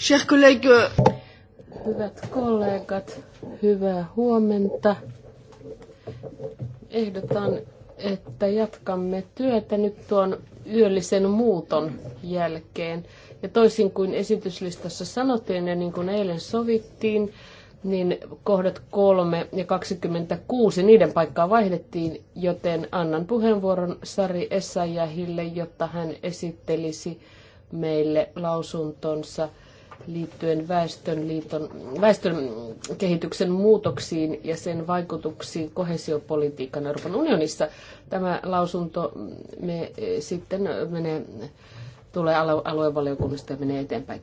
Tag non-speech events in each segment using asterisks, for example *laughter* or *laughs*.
Chers collègues. Euh, Hyvät kollegat, hyvää huomenta. Ehdotan, että jatkamme työtä nyt tuon yöllisen muuton jälkeen. Ja toisin kuin esityslistassa sanottiin ja niin kuin eilen sovittiin, niin kohdat 3 ja 26, niiden paikkaa vaihdettiin, joten annan puheenvuoron Sari Essayahille, jotta hän esittelisi meille lausuntonsa – liittyen väestön, liiton, väestön kehityksen muutoksiin ja sen vaikutuksiin kohesiopolitiikan Euroopan unionissa. Tämä lausunto mm, me e, sitten menee, tulee aluevaliokunnasta ja menee eteenpäin.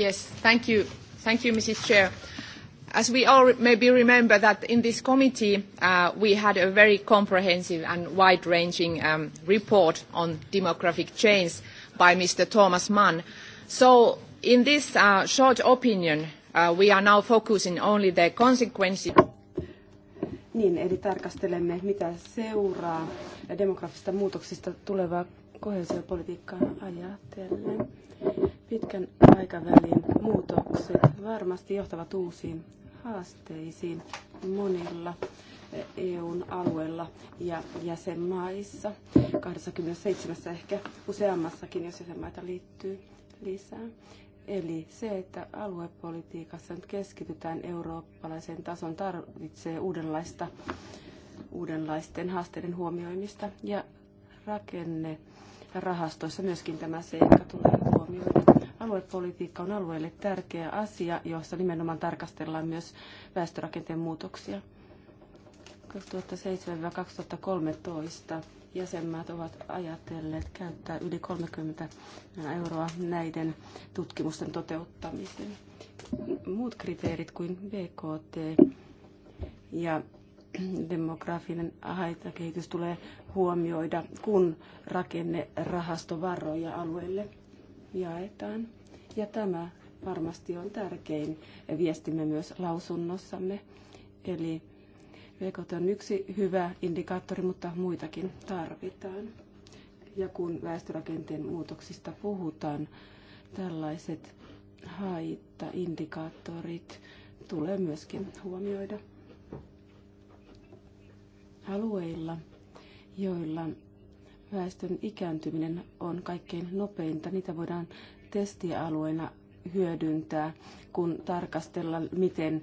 Yes, thank you. Thank you, Mrs. Chair. As we all maybe remember that in this committee, uh, we had a very comprehensive and wide-ranging um, report on demographic change by Mr. Thomas Mann. So in this uh, short opinion, uh, we are now focusing only the consequences. Niin, eli tarkastelemme, mitä seuraa demografista muutoksista tulevaa kohesiopolitiikkaa ajatellen. Pitkän aikavälin muutokset varmasti johtavat uusiin haasteisiin monilla EUn e alueella ja jäsenmaissa, 27 ehkä useammassakin, jos jäsenmaita liittyy lisää. Eli se, että aluepolitiikassa nyt keskitytään eurooppalaisen tason, tarvitsee uudenlaista, uudenlaisten haasteiden huomioimista ja rakenne rahastoissa myöskin tämä seikka tulee huomioida. Aluepolitiikka on alueelle tärkeä asia, jossa nimenomaan tarkastellaan myös väestörakenteen muutoksia. 2007-2013 jäsenmaat ovat ajatelleet käyttää yli 30 euroa näiden tutkimusten toteuttamiseen. Muut kriteerit kuin BKT ja demografinen haitakehitys tulee huomioida, kun rakennerahastovaroja alueelle jaetaan. Ja tämä varmasti on tärkein viestimme myös lausunnossamme. Eli BKT on yksi hyvä indikaattori, mutta muitakin tarvitaan. Ja kun väestörakenteen muutoksista puhutaan, tällaiset haittaindikaattorit tulee myöskin huomioida alueilla, joilla väestön ikääntyminen on kaikkein nopeinta. Niitä voidaan testialueena hyödyntää, kun tarkastellaan, miten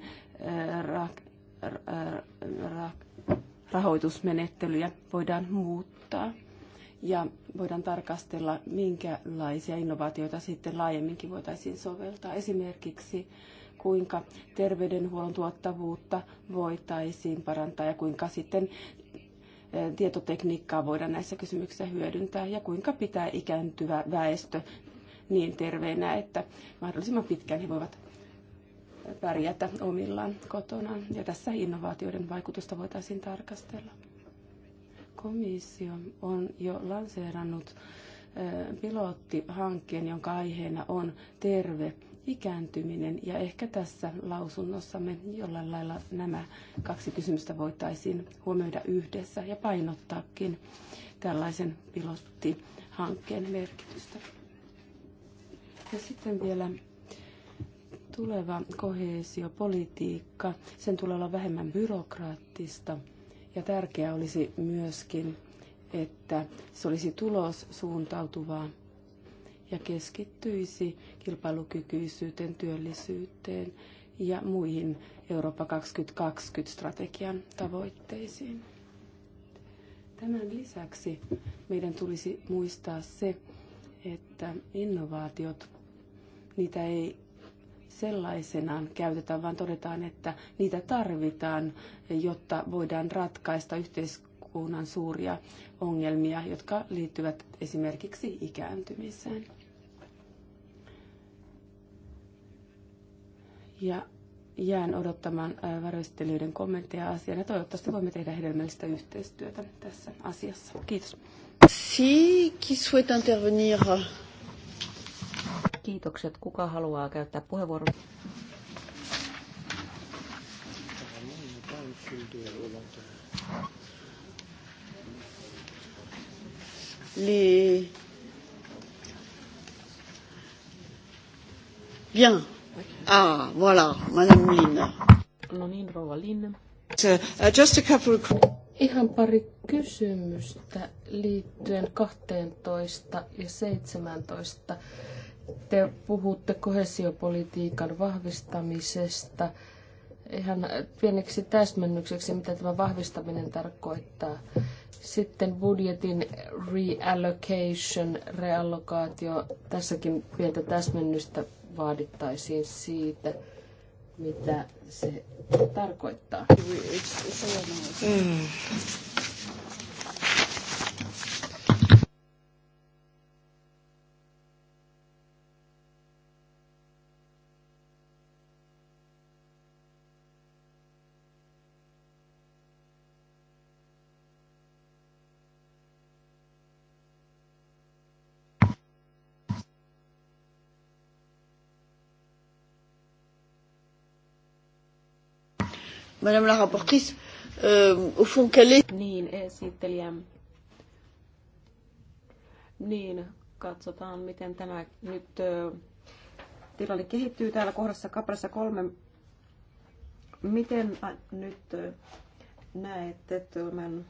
rahoitusmenettelyjä voidaan muuttaa ja voidaan tarkastella, minkälaisia innovaatioita sitten laajemminkin voitaisiin soveltaa. Esimerkiksi kuinka terveydenhuollon tuottavuutta voitaisiin parantaa ja kuinka sitten e, tietotekniikkaa voidaan näissä kysymyksissä hyödyntää ja kuinka pitää ikääntyvä väestö niin terveenä, että mahdollisimman pitkään he voivat pärjätä omillaan kotonaan. Ja tässä innovaatioiden vaikutusta voitaisiin tarkastella. Komissio on jo lanseerannut pilottihankkeen, jonka aiheena on terve ikääntyminen. Ja ehkä tässä lausunnossamme jollain lailla nämä kaksi kysymystä voitaisiin huomioida yhdessä ja painottaakin tällaisen pilottihankkeen merkitystä. Ja sitten vielä Tuleva koheesiopolitiikka, sen tulee olla vähemmän byrokraattista ja tärkeää olisi myöskin, että se olisi tulos suuntautuvaa ja keskittyisi kilpailukykyisyyteen, työllisyyteen ja muihin Eurooppa 2020-strategian tavoitteisiin. Tämän lisäksi meidän tulisi muistaa se, että innovaatiot, niitä ei sellaisenaan käytetään, vaan todetaan, että niitä tarvitaan, jotta voidaan ratkaista yhteiskunnan suuria ongelmia, jotka liittyvät esimerkiksi ikääntymiseen. Ja jään odottamaan äh, varoistelijoiden kommentteja asiaan ja toivottavasti voimme tehdä hedelmällistä yhteistyötä tässä asiassa. Kiitos. Si, qui souhaite intervenir kiitokset. Kuka haluaa käyttää puheenvuoron? Les... Bien. Ah, voilà, Madame Lynn. No niin, rouva Lynn. Uh, just a couple of... Ihan pari kysymystä liittyen 12 ja 17 te puhutte kohesiopolitiikan vahvistamisesta. Ihan pieneksi täsmennykseksi, mitä tämä vahvistaminen tarkoittaa. Sitten budjetin reallocation, reallokaatio. Tässäkin pientä täsmennystä vaadittaisiin siitä, mitä se tarkoittaa. Mm. Madame la rapportrice, euh, au fond, quelle est... Niin, esittelijän. Niin, katsotaan, miten tämä nyt tilanne kehittyy täällä kohdassa kaprassa kolme. Miten äh, nyt näette tämän,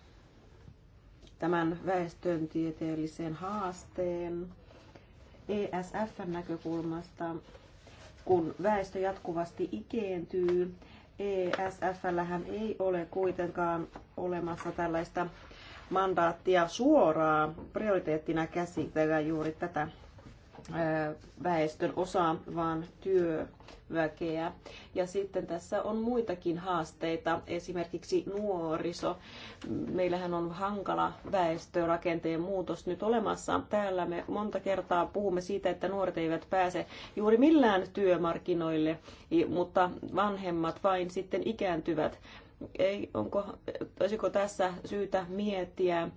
tämän väestöntieteellisen haasteen ESFn näkökulmasta, kun väestö jatkuvasti ikääntyy? ESFllähän ei ole kuitenkaan olemassa tällaista mandaattia suoraan prioriteettina käsitellä juuri tätä väestön osaa, vaan työväkeä. Ja sitten tässä on muitakin haasteita, esimerkiksi nuoriso. Meillähän on hankala väestörakenteen muutos nyt olemassa. Täällä me monta kertaa puhumme siitä, että nuoret eivät pääse juuri millään työmarkkinoille, mutta vanhemmat vain sitten ikääntyvät. Ei, onko, olisiko tässä syytä miettiä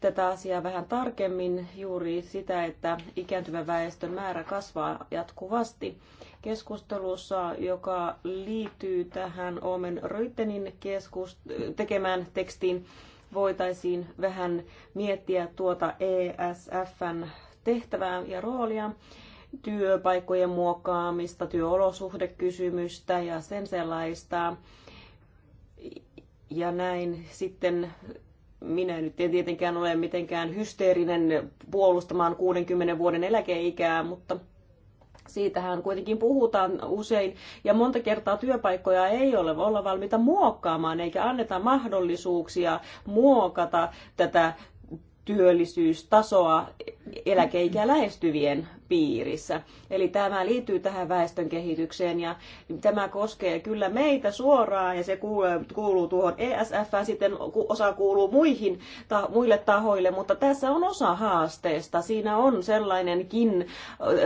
tätä asiaa vähän tarkemmin, juuri sitä, että ikääntyvän väestön määrä kasvaa jatkuvasti. Keskustelussa, joka liittyy tähän Omen Röytenin keskust- tekemään tekstiin, voitaisiin vähän miettiä tuota ESFn tehtävää ja roolia, työpaikkojen muokkaamista, työolosuhdekysymystä ja sen sellaista. Ja näin sitten minä nyt en tietenkään ole mitenkään hysteerinen puolustamaan 60 vuoden eläkeikää, mutta siitähän kuitenkin puhutaan usein ja monta kertaa työpaikkoja ei ole olla valmiita muokkaamaan eikä anneta mahdollisuuksia muokata tätä työllisyystasoa eläkeikä lähestyvien piirissä. Eli tämä liittyy tähän väestön kehitykseen ja tämä koskee kyllä meitä suoraan ja se kuuluu, kuuluu tuohon ESF, sitten osa kuuluu muihin, ta, muille tahoille, mutta tässä on osa haasteesta. Siinä on sellainenkin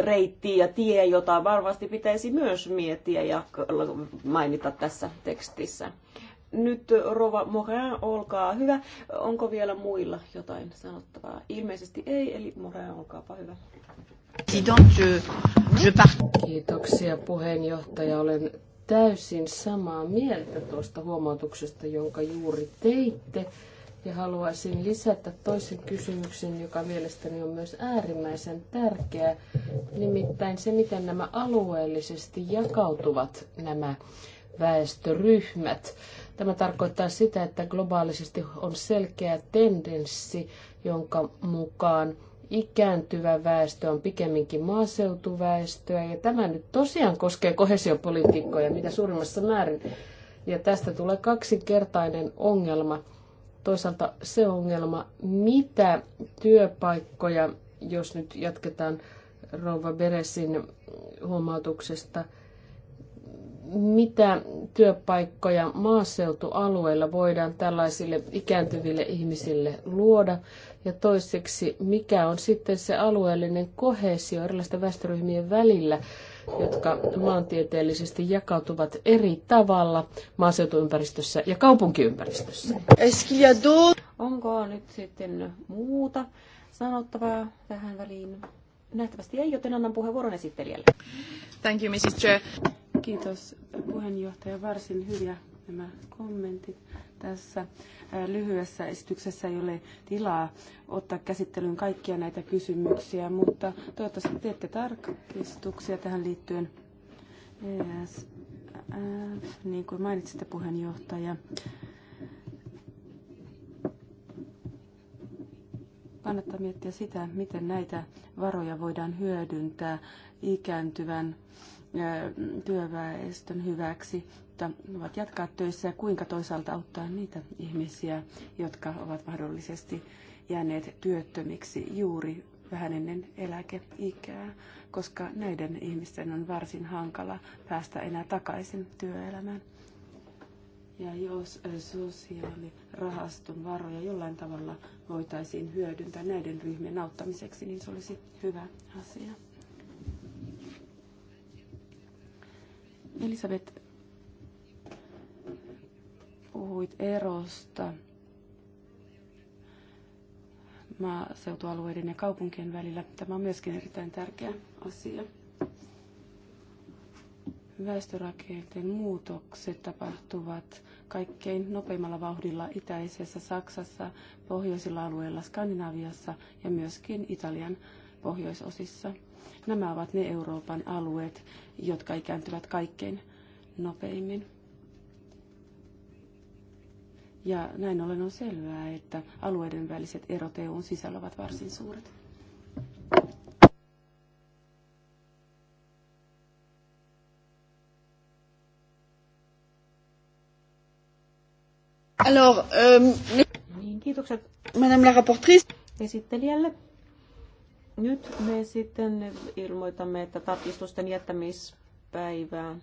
reitti ja tie, jota varmasti pitäisi myös miettiä ja mainita tässä tekstissä. Nyt Rova Morin, olkaa hyvä. Onko vielä muilla jotain sanottavaa? Ilmeisesti ei, eli Morin, olkaapa hyvä. Kiitoksia puheenjohtaja. Olen täysin samaa mieltä tuosta huomautuksesta, jonka juuri teitte. Ja haluaisin lisätä toisen kysymyksen, joka mielestäni on myös äärimmäisen tärkeä, nimittäin se, miten nämä alueellisesti jakautuvat nämä väestöryhmät. Tämä tarkoittaa sitä, että globaalisesti on selkeä tendenssi, jonka mukaan ikääntyvä väestö on pikemminkin maaseutuväestöä. Ja tämä nyt tosiaan koskee kohesiopolitiikkoja mitä suurimmassa määrin. Ja tästä tulee kaksinkertainen ongelma. Toisaalta se ongelma, mitä työpaikkoja, jos nyt jatketaan Rouva Beresin huomautuksesta – mitä työpaikkoja maaseutualueilla voidaan tällaisille ikääntyville ihmisille luoda? Ja toiseksi, mikä on sitten se alueellinen kohesio erilaisten väestöryhmien välillä, jotka maantieteellisesti jakautuvat eri tavalla maaseutuympäristössä ja kaupunkiympäristössä? Onko nyt sitten muuta sanottavaa tähän väliin? Nähtävästi ei, joten annan puheenvuoron esittelijälle. Thank you, Mrs. Chair. Kiitos puheenjohtaja. Varsin hyviä nämä kommentit tässä lyhyessä esityksessä ei ole tilaa ottaa käsittelyyn kaikkia näitä kysymyksiä, mutta toivottavasti teette tarkistuksia tähän liittyen. Yes. niin kuin mainitsitte puheenjohtaja. Kannattaa miettiä sitä, miten näitä varoja voidaan hyödyntää ikääntyvän työväestön hyväksi, mutta ovat jatkaa töissä ja kuinka toisaalta auttaa niitä ihmisiä, jotka ovat mahdollisesti jääneet työttömiksi juuri vähän ennen eläkeikää, koska näiden ihmisten on varsin hankala päästä enää takaisin työelämään. Ja jos sosiaalirahaston varoja jollain tavalla voitaisiin hyödyntää näiden ryhmien auttamiseksi, niin se olisi hyvä asia. Elisabeth, puhuit erosta maaseutualueiden ja kaupunkien välillä. Tämä on myöskin erittäin tärkeä asia. Väestörakenteen muutokset tapahtuvat kaikkein nopeimmalla vauhdilla itäisessä Saksassa, pohjoisilla alueilla, Skandinaviassa ja myöskin Italian pohjoisosissa. Nämä ovat ne Euroopan alueet, jotka ikääntyvät kaikkein nopeimmin. Ja näin ollen on selvää, että alueiden väliset erot EUn sisällä ovat varsin suuret. Alors, euh, niin, kiitokset Madame la rapportrice. Esittelijälle. Nyt me sitten ilmoitamme, että tarkistusten jättämispäivää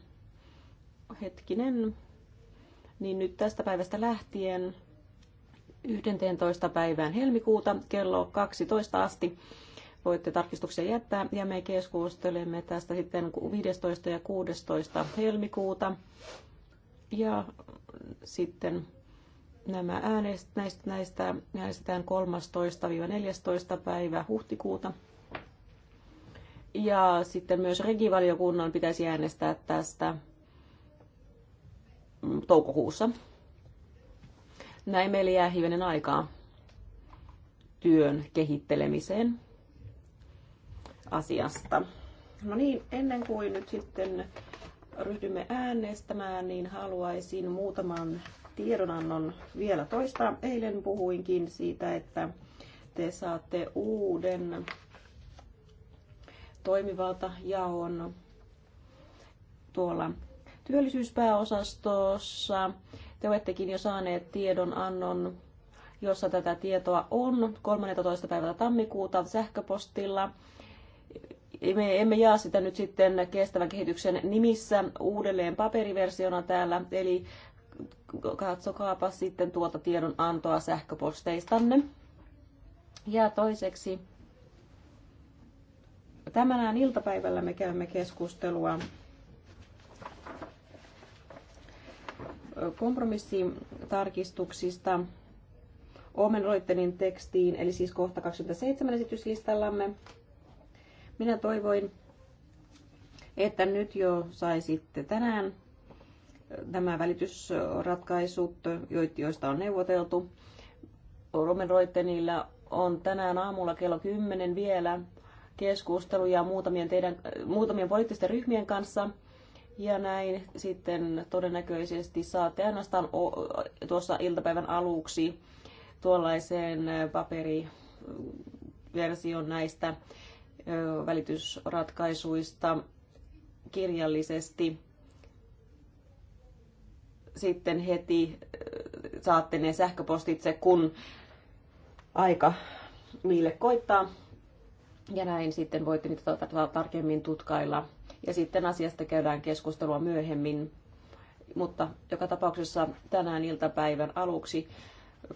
hetkinen, niin nyt tästä päivästä lähtien 11. päivään helmikuuta kello 12 asti voitte tarkistuksia jättää ja me keskustelemme tästä sitten 15. ja 16. helmikuuta ja sitten Nämä äänest, näistä, näistä äänestetään 13-14 päivä huhtikuuta. Ja sitten myös regivaliokunnan pitäisi äänestää tästä toukokuussa. Näin meillä jää hivenen aikaa työn kehittelemiseen asiasta. No niin, ennen kuin nyt sitten ryhdymme äänestämään, niin haluaisin muutaman tiedonannon vielä toista. Eilen puhuinkin siitä, että te saatte uuden toimivaltajaon tuolla työllisyyspääosastossa. Te olettekin jo saaneet tiedonannon, jossa tätä tietoa on 13. päivältä tammikuuta sähköpostilla. Me emme jaa sitä nyt sitten kestävän kehityksen nimissä uudelleen paperiversiona täällä, eli katsokaapa sitten tuota tiedonantoa antoa sähköposteistanne. Ja toiseksi, tämänään iltapäivällä me käymme keskustelua kompromissitarkistuksista Omen Roittenin tekstiin, eli siis kohta 27 esityslistallamme. Minä toivoin, että nyt jo saisitte tänään nämä välitysratkaisut, joista on neuvoteltu. Roman Reutenilla on tänään aamulla kello 10 vielä keskusteluja muutamien, teidän, muutamien poliittisten ryhmien kanssa. Ja näin sitten todennäköisesti saatte ainoastaan tuossa iltapäivän aluksi tuollaiseen paperiversion näistä välitysratkaisuista kirjallisesti sitten heti äh, saatte ne sähköpostitse, kun aika niille koittaa. Ja näin sitten voitte niitä tota, tota, tarkemmin tutkailla. Ja sitten asiasta käydään keskustelua myöhemmin. Mutta joka tapauksessa tänään iltapäivän aluksi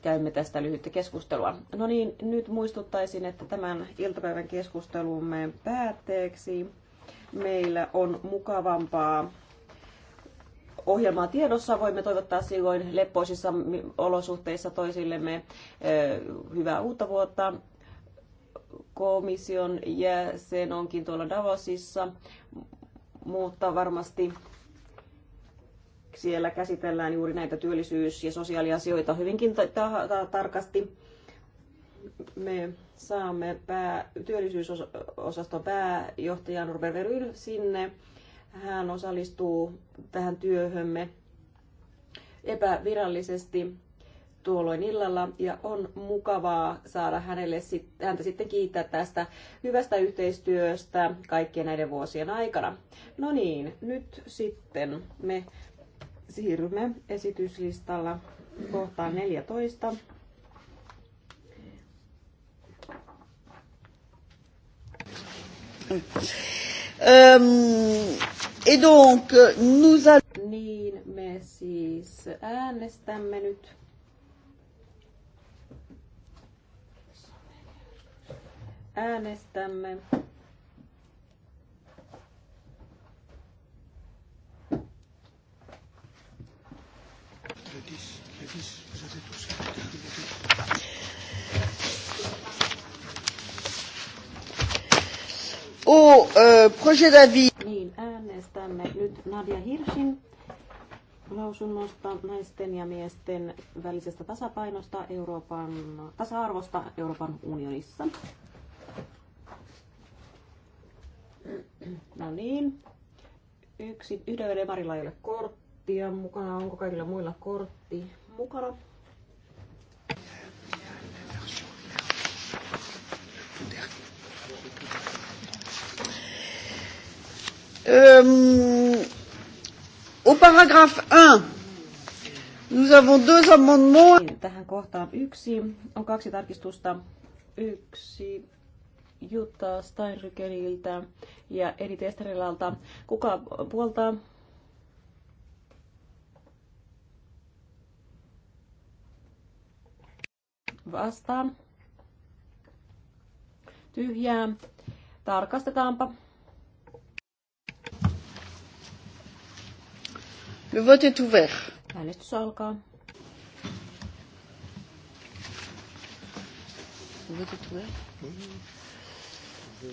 käymme tästä lyhyttä keskustelua. No niin, nyt muistuttaisin, että tämän iltapäivän keskustelumme päätteeksi meillä on mukavampaa ohjelmaa tiedossa. Voimme toivottaa silloin leppoisissa olosuhteissa toisillemme hyvää uutta vuotta. Komission jäsen onkin tuolla Davosissa, mutta varmasti siellä käsitellään juuri näitä työllisyys- ja sosiaaliasioita hyvinkin tarkasti me saamme pää, työllisyysosaston pääjohtajan Robert Veryl sinne hän osallistuu tähän työhömme epävirallisesti tuolloin illalla ja on mukavaa saada hänelle sit, häntä sitten kiittää tästä hyvästä yhteistyöstä kaikkien näiden vuosien aikana. No niin, nyt sitten me siirrymme esityslistalla kohtaan 14. Um, et donc, nous allons... Niin, me siis äänestämme nyt. Äänestämme. Le au euh, projet d'avis. Niin, äänestämme nyt Nadia Hirsin lausunnosta naisten ja miesten välisestä tasapainosta Euroopan tasa-arvosta Euroopan unionissa. No niin. Yksi, yhdellä varilla ei ole korttia mukana. Onko kaikilla muilla kortti mukana? Euh, au paragraphe 1, nous avons deux amendements. Niin, tähän kohtaan yksi on kaksi tarkistusta. Yksi Jutta Steinrykeliltä ja Edi Testerelalta. Kuka puoltaa? Vastaan. Tyhjää. Tarkastetaanpa. Le vote est ouvert. Äänestys alkaa. Le vote est ouvert. Mm-hmm.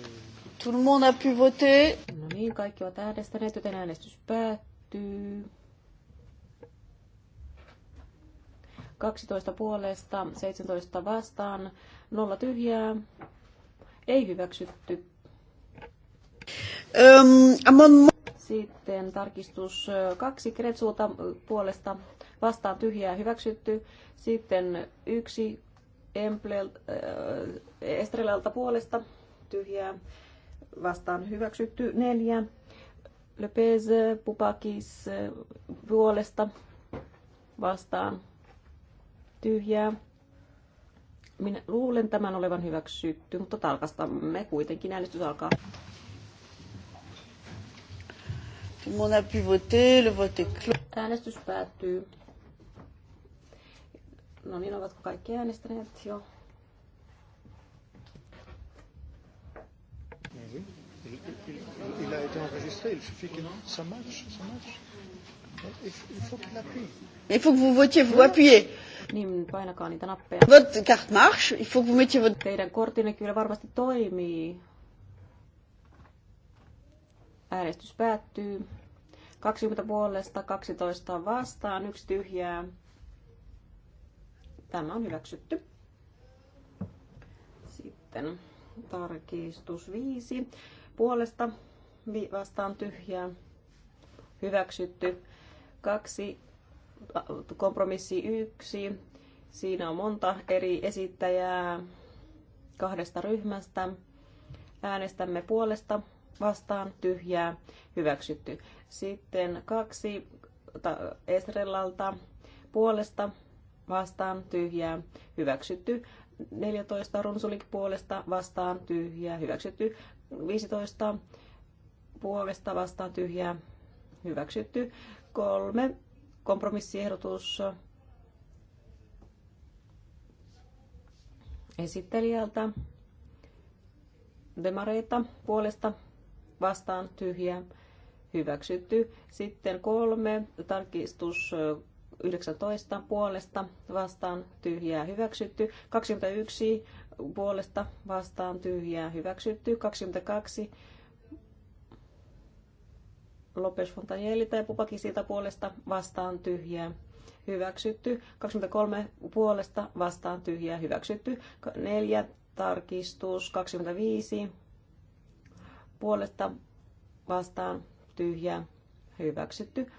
Tout le monde a pu voter. No niin, kaikki ovat äänestäneet, joten äänestys päättyy. 12 puolesta, 17 vastaan, nolla tyhjää, ei hyväksytty. Um, sitten tarkistus kaksi kretsuuta puolesta vastaan tyhjää hyväksytty. Sitten yksi äh, Estrelalta puolesta tyhjää vastaan hyväksytty. Neljä Lepez Pupakis puolesta vastaan tyhjää. Minä luulen tämän olevan hyväksytty, mutta tarkastamme kuitenkin. Äänestys alkaa. On a pu le vote est clos. Äänestys päättyy. No niin, ovatko kaikki äänestäneet jo? Eh il, a été enregistré, il suffit que ça marche, ça marche. Eh, il, faut qu'il appuie. Il faut que vous votiez, vous appuyez. Niin, painakaa niitä nappeja. Votre carte marche, il faut que vous mettiez votre... Teidän kortinne kyllä varmasti toimii. Äänestys päättyy. 20 puolesta, 12 vastaan, yksi tyhjää. Tämä on hyväksytty. Sitten tarkistus 5. Puolesta vastaan tyhjää. Hyväksytty. Kaksi kompromissi yksi. Siinä on monta eri esittäjää kahdesta ryhmästä. Äänestämme puolesta vastaan tyhjää hyväksytty. Sitten kaksi Esrellalta puolesta vastaan tyhjää hyväksytty. 14 Runsulik puolesta vastaan tyhjää hyväksytty. 15 puolesta vastaan tyhjää hyväksytty. Kolme kompromissiehdotus esittelijältä demareita puolesta vastaan tyhjää hyväksytty. Sitten kolme, tarkistus 19 puolesta vastaan tyhjää hyväksytty. 21 puolesta vastaan tyhjää hyväksytty. 22 Lopes Fontanieli tai Pupaki siitä puolesta vastaan tyhjää hyväksytty. 23 puolesta vastaan tyhjää hyväksytty. 4 tarkistus 25 puolesta vastaan tyhjä hyväksytty.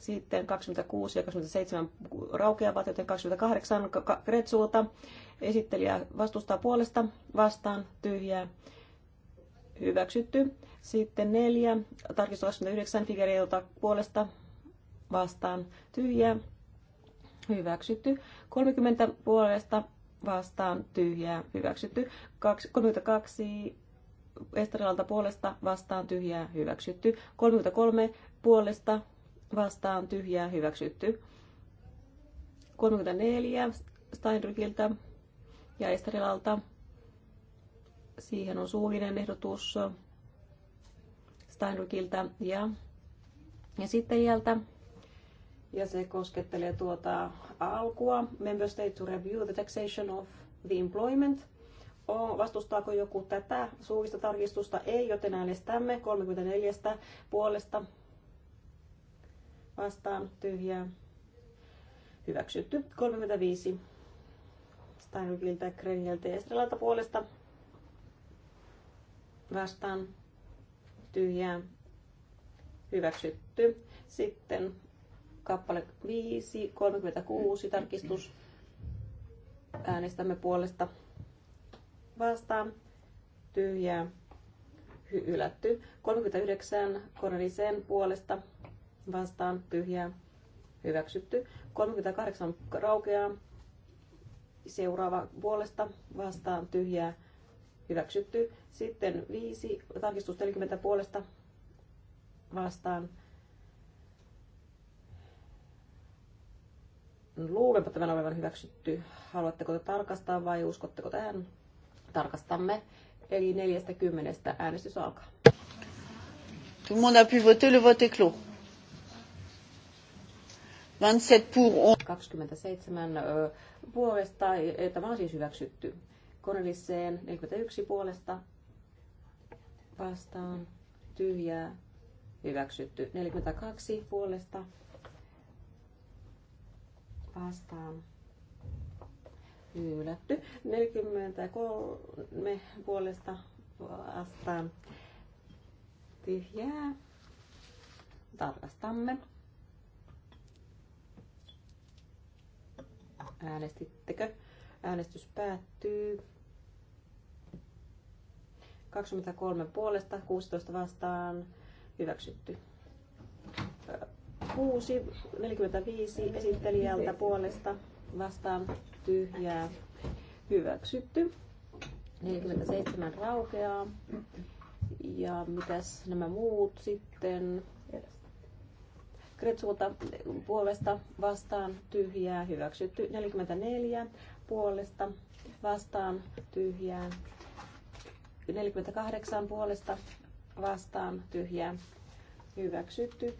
Sitten 26 ja 27 raukeavat, joten 28 Kretsuuta esittelijä vastustaa puolesta vastaan tyhjää hyväksytty. Sitten 4 tarkistus 29 Figereilta puolesta vastaan tyhjää hyväksytty. 30 puolesta vastaan tyhjää hyväksytty. 32 Estrelalta puolesta vastaan tyhjää hyväksytty. 33 puolesta vastaan tyhjää hyväksytty. 34 Steinrykiltä ja Estrelalta. Siihen on suullinen ehdotus Steinrykiltä ja, ja sitten jältä. Ja se koskettelee tuota alkua, Member State to Review the Taxation of the Employment – Vastustaako joku tätä suullista tarkistusta? Ei, joten äänestämme 34 puolesta vastaan tyhjää. Hyväksytty 35 Steinrykiltä, Kreniltä ja Estrelalta puolesta vastaan tyhjää. Hyväksytty. Sitten kappale 5, 36 tarkistus. Äänestämme puolesta vastaan tyhjää ylätty. 39 Cornelisen puolesta vastaan tyhjää hyväksytty. 38 raukeaa seuraava puolesta vastaan tyhjää hyväksytty. Sitten 5 tarkistus 40 puolesta vastaan Luulenpa tämän olevan hyväksytty. Haluatteko te tarkastaa vai uskotteko tähän? tarkastamme. Eli 40 äänestys alkaa. Tout le monde a pu voter, le vote est clos. 27 pour 27 ö, puolesta, e, e, tämä on siis hyväksytty. Koneliseen 41 puolesta vastaan tyhjää hyväksytty. 42 puolesta vastaan hylätty. 43 puolesta vastaan tyhjää. Tarkastamme. Äänestittekö? Äänestys päättyy. 23 puolesta, 16 vastaan, hyväksytty. 6, 45 esittelijältä puolesta vastaan tyhjää, hyväksytty. 47 raukeaa. Ja mitäs nämä muut sitten? Kretsuota puolesta vastaan tyhjää, hyväksytty. 44 puolesta vastaan tyhjää. 48 puolesta vastaan tyhjää, hyväksytty.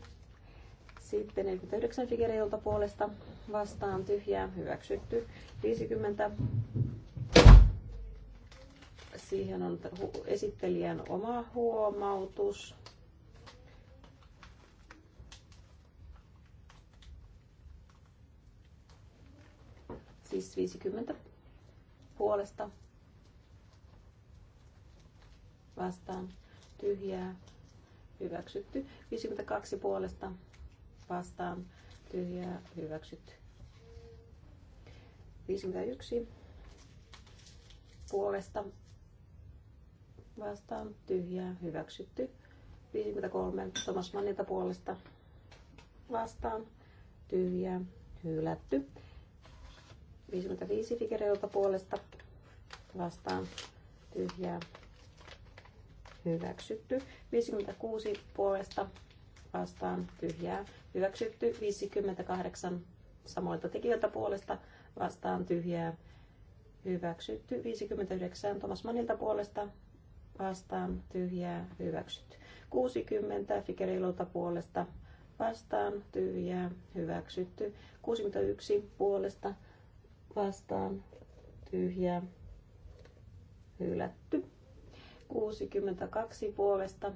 Sitten 49 Figereilta puolesta vastaan tyhjää hyväksytty. 50 siihen on esittelijän oma huomautus. Siis 50 puolesta vastaan tyhjää hyväksytty. 52 puolesta vastaan tyhjää hyväksytty. 51 puolesta vastaan tyhjää hyväksytty. 53 Thomas Mannilta puolesta vastaan tyhjää hylätty. 55 Figereolta puolesta vastaan tyhjää hyväksytty. 56 puolesta vastaan tyhjää hyväksytty. 58 samoilta tekijöiltä puolesta vastaan tyhjää hyväksytty. 59 Thomas Manilta puolesta vastaan tyhjää hyväksytty. 60 Fikerilolta puolesta vastaan tyhjää hyväksytty. 61 puolesta vastaan tyhjää hylätty. 62 puolesta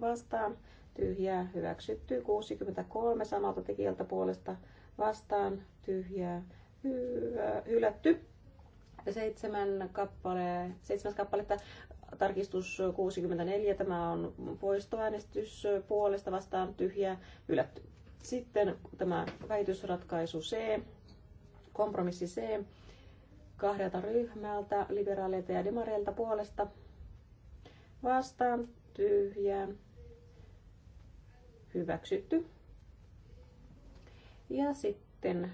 vastaan tyhjää hyväksytty. 63 samalta tekijältä puolesta vastaan vastaan tyhjää hylätty. Seitsemän kappale, seitsemäs kappaletta tarkistus 64, tämä on poistoäänestys puolesta vastaan tyhjää hylätty. Sitten tämä väitysratkaisu C, kompromissi C, kahdelta ryhmältä, liberaaleilta ja demareilta puolesta vastaan tyhjää hyväksytty. Ja sitten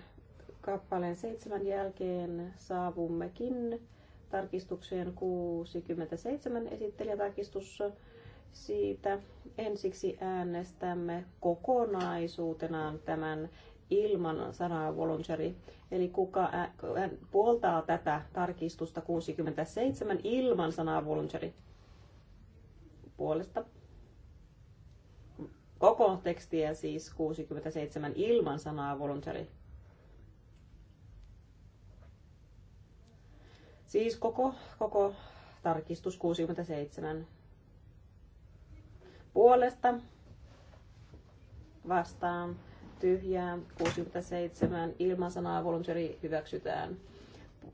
kappaleen seitsemän jälkeen saavummekin tarkistukseen 67 esittelijätarkistus. Siitä ensiksi äänestämme kokonaisuutenaan tämän ilman sanaa voluntary. Eli kuka puoltaa tätä tarkistusta 67 ilman sanaa voluntary puolesta koko tekstiä, siis 67 ilman sanaa voluntary. Siis koko, koko tarkistus 67 puolesta vastaan tyhjää 67 ilman sanaa voluntary hyväksytään.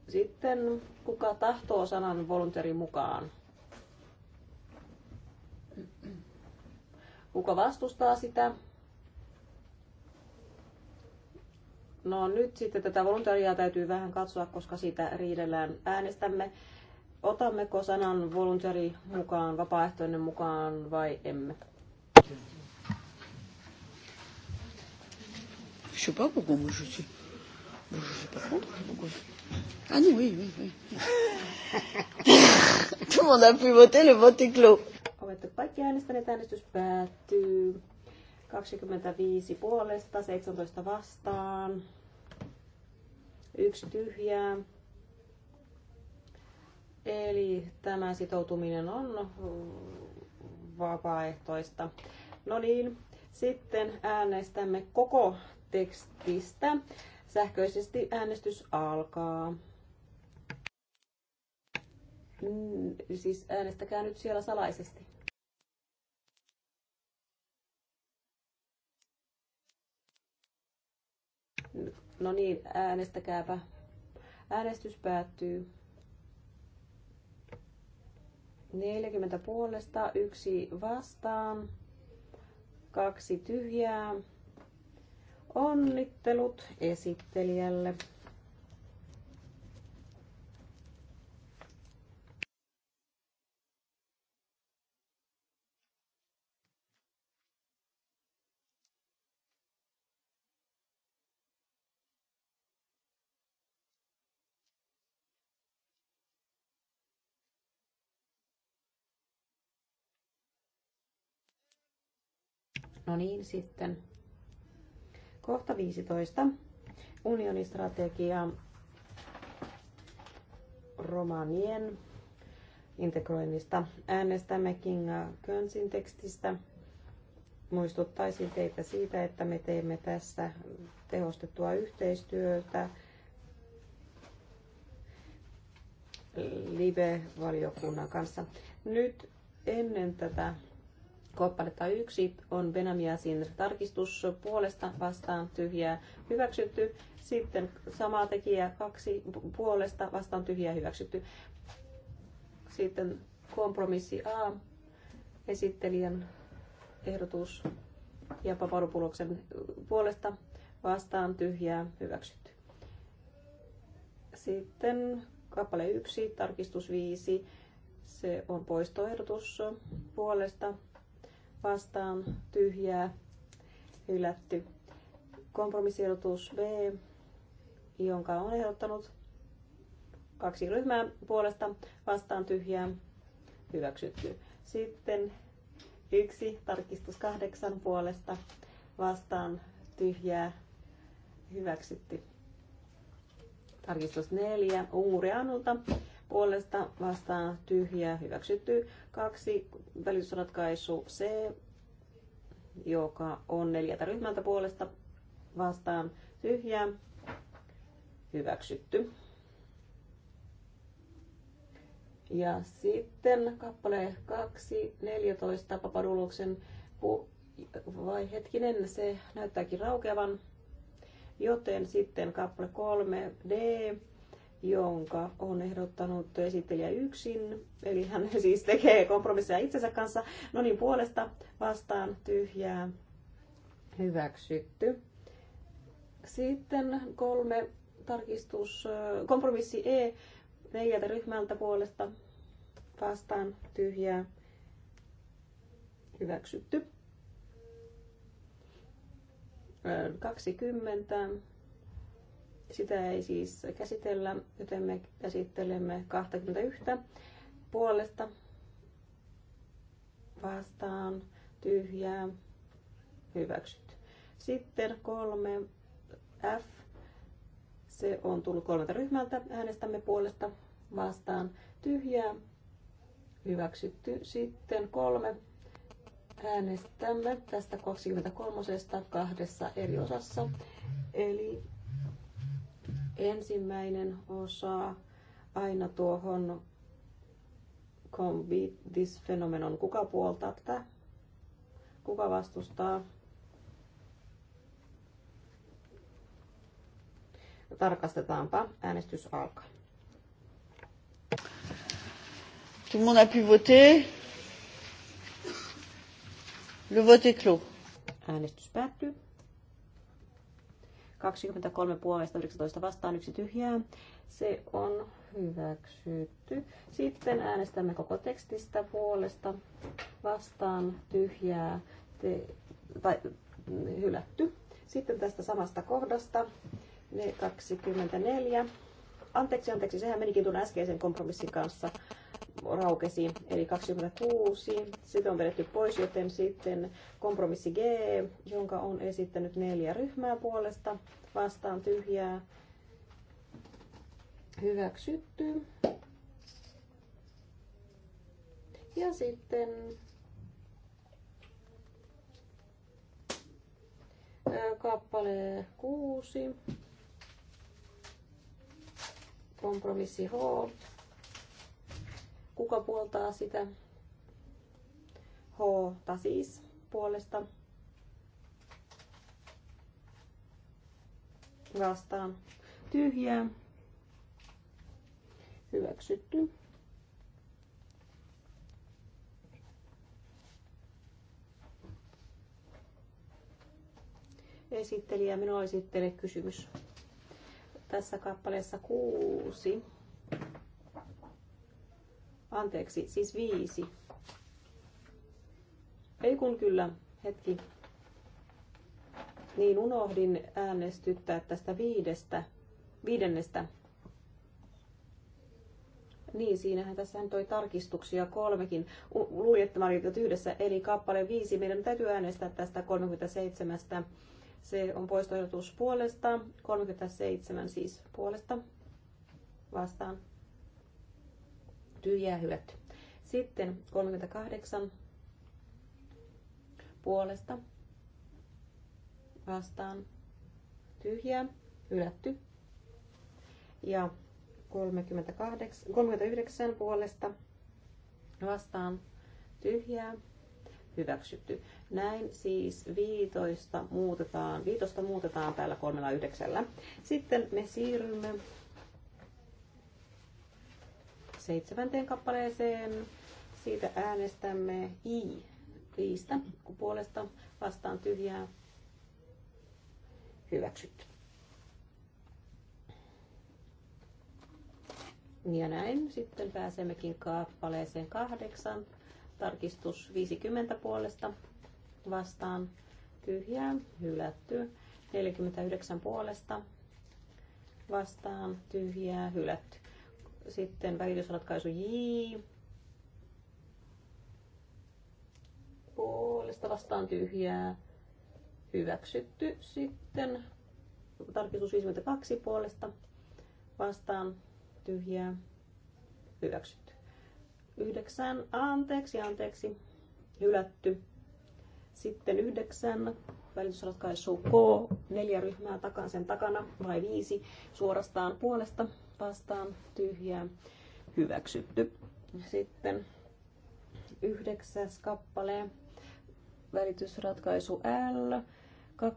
Sitten kuka tahtoo sanan voluntary mukaan? Kuka vastustaa sitä? No nyt sitten tätä voluntariaa täytyy vähän katsoa, koska siitä riidellään äänestämme. Otammeko sanan voluntari mukaan, vapaaehtoinen mukaan vai emme? Je sais pas pourquoi moi je suis. je sais pas Pourquoi... Ah non, oui, oui, oui. *laughs* Tout le monde a pu voter, le vote est clos. Olette kaikki äänestäneet, äänestys päättyy. 25 puolesta, 17 vastaan, yksi tyhjää. Eli tämä sitoutuminen on vapaaehtoista. No niin, sitten äänestämme koko tekstistä. Sähköisesti äänestys alkaa. Siis äänestäkää nyt siellä salaisesti. No niin, äänestäkääpä. Äänestys päättyy. 40 puolesta, yksi vastaan, kaksi tyhjää. Onnittelut esittelijälle. No niin, sitten kohta 15. Unionistrategia romanien integroinnista. Äänestämme Kinga Könsin tekstistä. Muistuttaisin teitä siitä, että me teemme tässä tehostettua yhteistyötä Live-valiokunnan kanssa. Nyt ennen tätä kappaletta yksi on Benamiasin tarkistus puolesta vastaan tyhjää hyväksytty. Sitten sama tekijä kaksi puolesta vastaan tyhjää hyväksytty. Sitten kompromissi A, esittelijän ehdotus ja paparupuloksen puolesta vastaan tyhjää hyväksytty. Sitten kappale 1, tarkistus 5, se on poistoehdotus puolesta vastaan tyhjää hylätty. Kompromissiehdotus B, jonka on ehdottanut kaksi ryhmää puolesta vastaan tyhjää hyväksytty. Sitten yksi tarkistus kahdeksan puolesta vastaan tyhjää hyväksytty. Tarkistus neljä Ungurianulta puolesta vastaan tyhjää hyväksytty. Kaksi välitysratkaisu C, joka on neljältä ryhmältä puolesta vastaan tyhjää hyväksytty. Ja sitten kappale 14 Papaduluksen pu- vai hetkinen, se näyttääkin raukeavan. Joten sitten kappale 3D jonka on ehdottanut esittelijä yksin, eli hän *laughs* siis tekee kompromisseja itsensä kanssa. No niin, puolesta vastaan tyhjää. Hyväksytty. Sitten kolme tarkistus, kompromissi E neljältä ryhmältä puolesta vastaan tyhjää. Hyväksytty. 20 sitä ei siis käsitellä, joten me käsittelemme 21 puolesta vastaan tyhjää hyväksytty. Sitten kolme F. Se on tullut kolmelta ryhmältä. Äänestämme puolesta vastaan tyhjää hyväksytty. Sitten kolme äänestämme tästä 23. kahdessa eri osassa. Eli ensimmäinen osa aina tuohon kombi this fenomenon. Kuka puoltaa tätä? Kuka vastustaa? Tarkastetaanpa. Äänestys alkaa. Tout le monde a pu voter. Le vote est clos. Äänestys päättyy. 23 puolesta 19 vastaan yksi tyhjää. Se on hyväksytty. Sitten äänestämme koko tekstistä puolesta vastaan tyhjää te, tai mm, hylätty. Sitten tästä samasta kohdasta ne 24. Anteeksi, anteeksi, sehän menikin tuon äskeisen kompromissin kanssa raukesi, eli 26, sitten on vedetty pois, joten sitten kompromissi G, jonka on esittänyt neljä ryhmää puolesta, vastaan tyhjää, hyväksytty. Ja sitten kappale 6, kompromissi H, Kuka puoltaa sitä? H siis puolesta vastaan tyhjää. Hyväksytty. Esittelijä, minua oli sitten kysymys. Tässä kappaleessa kuusi. Anteeksi, siis viisi. Ei kun kyllä, hetki. Niin unohdin äänestyttää tästä viidestä, viidennestä. Niin, siinähän tässä toi tarkistuksia kolmekin. Luulin, että mä yhdessä, eli kappale viisi. Meidän täytyy äänestää tästä 37. Se on poistoehdotus puolesta, 37 siis puolesta vastaan tyhjää hylätty. Sitten 38 puolesta vastaan tyhjää hylätty. Ja 38, 39 puolesta vastaan tyhjää hyväksytty. Näin siis 15 muutetaan, 15 muutetaan täällä 39. Sitten me siirrymme seitsemänteen kappaleeseen. Siitä äänestämme I viistä, kun puolesta vastaan tyhjää hyväksytty. Ja näin sitten pääsemmekin kappaleeseen kahdeksan. Tarkistus 50 puolesta vastaan tyhjää, hylätty. 49 puolesta vastaan tyhjää, hylätty. Sitten välitysratkaisu J. Puolesta vastaan tyhjää. Hyväksytty. Sitten tarkistus 52 puolesta vastaan tyhjää. Hyväksytty. 9. Anteeksi, anteeksi. Hylätty. Sitten 9 välitysratkaisu K, neljä ryhmää takan sen takana vai viisi suorastaan puolesta vastaan tyhjää hyväksytty. Sitten yhdeksäs kappale välitysratkaisu L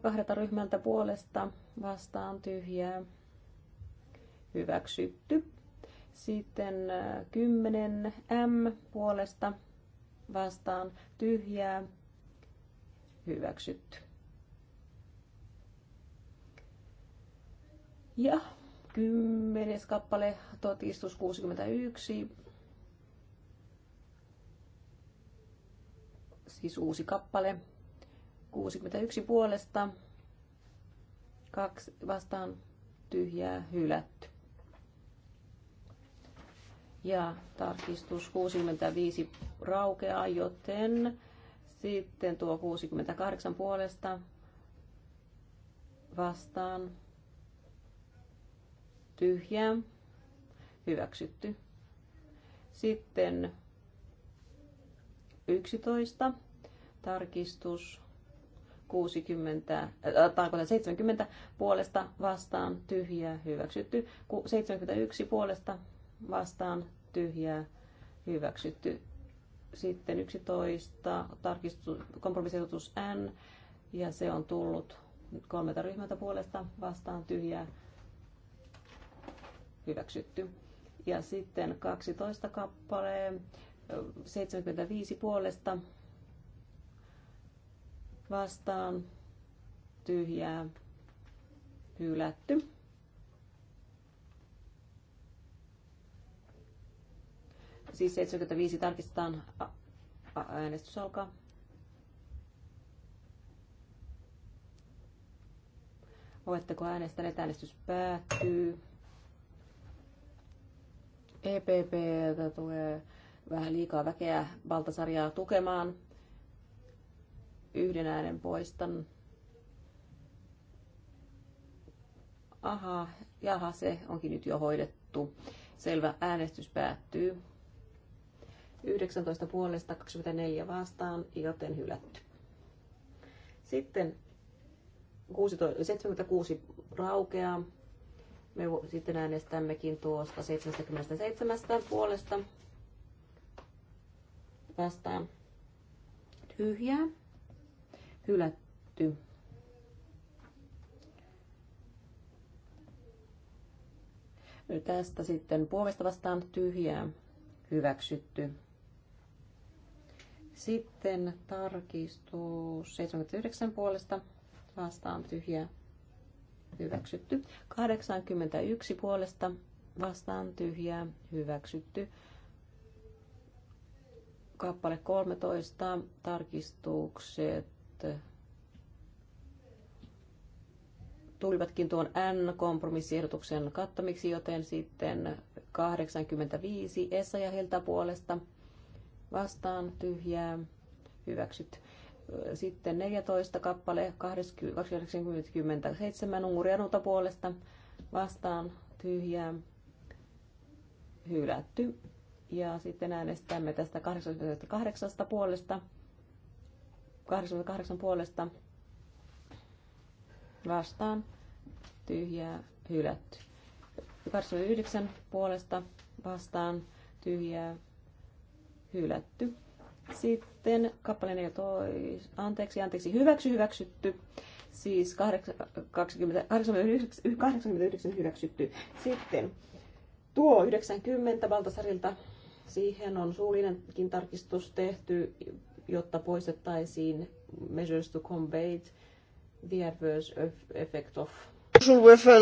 kahdelta ryhmältä puolesta vastaan tyhjää hyväksytty. Sitten 10 äh, M puolesta vastaan tyhjää hyväksytty. Ja Kymmenes kappale, totistus 61. Siis uusi kappale. 61 puolesta. Kaksi vastaan tyhjää hylätty. Ja tarkistus 65 raukeaa, joten sitten tuo 68 puolesta vastaan tyhjää, hyväksytty. Sitten 11, tarkistus 60, äh, 70 puolesta vastaan tyhjää, hyväksytty. 71 puolesta vastaan tyhjää, hyväksytty. Sitten 11, tarkistus, kompromissiehdotus N, ja se on tullut kolmelta ryhmältä puolesta vastaan tyhjää, hyväksytty. Ja sitten 12 kappaleen 75 puolesta vastaan tyhjää hylätty. Siis 75 tarkistetaan. Äänestys alkaa. Oletteko äänestäneet? Äänestys päättyy. EPP tulee vähän liikaa väkeä valtasarjaa tukemaan. Yhden äänen poistan. Aha, jaha, se onkin nyt jo hoidettu. Selvä, äänestys päättyy. 19 puolesta 24 vastaan, joten hylätty. Sitten 16, 76 raukeaa, me sitten äänestämmekin tuosta 77 puolesta vastaan tyhjää, hylätty. Nyt tästä sitten puolesta vastaan tyhjää, hyväksytty. Sitten tarkistus 79 puolesta vastaan tyhjää, hyväksytty. 81 puolesta vastaan tyhjää, hyväksytty. Kappale 13, tarkistukset tulivatkin tuon N-kompromissiehdotuksen kattamiksi, joten sitten 85 Essa ja Heltä puolesta vastaan tyhjää hyväksytty. Sitten 14 kappale 2097 Unkuria nuuta puolesta vastaan tyhjää hylätty. Ja sitten äänestämme tästä 88 puolesta, 88 puolesta vastaan tyhjää hylätty. 89 puolesta vastaan tyhjää hylätty. Sitten kappale 14, anteeksi, anteeksi, hyväksy, hyväksytty. Siis 89, hyväksytty. Sitten tuo 90 Valtasarilta, siihen on suullinenkin tarkistus tehty, jotta poistettaisiin measures to convey the adverse effect of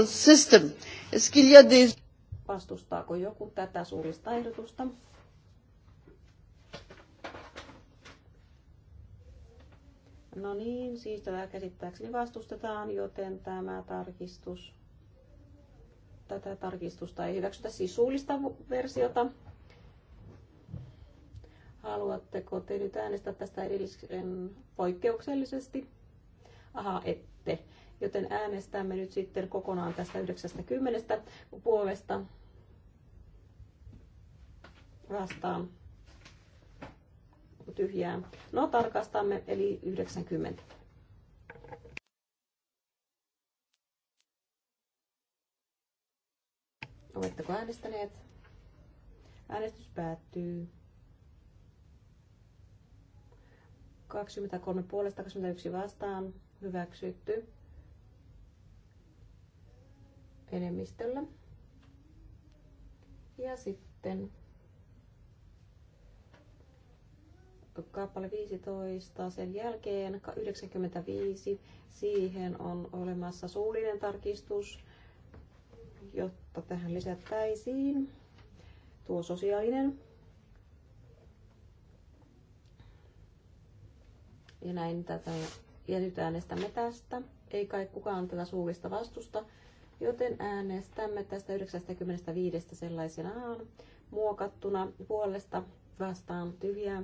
system. Vastustaako joku tätä suurista ehdotusta? No niin, siis tätä käsittääkseni vastustetaan, joten tämä tarkistus, tätä tarkistusta ei hyväksytä, siis suullista versiota. Haluatteko te nyt äänestää tästä edellisen poikkeuksellisesti? Aha, ette. Joten äänestämme nyt sitten kokonaan tästä 90 puolesta vastaan tyhjää. No tarkastamme, eli 90. Oletteko äänestäneet? Äänestys päättyy. 23 puolesta 21 vastaan hyväksytty enemmistöllä. Ja sitten kappale 15, sen jälkeen 95, siihen on olemassa suullinen tarkistus, jotta tähän lisättäisiin tuo sosiaalinen. Ja näin tätä jätetään nyt äänestämme tästä. Ei kai kukaan tätä suullista vastusta, joten äänestämme tästä 95 sellaisenaan muokattuna puolesta vastaan tyhjää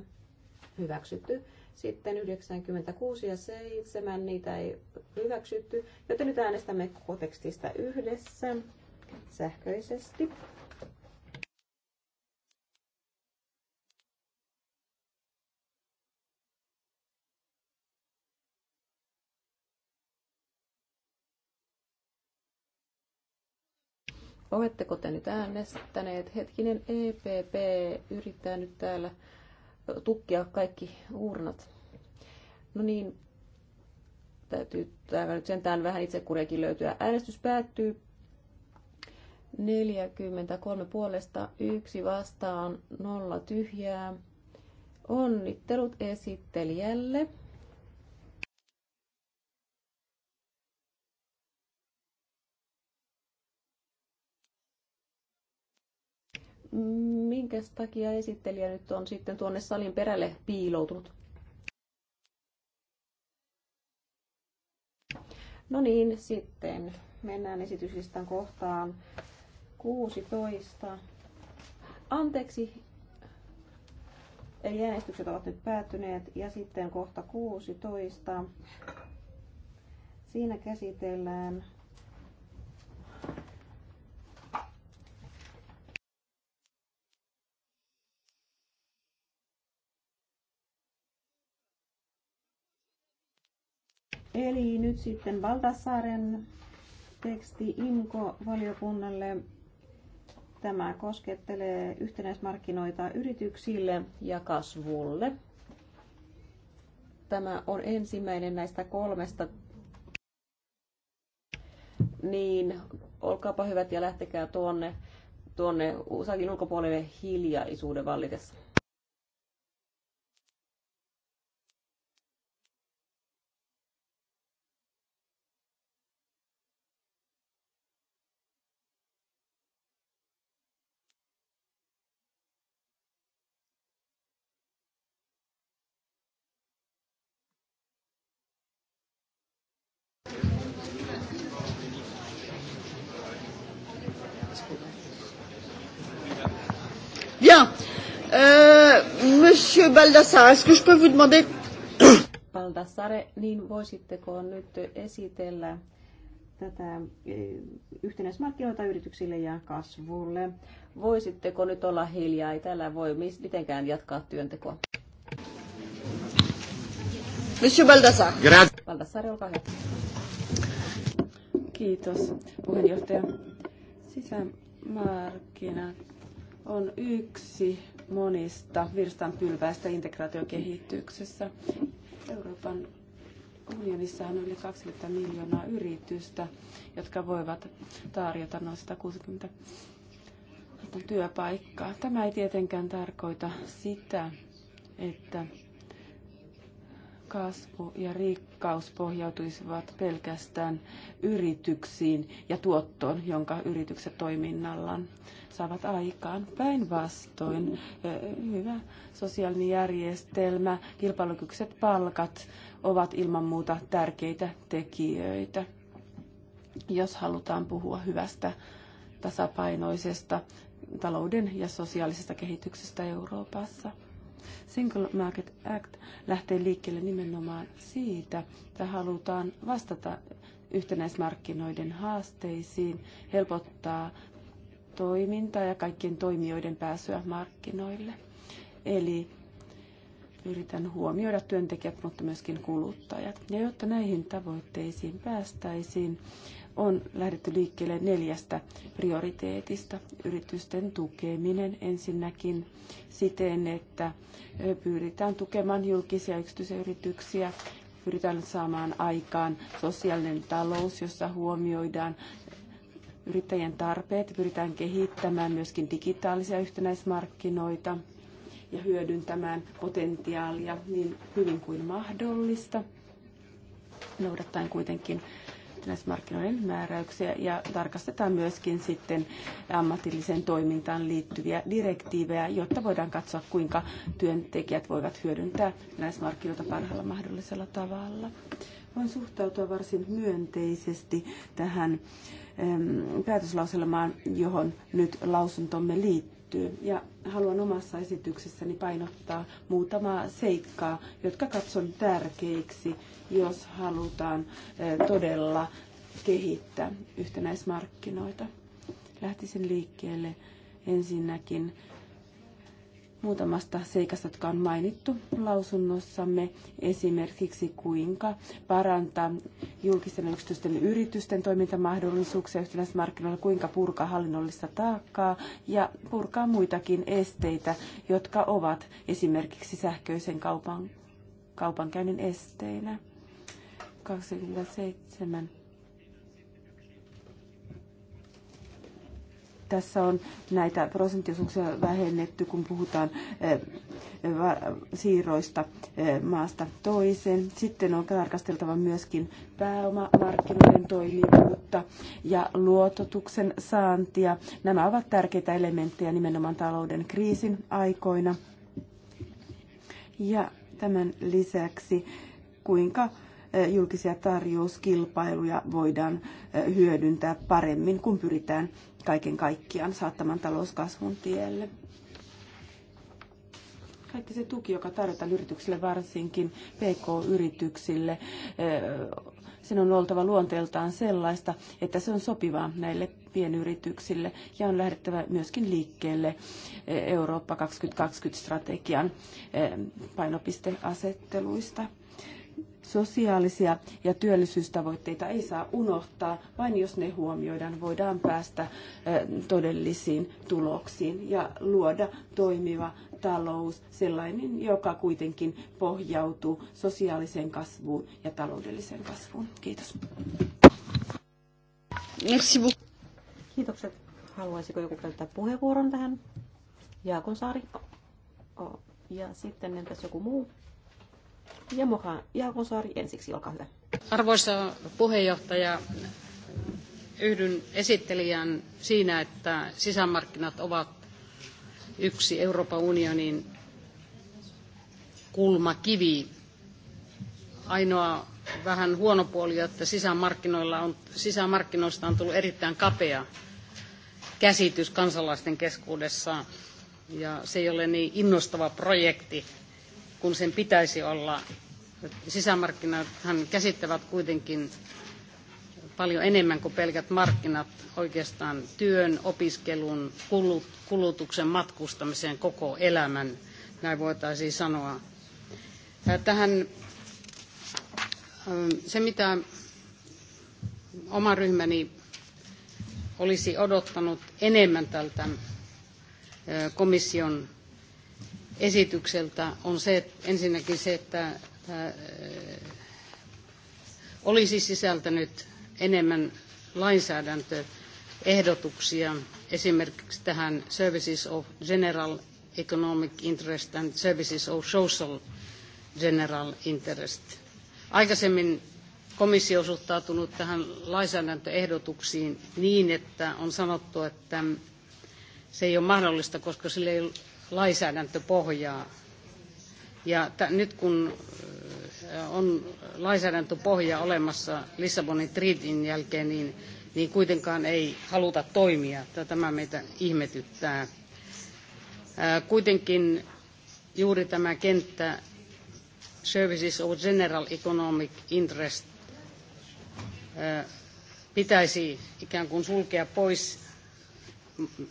hyväksytty. Sitten 96 ja 7, niitä ei hyväksytty, joten nyt äänestämme koko tekstistä yhdessä sähköisesti. Oletteko te nyt äänestäneet? Hetkinen, EPP yrittää nyt täällä tukkia kaikki urnat. No niin, täytyy täällä nyt sentään vähän itsekuriakin löytyä. Äänestys päättyy 43 puolesta, yksi vastaan, nolla tyhjää. Onnittelut esittelijälle. minkä takia esittelijä nyt on sitten tuonne salin perälle piiloutunut? No niin, sitten mennään esityslistan kohtaan 16. Anteeksi, eli äänestykset ovat nyt päättyneet ja sitten kohta 16. Siinä käsitellään nyt sitten Valtasaaren teksti IMKO-valiokunnalle. Tämä koskettelee yhtenäismarkkinoita yrityksille ja kasvulle. Tämä on ensimmäinen näistä kolmesta. Niin, olkaapa hyvät ja lähtekää tuonne, tuonne USAkin ulkopuolelle hiljaisuuden vallitessa. Monsieur Baldassare, est-ce que je peux vous demander... *coughs* Baldassare, niin voisitteko nyt esitellä tätä eh, yhtenäismarkkinoita yrityksille ja kasvulle? Voisitteko nyt olla hiljaa? Ei täällä voi mitenkään jatkaa työntekoa. Monsieur Baldassare. Baldassare, olkaa hyvä. Kiitos, puheenjohtaja. Sisämarkkinat on yksi monista virstanpylväistä integraatiokehityksessä. Euroopan unionissa on yli 20 miljoonaa yritystä, jotka voivat tarjota noin 160 työpaikkaa. Tämä ei tietenkään tarkoita sitä, että kasvu ja rikkaus pohjautuisivat pelkästään yrityksiin ja tuottoon, jonka yritykset toiminnallaan saavat aikaan. Päinvastoin eh, hyvä sosiaalinen järjestelmä, kilpailukykyiset palkat ovat ilman muuta tärkeitä tekijöitä, jos halutaan puhua hyvästä tasapainoisesta talouden ja sosiaalisesta kehityksestä Euroopassa. Single Market Act lähtee liikkeelle nimenomaan siitä, että halutaan vastata yhtenäismarkkinoiden haasteisiin, helpottaa toimintaa ja kaikkien toimijoiden pääsyä markkinoille. Eli yritän huomioida työntekijät, mutta myöskin kuluttajat. Ja jotta näihin tavoitteisiin päästäisiin, on lähdetty liikkeelle neljästä prioriteetista. Yritysten tukeminen ensinnäkin siten, että pyritään tukemaan julkisia yksityisiä yrityksiä, pyritään saamaan aikaan sosiaalinen talous, jossa huomioidaan yrittäjien tarpeet, pyritään kehittämään myöskin digitaalisia yhtenäismarkkinoita ja hyödyntämään potentiaalia niin hyvin kuin mahdollista, noudattaen kuitenkin yhtenäismarkkinoiden määräyksiä ja tarkastetaan myöskin sitten ammatilliseen toimintaan liittyviä direktiivejä, jotta voidaan katsoa, kuinka työntekijät voivat hyödyntää yhtenäismarkkinoita parhaalla mahdollisella tavalla. Voin suhtautua varsin myönteisesti tähän päätöslauselmaan, johon nyt lausuntomme liittyy liittyy. Ja haluan omassa esityksessäni painottaa muutamaa seikkaa, jotka katson tärkeiksi, jos halutaan eh, todella kehittää yhtenäismarkkinoita. Lähtisin liikkeelle ensinnäkin muutamasta seikasta, jotka on mainittu lausunnossamme, esimerkiksi kuinka parantaa julkisten yksityisten yritysten toimintamahdollisuuksia markkinoilla kuinka purkaa hallinnollista taakkaa ja purkaa muitakin esteitä, jotka ovat esimerkiksi sähköisen kaupan, kaupankäynnin esteinä. 27 tässä on näitä prosenttiosuuksia vähennetty, kun puhutaan eh, siirroista eh, maasta toiseen. Sitten on tarkasteltava myöskin pääomamarkkinoiden toimivuutta ja luototuksen saantia. Nämä ovat tärkeitä elementtejä nimenomaan talouden kriisin aikoina. Ja tämän lisäksi, kuinka eh, julkisia tarjouskilpailuja voidaan hyödyntää paremmin, kun pyritään kaiken kaikkiaan saattamaan talouskasvun tielle. Kaikki se tuki, joka tarjotaan yrityksille, varsinkin PK-yrityksille, eh, sen on oltava luonteeltaan sellaista, että se on sopivaa näille pienyrityksille ja on lähdettävä myöskin liikkeelle eh, Eurooppa 2020-strategian eh, painopisteasetteluista. Sosiaalisia ja työllisyystavoitteita ei saa unohtaa, vain jos ne huomioidaan, voidaan päästä todellisiin tuloksiin ja luoda toimiva talous, sellainen, joka kuitenkin pohjautuu sosiaaliseen kasvuun ja taloudelliseen kasvuun. Kiitos. Merci Kiitokset. Haluaisiko joku käyttää puheenvuoron tähän? Jaakonsaari. Ja sitten entäs joku muu? Ja Moha ensiksi, olkaa hyvä. Arvoisa puheenjohtaja, yhdyn esittelijän siinä, että sisämarkkinat ovat yksi Euroopan unionin kulmakivi. Ainoa vähän huono puoli, että sisämarkkinoilla on, sisämarkkinoista on tullut erittäin kapea käsitys kansalaisten keskuudessa ja se ei ole niin innostava projekti kun sen pitäisi olla. Sisämarkkinathan käsittävät kuitenkin paljon enemmän kuin pelkät markkinat oikeastaan työn, opiskelun, kulutuksen, matkustamiseen, koko elämän, näin voitaisiin sanoa. Tähän se, mitä oma ryhmäni olisi odottanut enemmän tältä komission esitykseltä on se, ensinnäkin se, että tämä äh, olisi sisältänyt enemmän lainsäädäntöehdotuksia esimerkiksi tähän Services of General Economic Interest and Services of Social General Interest. Aikaisemmin komissio on suhtautunut tähän lainsäädäntöehdotuksiin niin, että on sanottu, että se ei ole mahdollista, koska sillä ei lainsäädäntöpohjaa. Ja nyt kun äh, on lainsäädäntöpohja olemassa Lissabonin triitin jälkeen, niin, niin kuitenkaan ei haluta toimia. Tämä meitä ihmetyttää. Äh, kuitenkin juuri tämä kenttä Services of General Economic Interest äh, pitäisi ikään kuin sulkea pois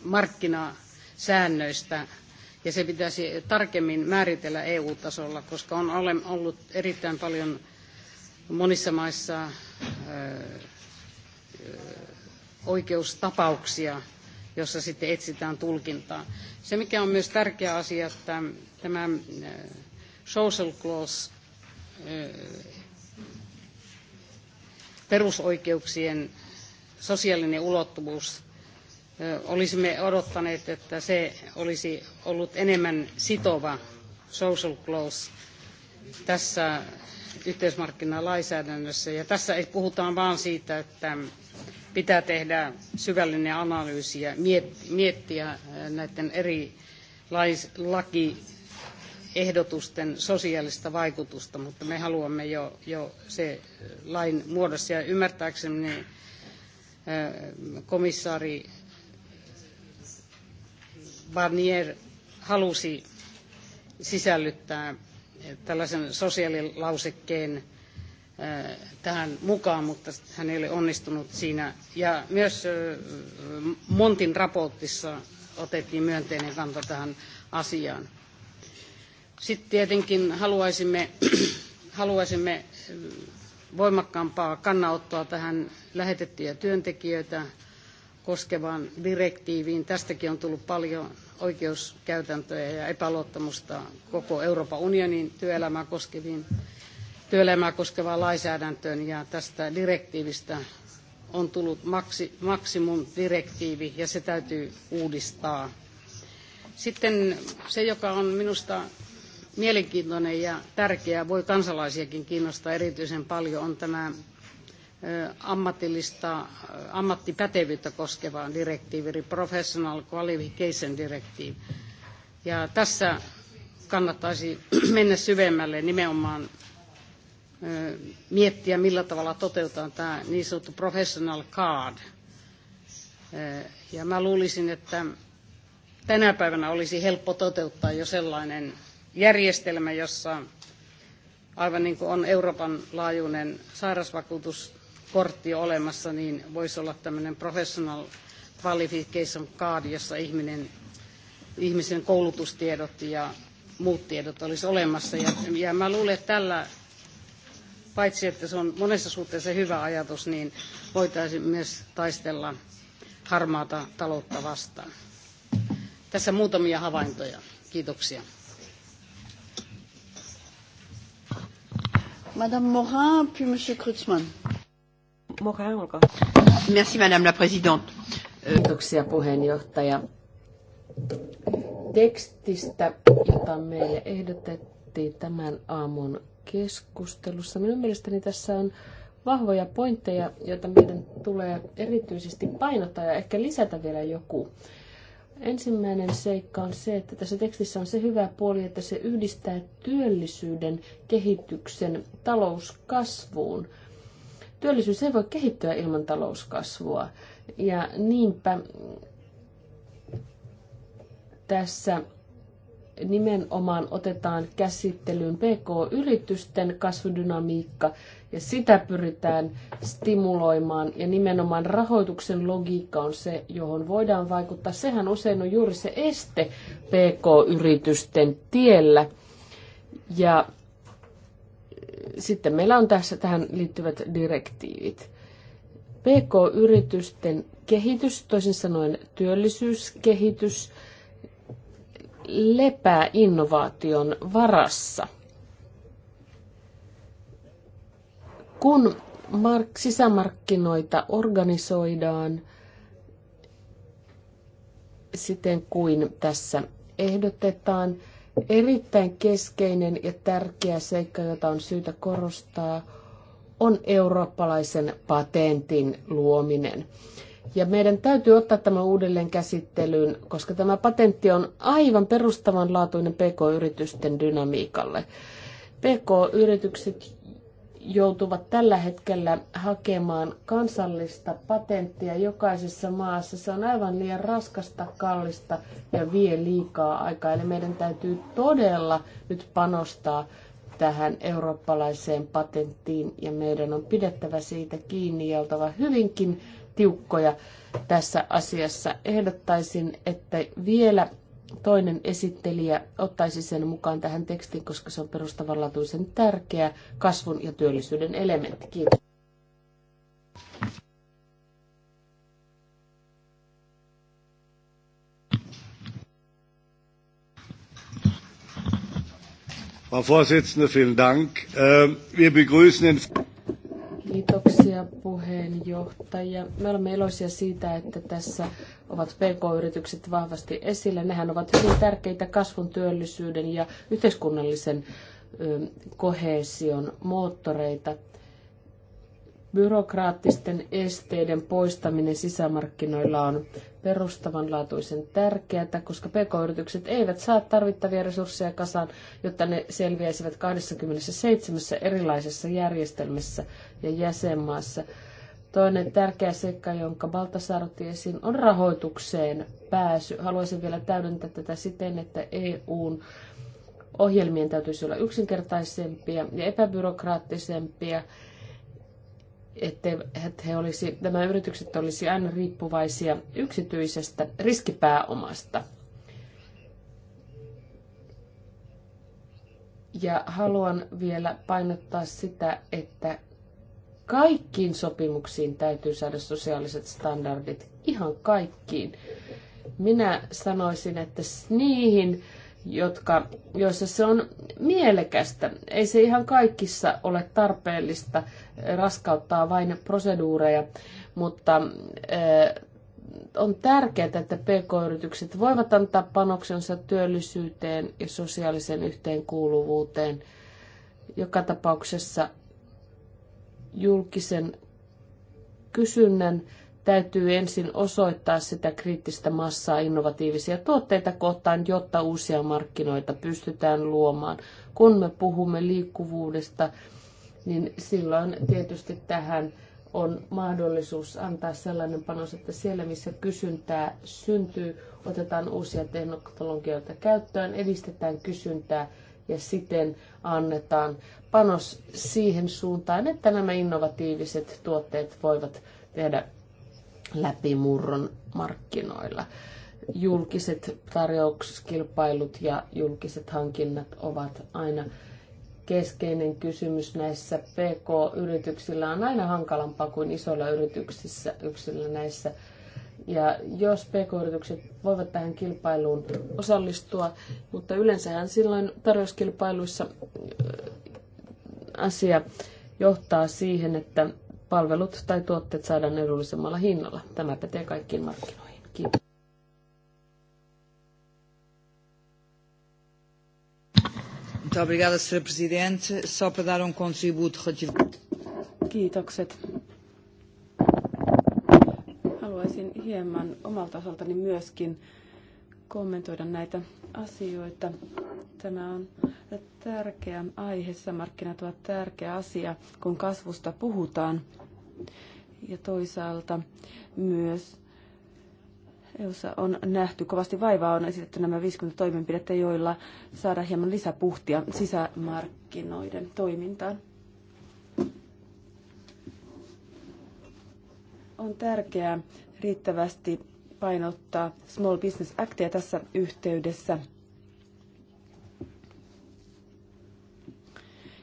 markkinasäännöistä ja se pitäisi tarkemmin määritellä EU-tasolla, koska on ollut erittäin paljon monissa maissa oikeustapauksia, jossa sitten etsitään tulkintaa. Se, mikä on myös tärkeä asia, että tämä social clause perusoikeuksien sosiaalinen ulottuvuus olisimme odottaneet, että se olisi ollut enemmän sitova social clause tässä yhteismarkkinalainsäädännössä. Ja tässä ei puhutaan vain siitä, että pitää tehdä syvällinen analyysi ja miettiä näiden eri lakiehdotusten sosiaalista vaikutusta, mutta me haluamme jo, jo se lain muodossa. Ja ymmärtääkseni komissaari Barnier halusi sisällyttää tällaisen sosiaalilausekkeen tähän mukaan, mutta hän ei ole onnistunut siinä. Ja myös Montin raportissa otettiin myönteinen kanta tähän asiaan. Sitten tietenkin haluaisimme, *clears throat* haluaisimme voimakkaampaa kannanottoa tähän lähetettyjä työntekijöitä koskevaan direktiiviin. Tästäkin on tullut paljon oikeuskäytäntöjä ja epäluottamusta koko Euroopan unionin työelämää koskeviin työelämää koskevaan lainsäädäntöön ja tästä direktiivistä on tullut maksi, maksimumdirektiivi ja se täytyy uudistaa. Sitten se, joka on minusta mielenkiintoinen ja tärkeä, voi kansalaisiakin kiinnostaa erityisen paljon, on tämä ammatillista ammattipätevyyttä koskevaan direktiiviin, eli Professional Qualification Directive. Ja tässä kannattaisi *clears throat* mennä syvemmälle nimenomaan miettiä, millä tavalla toteutetaan tämä niin sanottu professional card. Ja mä luulisin, että tänä päivänä olisi helppo toteuttaa jo sellainen järjestelmä, jossa aivan niin kuin on Euroopan laajuinen sairausvakuutus, kortti olemassa, niin voisi olla tämmöinen professional qualification card, jossa ihminen, ihmisen koulutustiedot ja muut tiedot olisi olemassa. Ja, ja mä luulen, että tällä, paitsi että se on monessa suhteessa hyvä ajatus, niin voitaisiin myös taistella harmaata taloutta vastaan. Tässä muutamia havaintoja. Kiitoksia. Madame Morin, puis Monsieur Kreutzmann. Morin, olkaa Merci, madame la présidente. Euh, Kiitoksia puheenjohtaja. Tekstistä, jota meille ehdotettiin tämän aamun keskustelussa. Minun mielestäni tässä on vahvoja pointteja, joita meidän tulee erityisesti painottaa ja ehkä lisätä vielä joku. Ensimmäinen seikka on se, että tässä tekstissä on se hyvä puoli, että se yhdistää työllisyyden kehityksen talouskasvuun – Työllisyys ei voi kehittyä ilman talouskasvua. Ja niinpä tässä nimenomaan otetaan käsittelyyn PK-yritysten kasvudynamiikka ja sitä pyritään stimuloimaan. Ja nimenomaan rahoituksen logiikka on se, johon voidaan vaikuttaa. Sehän usein on juuri se este PK-yritysten tiellä. Ja sitten meillä on tässä tähän liittyvät direktiivit. PK-yritysten kehitys, toisin sanoen työllisyyskehitys, lepää innovaation varassa. Kun sisämarkkinoita organisoidaan siten kuin tässä ehdotetaan, Erittäin keskeinen ja tärkeä seikka, jota on syytä korostaa, on eurooppalaisen patentin luominen. Ja meidän täytyy ottaa tämä uudelleen käsittelyyn, koska tämä patentti on aivan perustavanlaatuinen PK-yritysten dynamiikalle. PK-yritykset joutuvat tällä hetkellä hakemaan kansallista patenttia jokaisessa maassa. Se on aivan liian raskasta, kallista ja vie liikaa aikaa. Eli meidän täytyy todella nyt panostaa tähän eurooppalaiseen patenttiin ja meidän on pidettävä siitä kiinni ja oltava hyvinkin tiukkoja tässä asiassa. Ehdottaisin, että vielä toinen esittelijä ottaisi sen mukaan tähän tekstiin, koska se on perustavanlaatuisen tärkeä kasvun ja työllisyyden elementti. Kiitos. Frau Vorsitzende, vielen Dank. Äh, wir begrüßen den Kiitoksia puheenjohtaja. Me olemme iloisia siitä, että tässä ovat PK-yritykset vahvasti esillä. Nehän ovat hyvin tärkeitä kasvun, työllisyyden ja yhteiskunnallisen kohesion moottoreita. Byrokraattisten esteiden poistaminen sisämarkkinoilla on perustavanlaatuisen tärkeää, koska pk-yritykset eivät saa tarvittavia resursseja kasaan, jotta ne selviäisivät 27 erilaisessa järjestelmässä ja jäsenmaassa. Toinen tärkeä seikka, jonka Baltasar otti esiin, on rahoitukseen pääsy. Haluaisin vielä täydentää tätä siten, että EUn ohjelmien täytyisi olla yksinkertaisempia ja epäbyrokraattisempia että he olisi, nämä yritykset olisi aina riippuvaisia yksityisestä riskipääomasta. Ja haluan vielä painottaa sitä, että kaikkiin sopimuksiin täytyy saada sosiaaliset standardit, ihan kaikkiin. Minä sanoisin, että niihin, jotka, joissa se on mielekästä, ei se ihan kaikissa ole tarpeellista, raskauttaa vain proseduureja, mutta on tärkeää, että pk-yritykset voivat antaa panoksensa työllisyyteen ja sosiaalisen yhteenkuuluvuuteen. Joka tapauksessa julkisen kysynnän täytyy ensin osoittaa sitä kriittistä massaa innovatiivisia tuotteita kohtaan, jotta uusia markkinoita pystytään luomaan. Kun me puhumme liikkuvuudesta, niin silloin tietysti tähän on mahdollisuus antaa sellainen panos, että siellä missä kysyntää syntyy, otetaan uusia teknologioita käyttöön, edistetään kysyntää ja siten annetaan panos siihen suuntaan, että nämä innovatiiviset tuotteet voivat tehdä läpimurron markkinoilla. Julkiset tarjouskilpailut ja julkiset hankinnat ovat aina keskeinen kysymys näissä PK-yrityksillä on aina hankalampaa kuin isoilla yrityksissä yksillä näissä. Ja jos PK-yritykset voivat tähän kilpailuun osallistua, mutta yleensähän silloin tarjouskilpailuissa äh, asia johtaa siihen, että palvelut tai tuotteet saadaan edullisemmalla hinnalla. Tämä pätee kaikkiin markkinoihin. Kiitos. Muito obrigada, Sra. Presidente. Só para dar um contributo relativo... Kiitokset. Haluaisin hieman omalta osaltani myöskin kommentoida näitä asioita. Tämä on tärkeä aihe. Sisämarkkinat ovat tärkeä asia, kun kasvusta puhutaan. Ja toisaalta myös jossa e on nähty kovasti vaivaa, on esitetty nämä 50 toimenpidettä, joilla saada hieman lisäpuhtia sisämarkkinoiden toimintaan. On tärkeää riittävästi painottaa Small Business Actia tässä yhteydessä.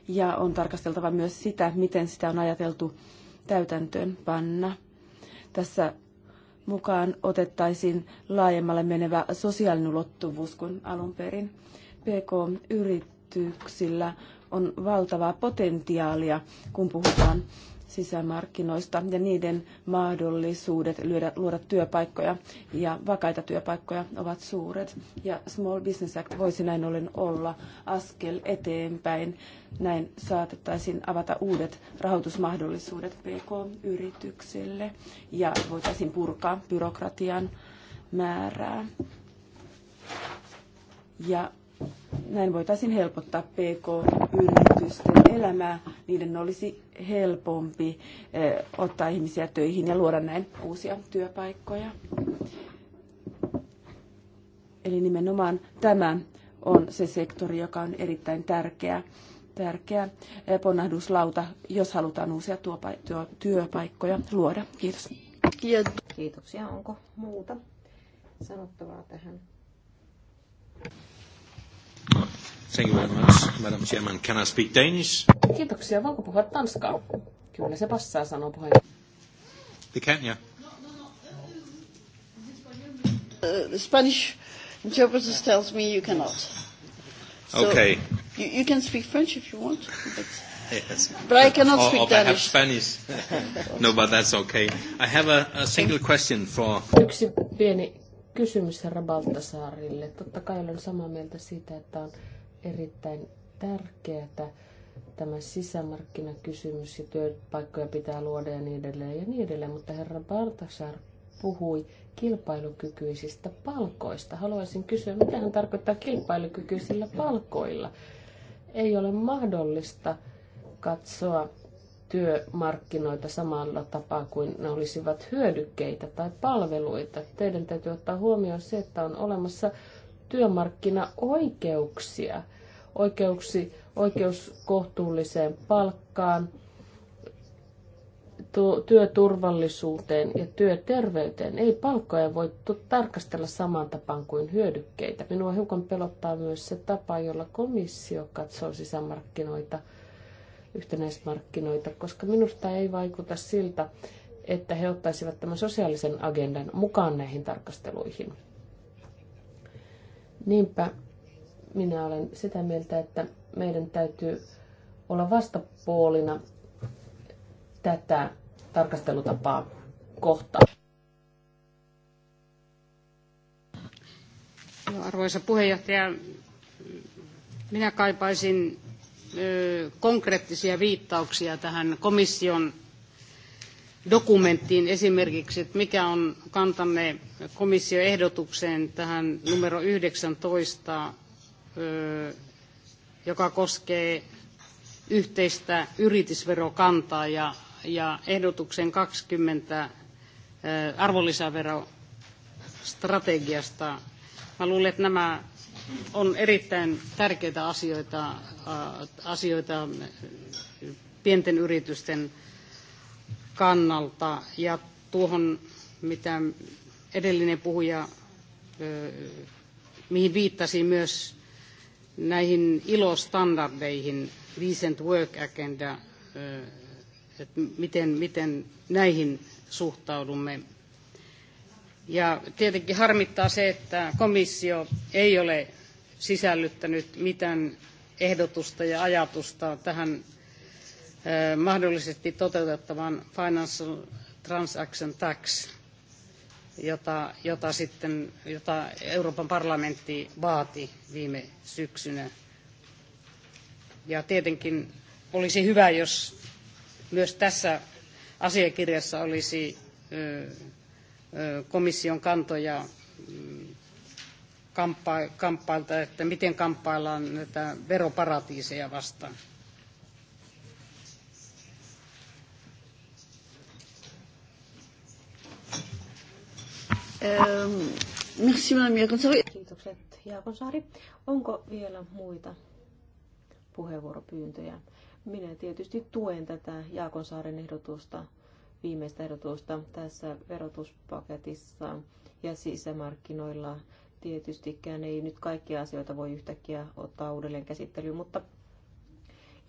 Ja on tarkasteltava myös sitä, miten sitä on ajateltu täytäntöön panna. Tässä mukaan otettaisiin laajemmalle menevä sosiaalinen ulottuvuus kuin alun perin. PK-yrityksillä on valtavaa potentiaalia, kun puhutaan sisämarkkinoista ja niiden mahdollisuudet lyödä, luoda työpaikkoja ja vakaita työpaikkoja ovat suuret. Ja Small Business Act voisi näin ollen olla askel eteenpäin. Näin saatettaisiin avata uudet rahoitusmahdollisuudet PK-yrityksille ja voitaisiin purkaa byrokratian määrää. Ja näin voitaisiin helpottaa PK-yritysten elämää niiden olisi helpompi eh, ottaa ihmisiä töihin ja luoda näin uusia työpaikkoja. Eli nimenomaan tämä on se sektori, joka on erittäin tärkeä, tärkeä eh, ponnahduslauta, jos halutaan uusia työpaikkoja luoda. Kiitos. Kiitoksia. Onko muuta sanottavaa tähän? Thank you very much, Madam Chairman. Can I speak Danish? Kiitoksia. Voinko puhua tanskaa? Kyllä se passaa, sanoo puheenjohtaja. They can, yeah. Uh, the Spanish interpreter tells me you cannot. So okay. You, you can speak French if you want, but, yes. but I cannot or, speak or Danish. Spanish. *laughs* no, but that's okay. I have a, a single question for... Yksi pieni kysymys herra Baltasaarille. Totta kai olen samaa mieltä siitä, että on erittäin tärkeää tämä sisämarkkinakysymys ja työpaikkoja pitää luoda ja niin edelleen ja niin edelleen. Mutta herra Baltasar puhui kilpailukykyisistä palkoista. Haluaisin kysyä, mitä hän tarkoittaa kilpailukykyisillä palkoilla? Ei ole mahdollista katsoa työmarkkinoita samalla tapaa kuin ne olisivat hyödykkeitä tai palveluita. Teidän täytyy ottaa huomioon se, että on olemassa työmarkkinaoikeuksia, oikeuksi, oikeus kohtuulliseen palkkaan, työturvallisuuteen ja työterveyteen. Ei palkkoja voi tarkastella samaan tapaan kuin hyödykkeitä. Minua hiukan pelottaa myös se tapa, jolla komissio katsoo sisämarkkinoita, yhtenäismarkkinoita, koska minusta ei vaikuta siltä, että he ottaisivat tämän sosiaalisen agendan mukaan näihin tarkasteluihin. Niinpä minä olen sitä mieltä, että meidän täytyy olla vastapuolina tätä tarkastelutapaa kohtaan. No, arvoisa puheenjohtaja, minä kaipaisin konkreettisia viittauksia tähän komission dokumenttiin esimerkiksi, että mikä on kantanne komission ehdotukseen tähän numero 19, joka koskee yhteistä yritysverokantaa ja, ja ehdotuksen 20 arvonlisäverostrategiasta. Mä luulen, että nämä on erittäin tärkeitä asioita, asioita pienten yritysten kannalta. Ja tuohon, mitä edellinen puhuja, mihin viittasi myös näihin ilostandardeihin, recent work agenda, että miten, miten näihin suhtaudumme. Ja tietenkin harmittaa se, että komissio ei ole sisällyttänyt mitään ehdotusta ja ajatusta tähän mahdollisesti toteutettavan Financial Transaction Tax, jota, jota, sitten, jota Euroopan parlamentti vaati viime syksynä. Ja tietenkin olisi hyvä, jos myös tässä asiakirjassa olisi komission kantoja mm, kamppailta, että miten kamppaillaan näitä veroparatiiseja vastaan. Ähm, merci, Madame Jakonsaari. Kiitokset, Jaakonsaari. Onko vielä muita puheenvuoropyyntöjä? Minä tietysti tuen tätä Jaakonsaaren ehdotusta, viimeistä ehdotusta tässä verotuspaketissa ja sisämarkkinoilla. Tietystikään ei nyt kaikkia asioita voi yhtäkkiä ottaa uudelleen käsittelyyn, mutta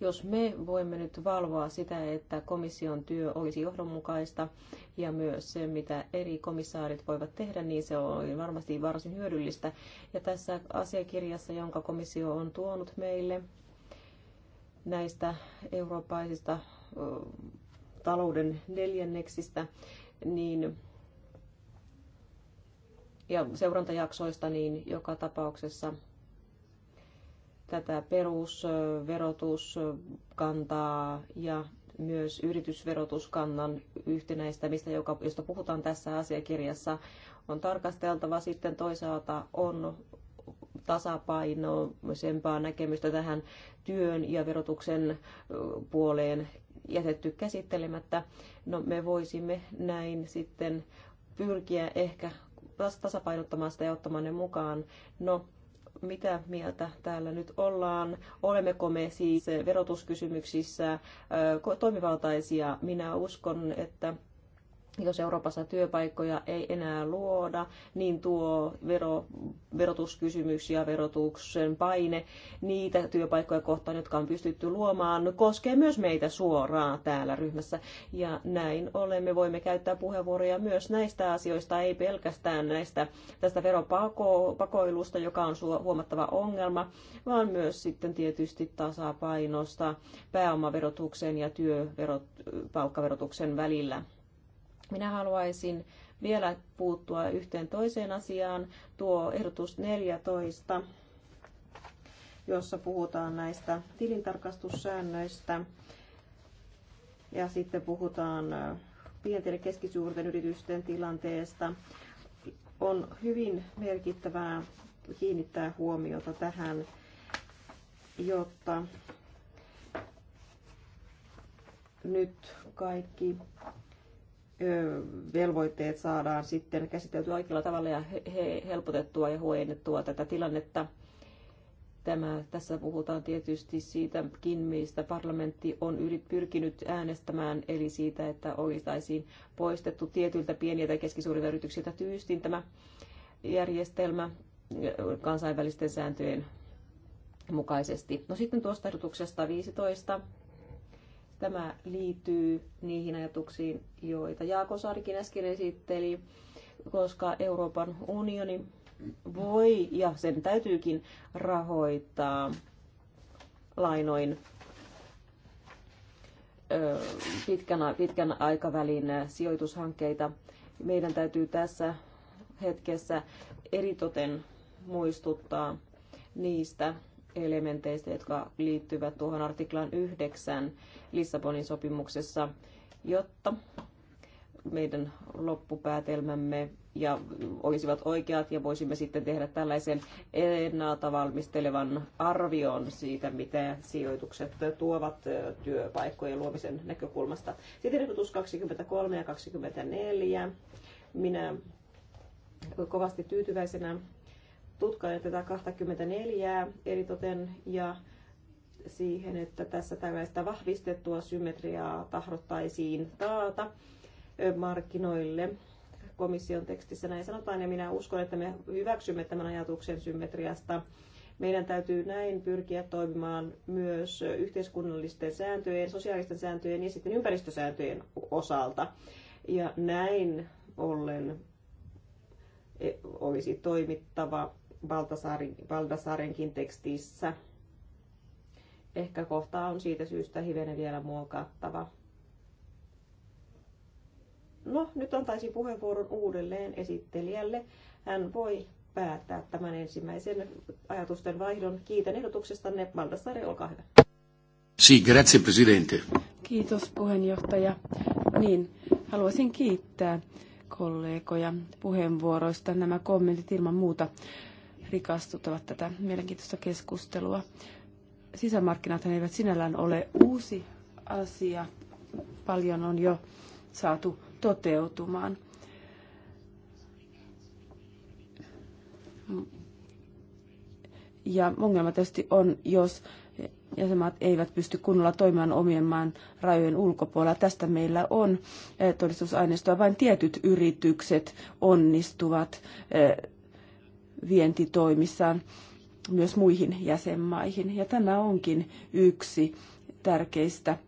jos me voimme nyt valvoa sitä, että komission työ olisi johdonmukaista ja myös se, mitä eri komissaarit voivat tehdä, niin se on varmasti varsin hyödyllistä. Ja tässä asiakirjassa, jonka komissio on tuonut meille näistä eurooppaisista talouden neljänneksistä, niin ja seurantajaksoista, niin joka tapauksessa tätä perusverotuskantaa ja myös yritysverotuskannan yhtenäistämistä, joka, josta puhutaan tässä asiakirjassa, on tarkasteltava. Sitten toisaalta on tasapainoisempaa näkemystä tähän työn ja verotuksen puoleen jätetty käsittelemättä. No, me voisimme näin sitten pyrkiä ehkä tasapainottamaan sitä ja ottamaan ne mukaan. No, mitä mieltä täällä nyt ollaan. Olemmeko me siis verotuskysymyksissä toimivaltaisia? Minä uskon, että jos Euroopassa työpaikkoja ei enää luoda, niin tuo vero, verotuskysymys ja verotuksen paine niitä työpaikkoja kohtaan, jotka on pystytty luomaan, koskee myös meitä suoraan täällä ryhmässä. Ja näin olemme voimme käyttää puheenvuoroja myös näistä asioista, ei pelkästään näistä tästä veropakoilusta, joka on huomattava ongelma, vaan myös sitten tietysti tasapainosta pääomaverotuksen ja työverot, palkkaverotuksen välillä minä haluaisin vielä puuttua yhteen toiseen asiaan, tuo ehdotus 14, jossa puhutaan näistä tilintarkastussäännöistä ja sitten puhutaan pienten ja keskisuurten yritysten tilanteesta. On hyvin merkittävää kiinnittää huomiota tähän, jotta nyt kaikki velvoitteet saadaan sitten käsiteltyä oikealla tavalla ja helpotettua ja huojennettua tätä tilannetta. Tämä, tässä puhutaan tietysti siitäkin, mistä parlamentti on yrit pyrkinyt äänestämään, eli siitä, että oltaisiin poistettu tietyiltä pieniä tai keskisuurilta yrityksiltä tyystin tämä järjestelmä kansainvälisten sääntöjen mukaisesti. No sitten tuosta ehdotuksesta 15 Tämä liittyy niihin ajatuksiin, joita Jaako Saarikin äsken esitteli, koska Euroopan unioni voi ja sen täytyykin rahoittaa lainoin pitkän, pitkän aikavälin sijoitushankkeita. Meidän täytyy tässä hetkessä eritoten muistuttaa niistä elementeistä, jotka liittyvät tuohon artiklaan 9 Lissabonin sopimuksessa, jotta meidän loppupäätelmämme ja olisivat oikeat ja voisimme sitten tehdä tällaisen ennalta valmistelevan arvion siitä, mitä sijoitukset tuovat työpaikkojen luomisen näkökulmasta. Sitten ehdotus 23 ja 24. Minä kovasti tyytyväisenä tutkailen tätä 24 toten ja siihen, että tässä tällaista vahvistettua symmetriaa tahdottaisiin taata markkinoille. Komission tekstissä näin sanotaan ja minä uskon, että me hyväksymme tämän ajatuksen symmetriasta. Meidän täytyy näin pyrkiä toimimaan myös yhteiskunnallisten sääntöjen, sosiaalisten sääntöjen ja sitten ympäristösääntöjen osalta. Ja näin ollen e, olisi toimittava Baldassarenkin tekstissä. Ehkä kohta on siitä syystä hivenen vielä muokattava. No, nyt antaisin puheenvuoron uudelleen esittelijälle. Hän voi päättää tämän ensimmäisen ajatusten vaihdon. Kiitän ehdotuksestanne. Baldassare, olkaa hyvä. Si, grazie presidente. Kiitos puheenjohtaja. Niin, haluaisin kiittää kollegoja puheenvuoroista. Nämä kommentit ilman muuta rikastuttavat tätä mielenkiintoista keskustelua. Sisämarkkinat eivät sinällään ole uusi asia. Paljon on jo saatu toteutumaan. Ja ongelma tietysti on, jos jäsenmaat eivät pysty kunnolla toimimaan omien maan rajojen ulkopuolella. Tästä meillä on eh, todistusaineistoa. Vain tietyt yritykset onnistuvat eh, vientitoimissaan myös muihin jäsenmaihin. Ja tämä onkin yksi tärkeistä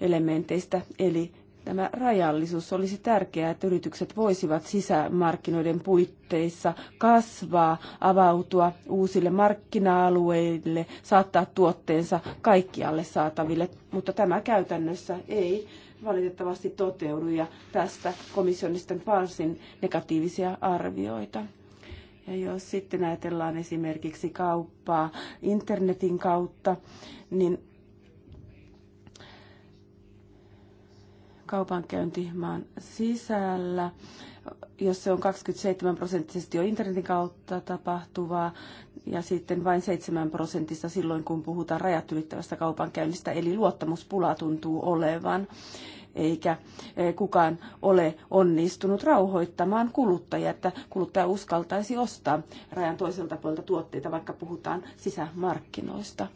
elementeistä, eli tämä rajallisuus olisi tärkeää, että yritykset voisivat sisämarkkinoiden puitteissa kasvaa, avautua uusille markkina-alueille, saattaa tuotteensa kaikkialle saataville, mutta tämä käytännössä ei valitettavasti toteudu ja tästä komissionisten palsin negatiivisia arvioita. Ja jos sitten ajatellaan esimerkiksi kauppaa internetin kautta, niin kaupankäynti maan sisällä, jos se on 27 prosenttisesti jo internetin kautta tapahtuvaa ja sitten vain 7 prosentista silloin, kun puhutaan rajat ylittävästä kaupankäynnistä, eli luottamuspula tuntuu olevan eikä eh, kukaan ole onnistunut rauhoittamaan kuluttajia, että kuluttaja uskaltaisi ostaa rajan toiselta puolelta tuotteita, vaikka puhutaan sisämarkkinoista.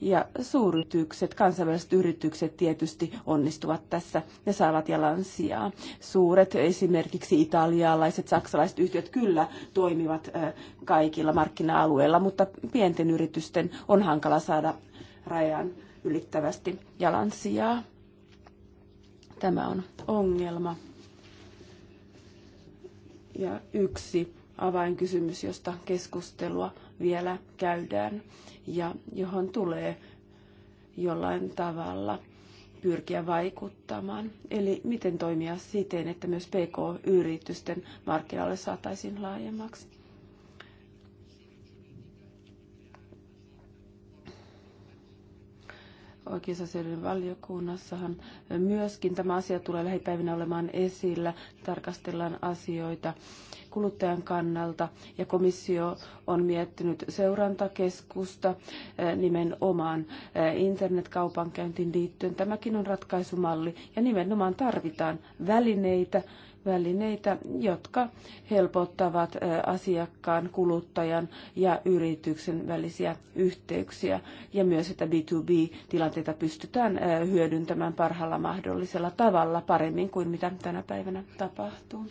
Ja suuryritykset, kansainväliset yritykset tietysti onnistuvat tässä ja saavat jalan sijaa. Suuret, esimerkiksi italialaiset, saksalaiset yhtiöt kyllä toimivat eh, kaikilla markkina-alueilla, mutta pienten yritysten on hankala saada rajan ylittävästi sijaa. Tämä on ongelma. Ja yksi avainkysymys, josta keskustelua vielä käydään ja johon tulee jollain tavalla pyrkiä vaikuttamaan. Eli miten toimia siten, että myös PK-yritysten markkinoille saataisiin laajemmaksi. oikeusasioiden valiokunnassahan myöskin tämä asia tulee lähipäivinä olemaan esillä. Tarkastellaan asioita kuluttajan kannalta ja komissio on miettinyt seurantakeskusta eh, nimenomaan eh, internetkaupankäyntiin liittyen. Tämäkin on ratkaisumalli ja nimenomaan tarvitaan välineitä, välineitä, jotka helpottavat asiakkaan, kuluttajan ja yrityksen välisiä yhteyksiä ja myös, että B2B-tilanteita pystytään hyödyntämään parhaalla mahdollisella tavalla paremmin kuin mitä tänä päivänä tapahtuu.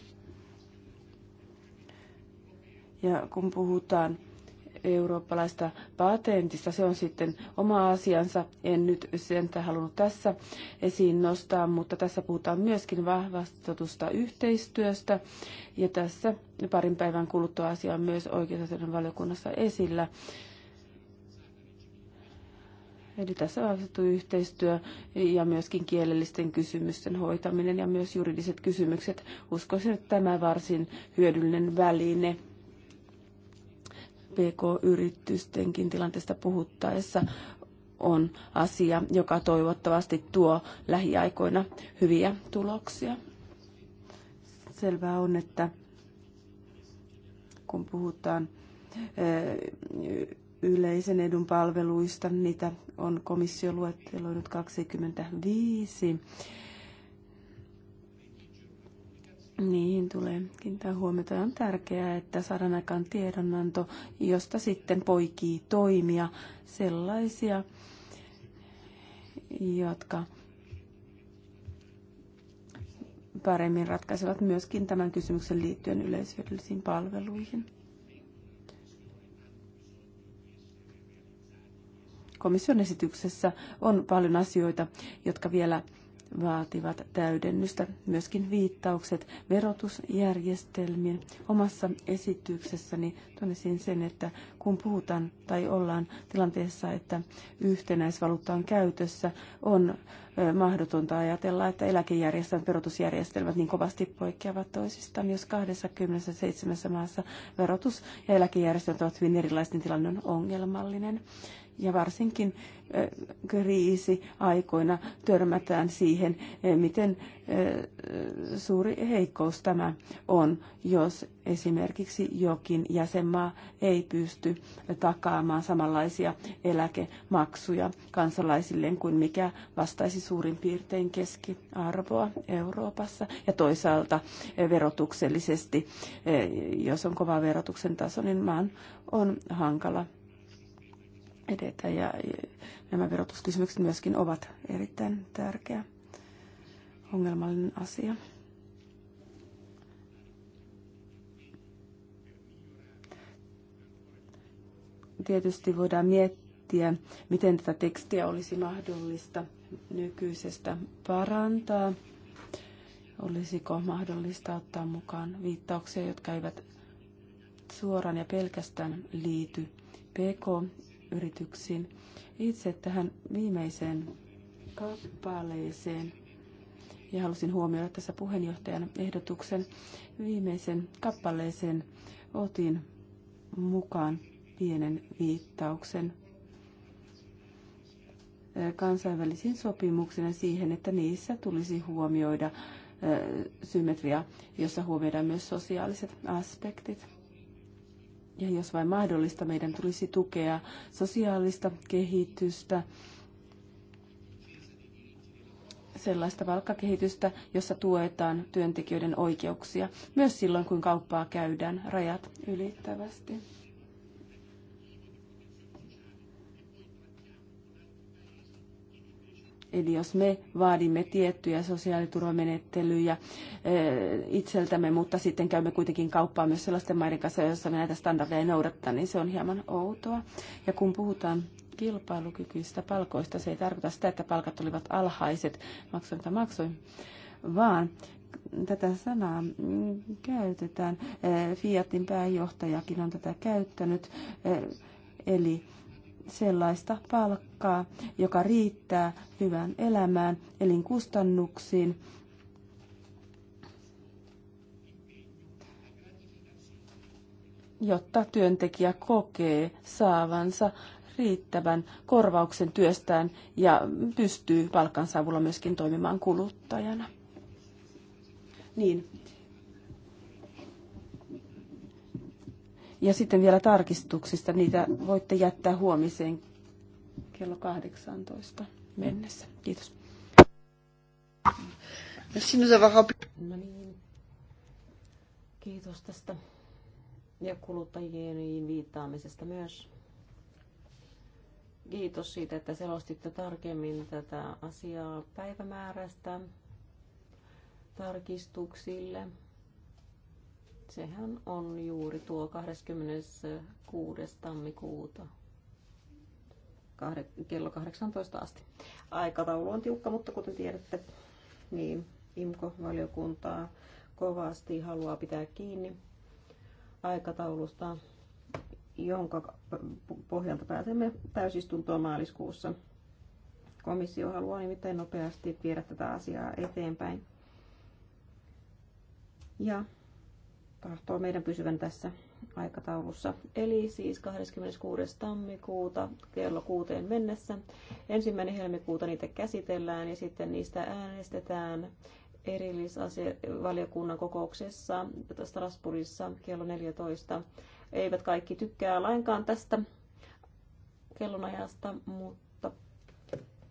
Ja kun puhutaan eurooppalaista patentista. Se on sitten oma asiansa. En nyt sen halunnut tässä esiin nostaa, mutta tässä puhutaan myöskin vahvastetusta yhteistyöstä. Ja tässä parin päivän kuluttua asia on myös oikeusasioiden valiokunnassa esillä. Eli tässä vahvistettu yhteistyö ja myöskin kielellisten kysymysten hoitaminen ja myös juridiset kysymykset. Uskoisin, että tämä varsin hyödyllinen väline PK-yritystenkin tilanteesta puhuttaessa on asia, joka toivottavasti tuo lähiaikoina hyviä tuloksia. Selvää on, että kun puhutaan eh, yleisen edun palveluista, niitä on komissio luetteloinut 25 niin tulee kiinnittää huomiota. On tärkeää, että saadaan aikaan tiedonanto, josta sitten poikii toimia sellaisia, jotka paremmin ratkaisevat myöskin tämän kysymyksen liittyen yleishyödyllisiin palveluihin. Komission esityksessä on paljon asioita, jotka vielä vaativat täydennystä. Myöskin viittaukset verotusjärjestelmiin. Omassa esityksessäni tunnisin sen, että kun puhutaan tai ollaan tilanteessa, että yhtenäisvaluutta on käytössä, on mahdotonta ajatella, että eläkejärjestelmät, verotusjärjestelmät niin kovasti poikkeavat toisistaan. Jos 27 maassa verotus ja eläkejärjestelmät ovat hyvin erilaiset, niin tilanne on ongelmallinen ja varsinkin kriisiaikoina törmätään siihen, miten suuri heikkous tämä on, jos esimerkiksi jokin jäsenmaa ei pysty takaamaan samanlaisia eläkemaksuja kansalaisilleen kuin mikä vastaisi suurin piirtein keskiarvoa Euroopassa. Ja toisaalta verotuksellisesti, jos on kova verotuksen taso, niin maan on hankala edetä ja nämä verotuskysymykset myöskin ovat erittäin tärkeä ongelmallinen asia. Tietysti voidaan miettiä, miten tätä tekstiä olisi mahdollista nykyisestä parantaa. Olisiko mahdollista ottaa mukaan viittauksia, jotka eivät suoraan ja pelkästään liity pk yrityksiin. Itse tähän viimeiseen kappaleeseen ja halusin huomioida tässä puheenjohtajan ehdotuksen viimeisen kappaleeseen otin mukaan pienen viittauksen kansainvälisiin sopimuksiin ja siihen, että niissä tulisi huomioida symmetria, jossa huomioidaan myös sosiaaliset aspektit. Ja jos vain mahdollista, meidän tulisi tukea sosiaalista kehitystä, sellaista valkkakehitystä, jossa tuetaan työntekijöiden oikeuksia, myös silloin kun kauppaa käydään rajat ylittävästi. Eli jos me vaadimme tiettyjä sosiaaliturvamenettelyjä eh, itseltämme, mutta sitten käymme kuitenkin kauppaa myös sellaisten maiden kanssa, joissa me näitä standardeja noudattaa, niin se on hieman outoa. Ja kun puhutaan kilpailukykyistä palkoista, se ei tarkoita sitä, että palkat olivat alhaiset, maksoin tai maksoin, vaan tätä sanaa mm, käytetään. Eh, Fiatin pääjohtajakin on tätä käyttänyt. Eh, eli sellaista palkkaa, joka riittää hyvään elämään, elinkustannuksiin. jotta työntekijä kokee saavansa riittävän korvauksen työstään ja pystyy palkkansa avulla myöskin toimimaan kuluttajana. Niin, Ja sitten vielä tarkistuksista, niitä voitte jättää huomiseen kello 18 mennessä. Kiitos. Merci nous avoir No niin. Kiitos tästä ja kuluttajien viittaamisesta myös. Kiitos siitä, että selostitte tarkemmin tätä asiaa päivämäärästä tarkistuksille. Sehän on juuri tuo 26. tammikuuta kello 18 asti. Aikataulu on tiukka, mutta kuten tiedätte, niin IMKO-valiokuntaa kovasti haluaa pitää kiinni aikataulusta, jonka pohjalta pääsemme täysistuntoon maaliskuussa. Komissio haluaa nimittäin nopeasti viedä tätä asiaa eteenpäin. Ja tahtoo meidän pysyvän tässä aikataulussa. Eli siis 26. tammikuuta kello kuuteen mennessä. Ensimmäinen helmikuuta niitä käsitellään ja sitten niistä äänestetään erillisvaliokunnan kokouksessa Strasbourgissa kello 14. Eivät kaikki tykkää lainkaan tästä kellonajasta, mutta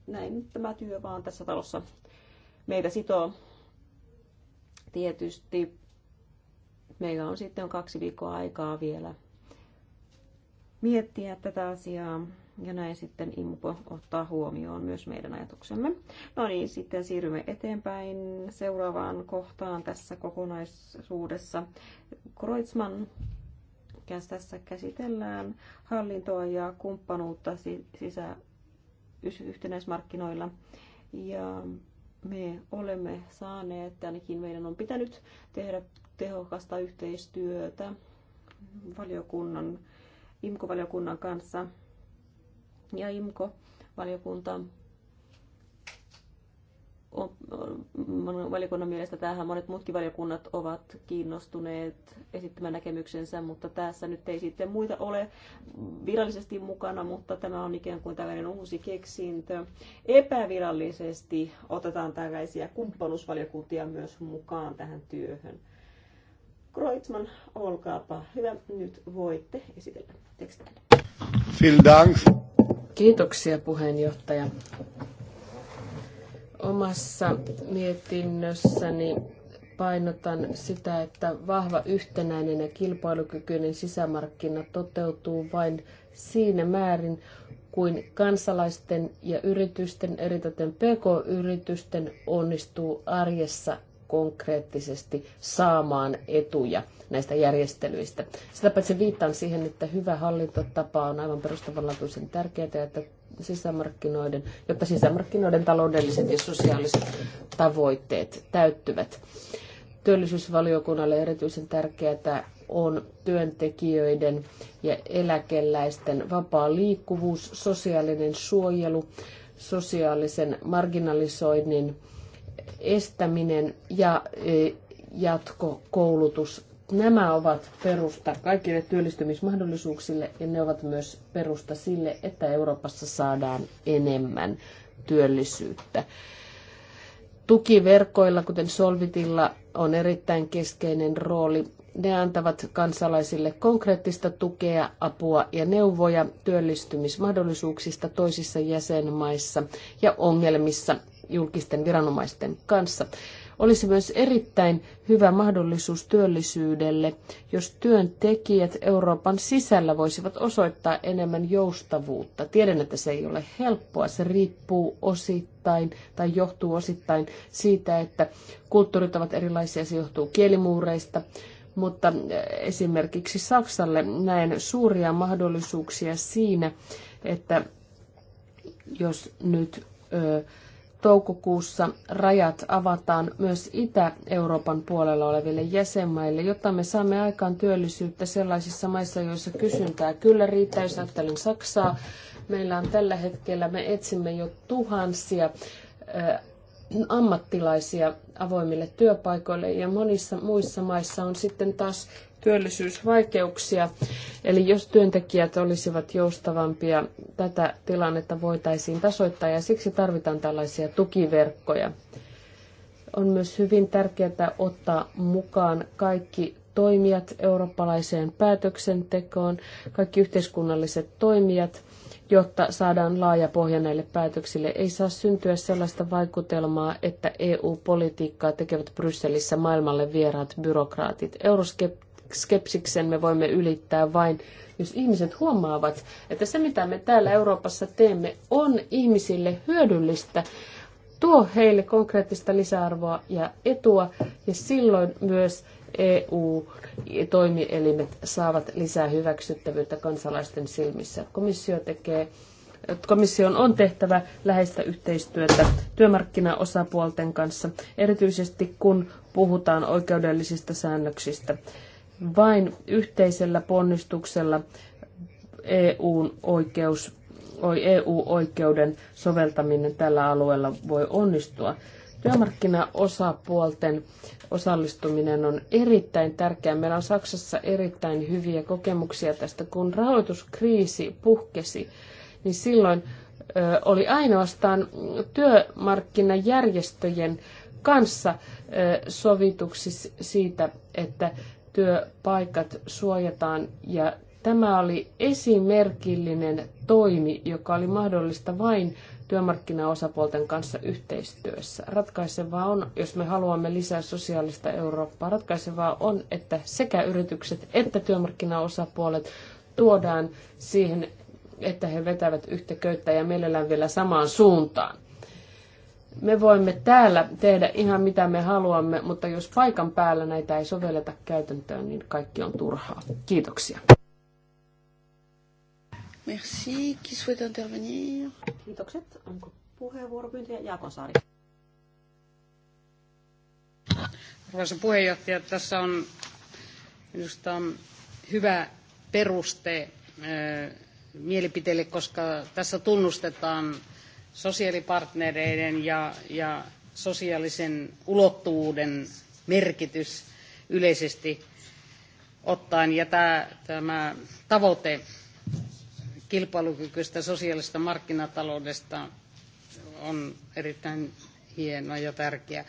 näin tämä työ vaan tässä talossa meitä sitoo. Tietysti meillä on sitten kaksi viikkoa aikaa vielä miettiä tätä asiaa ja näin sitten IMPO ottaa huomioon myös meidän ajatuksemme. No niin, sitten siirrymme eteenpäin seuraavaan kohtaan tässä kokonaisuudessa. Kreutzmann tässä käsitellään hallintoa ja kumppanuutta sisä yhtenäismarkkinoilla. Ja me olemme saaneet, ainakin meidän on pitänyt tehdä tehokasta yhteistyötä valiokunnan, IMKO-valiokunnan kanssa. Ja IMKO-valiokunta valiokunnan mielestä tähän monet muutkin valiokunnat ovat kiinnostuneet esittämään näkemyksensä, mutta tässä nyt ei sitten muita ole virallisesti mukana, mutta tämä on ikään kuin tällainen uusi keksintö. Epävirallisesti otetaan tällaisia kumppanuusvaliokuntia myös mukaan tähän työhön. Kreutzmann, olkaapa hyvä. Nyt voitte esitellä tekstin. Kiitoksia puheenjohtaja. Omassa mietinnössäni painotan sitä, että vahva, yhtenäinen ja kilpailukykyinen sisämarkkina toteutuu vain siinä määrin, kuin kansalaisten ja yritysten, eritoten pk-yritysten, onnistuu arjessa konkreettisesti saamaan etuja näistä järjestelyistä. Sitä paitsi viittaan siihen, että hyvä hallintotapa on aivan perustavanlaatuisen tärkeää, että sisämarkkinoiden, jotta sisämarkkinoiden taloudelliset ja sosiaaliset tavoitteet täyttyvät. Työllisyysvaliokunnalle erityisen tärkeää on työntekijöiden ja eläkeläisten vapaa liikkuvuus, sosiaalinen suojelu, sosiaalisen marginalisoinnin estäminen ja e, jatkokoulutus. Nämä ovat perusta kaikille työllistymismahdollisuuksille ja ne ovat myös perusta sille, että Euroopassa saadaan enemmän työllisyyttä. Tukiverkoilla, kuten Solvitilla, on erittäin keskeinen rooli. Ne antavat kansalaisille konkreettista tukea, apua ja neuvoja työllistymismahdollisuuksista toisissa jäsenmaissa ja ongelmissa, julkisten viranomaisten kanssa. Olisi myös erittäin hyvä mahdollisuus työllisyydelle, jos työntekijät Euroopan sisällä voisivat osoittaa enemmän joustavuutta. Tiedän, että se ei ole helppoa. Se riippuu osittain tai johtuu osittain siitä, että kulttuurit ovat erilaisia. Se johtuu kielimuureista mutta eh, esimerkiksi Saksalle näen suuria mahdollisuuksia siinä, että jos nyt Öö, toukokuussa rajat avataan myös Itä-Euroopan puolella oleville jäsenmaille, jotta me saamme aikaan työllisyyttä sellaisissa maissa, joissa kysyntää kyllä riittää, jos ajattelen Saksaa. Meillä on tällä hetkellä, me etsimme jo tuhansia äh, ammattilaisia avoimille työpaikoille ja monissa muissa maissa on sitten taas työllisyysvaikeuksia. Eli jos työntekijät olisivat joustavampia, tätä tilannetta voitaisiin tasoittaa ja siksi tarvitaan tällaisia tukiverkkoja. On myös hyvin tärkeää ottaa mukaan kaikki toimijat eurooppalaiseen päätöksentekoon, kaikki yhteiskunnalliset toimijat, jotta saadaan laaja pohja näille päätöksille. Ei saa syntyä sellaista vaikutelmaa, että EU-politiikkaa tekevät Brysselissä maailmalle vieraat byrokraatit. Euroskept skepsiksen me voimme ylittää vain, jos ihmiset huomaavat, että se mitä me täällä Euroopassa teemme on ihmisille hyödyllistä, tuo heille konkreettista lisäarvoa ja etua ja silloin myös EU-toimielimet saavat lisää hyväksyttävyyttä kansalaisten silmissä. Komissio tekee Komission on tehtävä läheistä yhteistyötä työmarkkinaosapuolten kanssa, erityisesti kun puhutaan oikeudellisista säännöksistä. Vain yhteisellä ponnistuksella EU-oikeus, EU-oikeuden soveltaminen tällä alueella voi onnistua. Työmarkkinaosapuolten osallistuminen on erittäin tärkeää. Meillä on Saksassa erittäin hyviä kokemuksia tästä. Kun rahoituskriisi puhkesi, niin silloin oli ainoastaan työmarkkinajärjestöjen kanssa sovituksi siitä, että työpaikat suojataan ja tämä oli esimerkillinen toimi, joka oli mahdollista vain työmarkkinaosapuolten kanssa yhteistyössä. Ratkaisevaa on, jos me haluamme lisää sosiaalista Eurooppaa, ratkaisevaa on, että sekä yritykset että työmarkkinaosapuolet tuodaan siihen, että he vetävät yhtä köyttä ja mielellään vielä samaan suuntaan me voimme täällä tehdä ihan mitä me haluamme, mutta jos paikan päällä näitä ei sovelleta käytäntöön, niin kaikki on turhaa. Kiitoksia. Merci. Qui souhaite intervenir? Kiitokset. Onko puheenvuoropyyntöjä? Saari. Arvoisa puheenjohtaja, tässä on minusta on hyvä peruste mielipiteelle, koska tässä tunnustetaan sosiaalipartnereiden ja, ja sosiaalisen ulottuvuuden merkitys yleisesti ottaen. Ja tämä, tämä tavoite kilpailukykyistä sosiaalista markkinataloudesta on erittäin hieno ja tärkeä.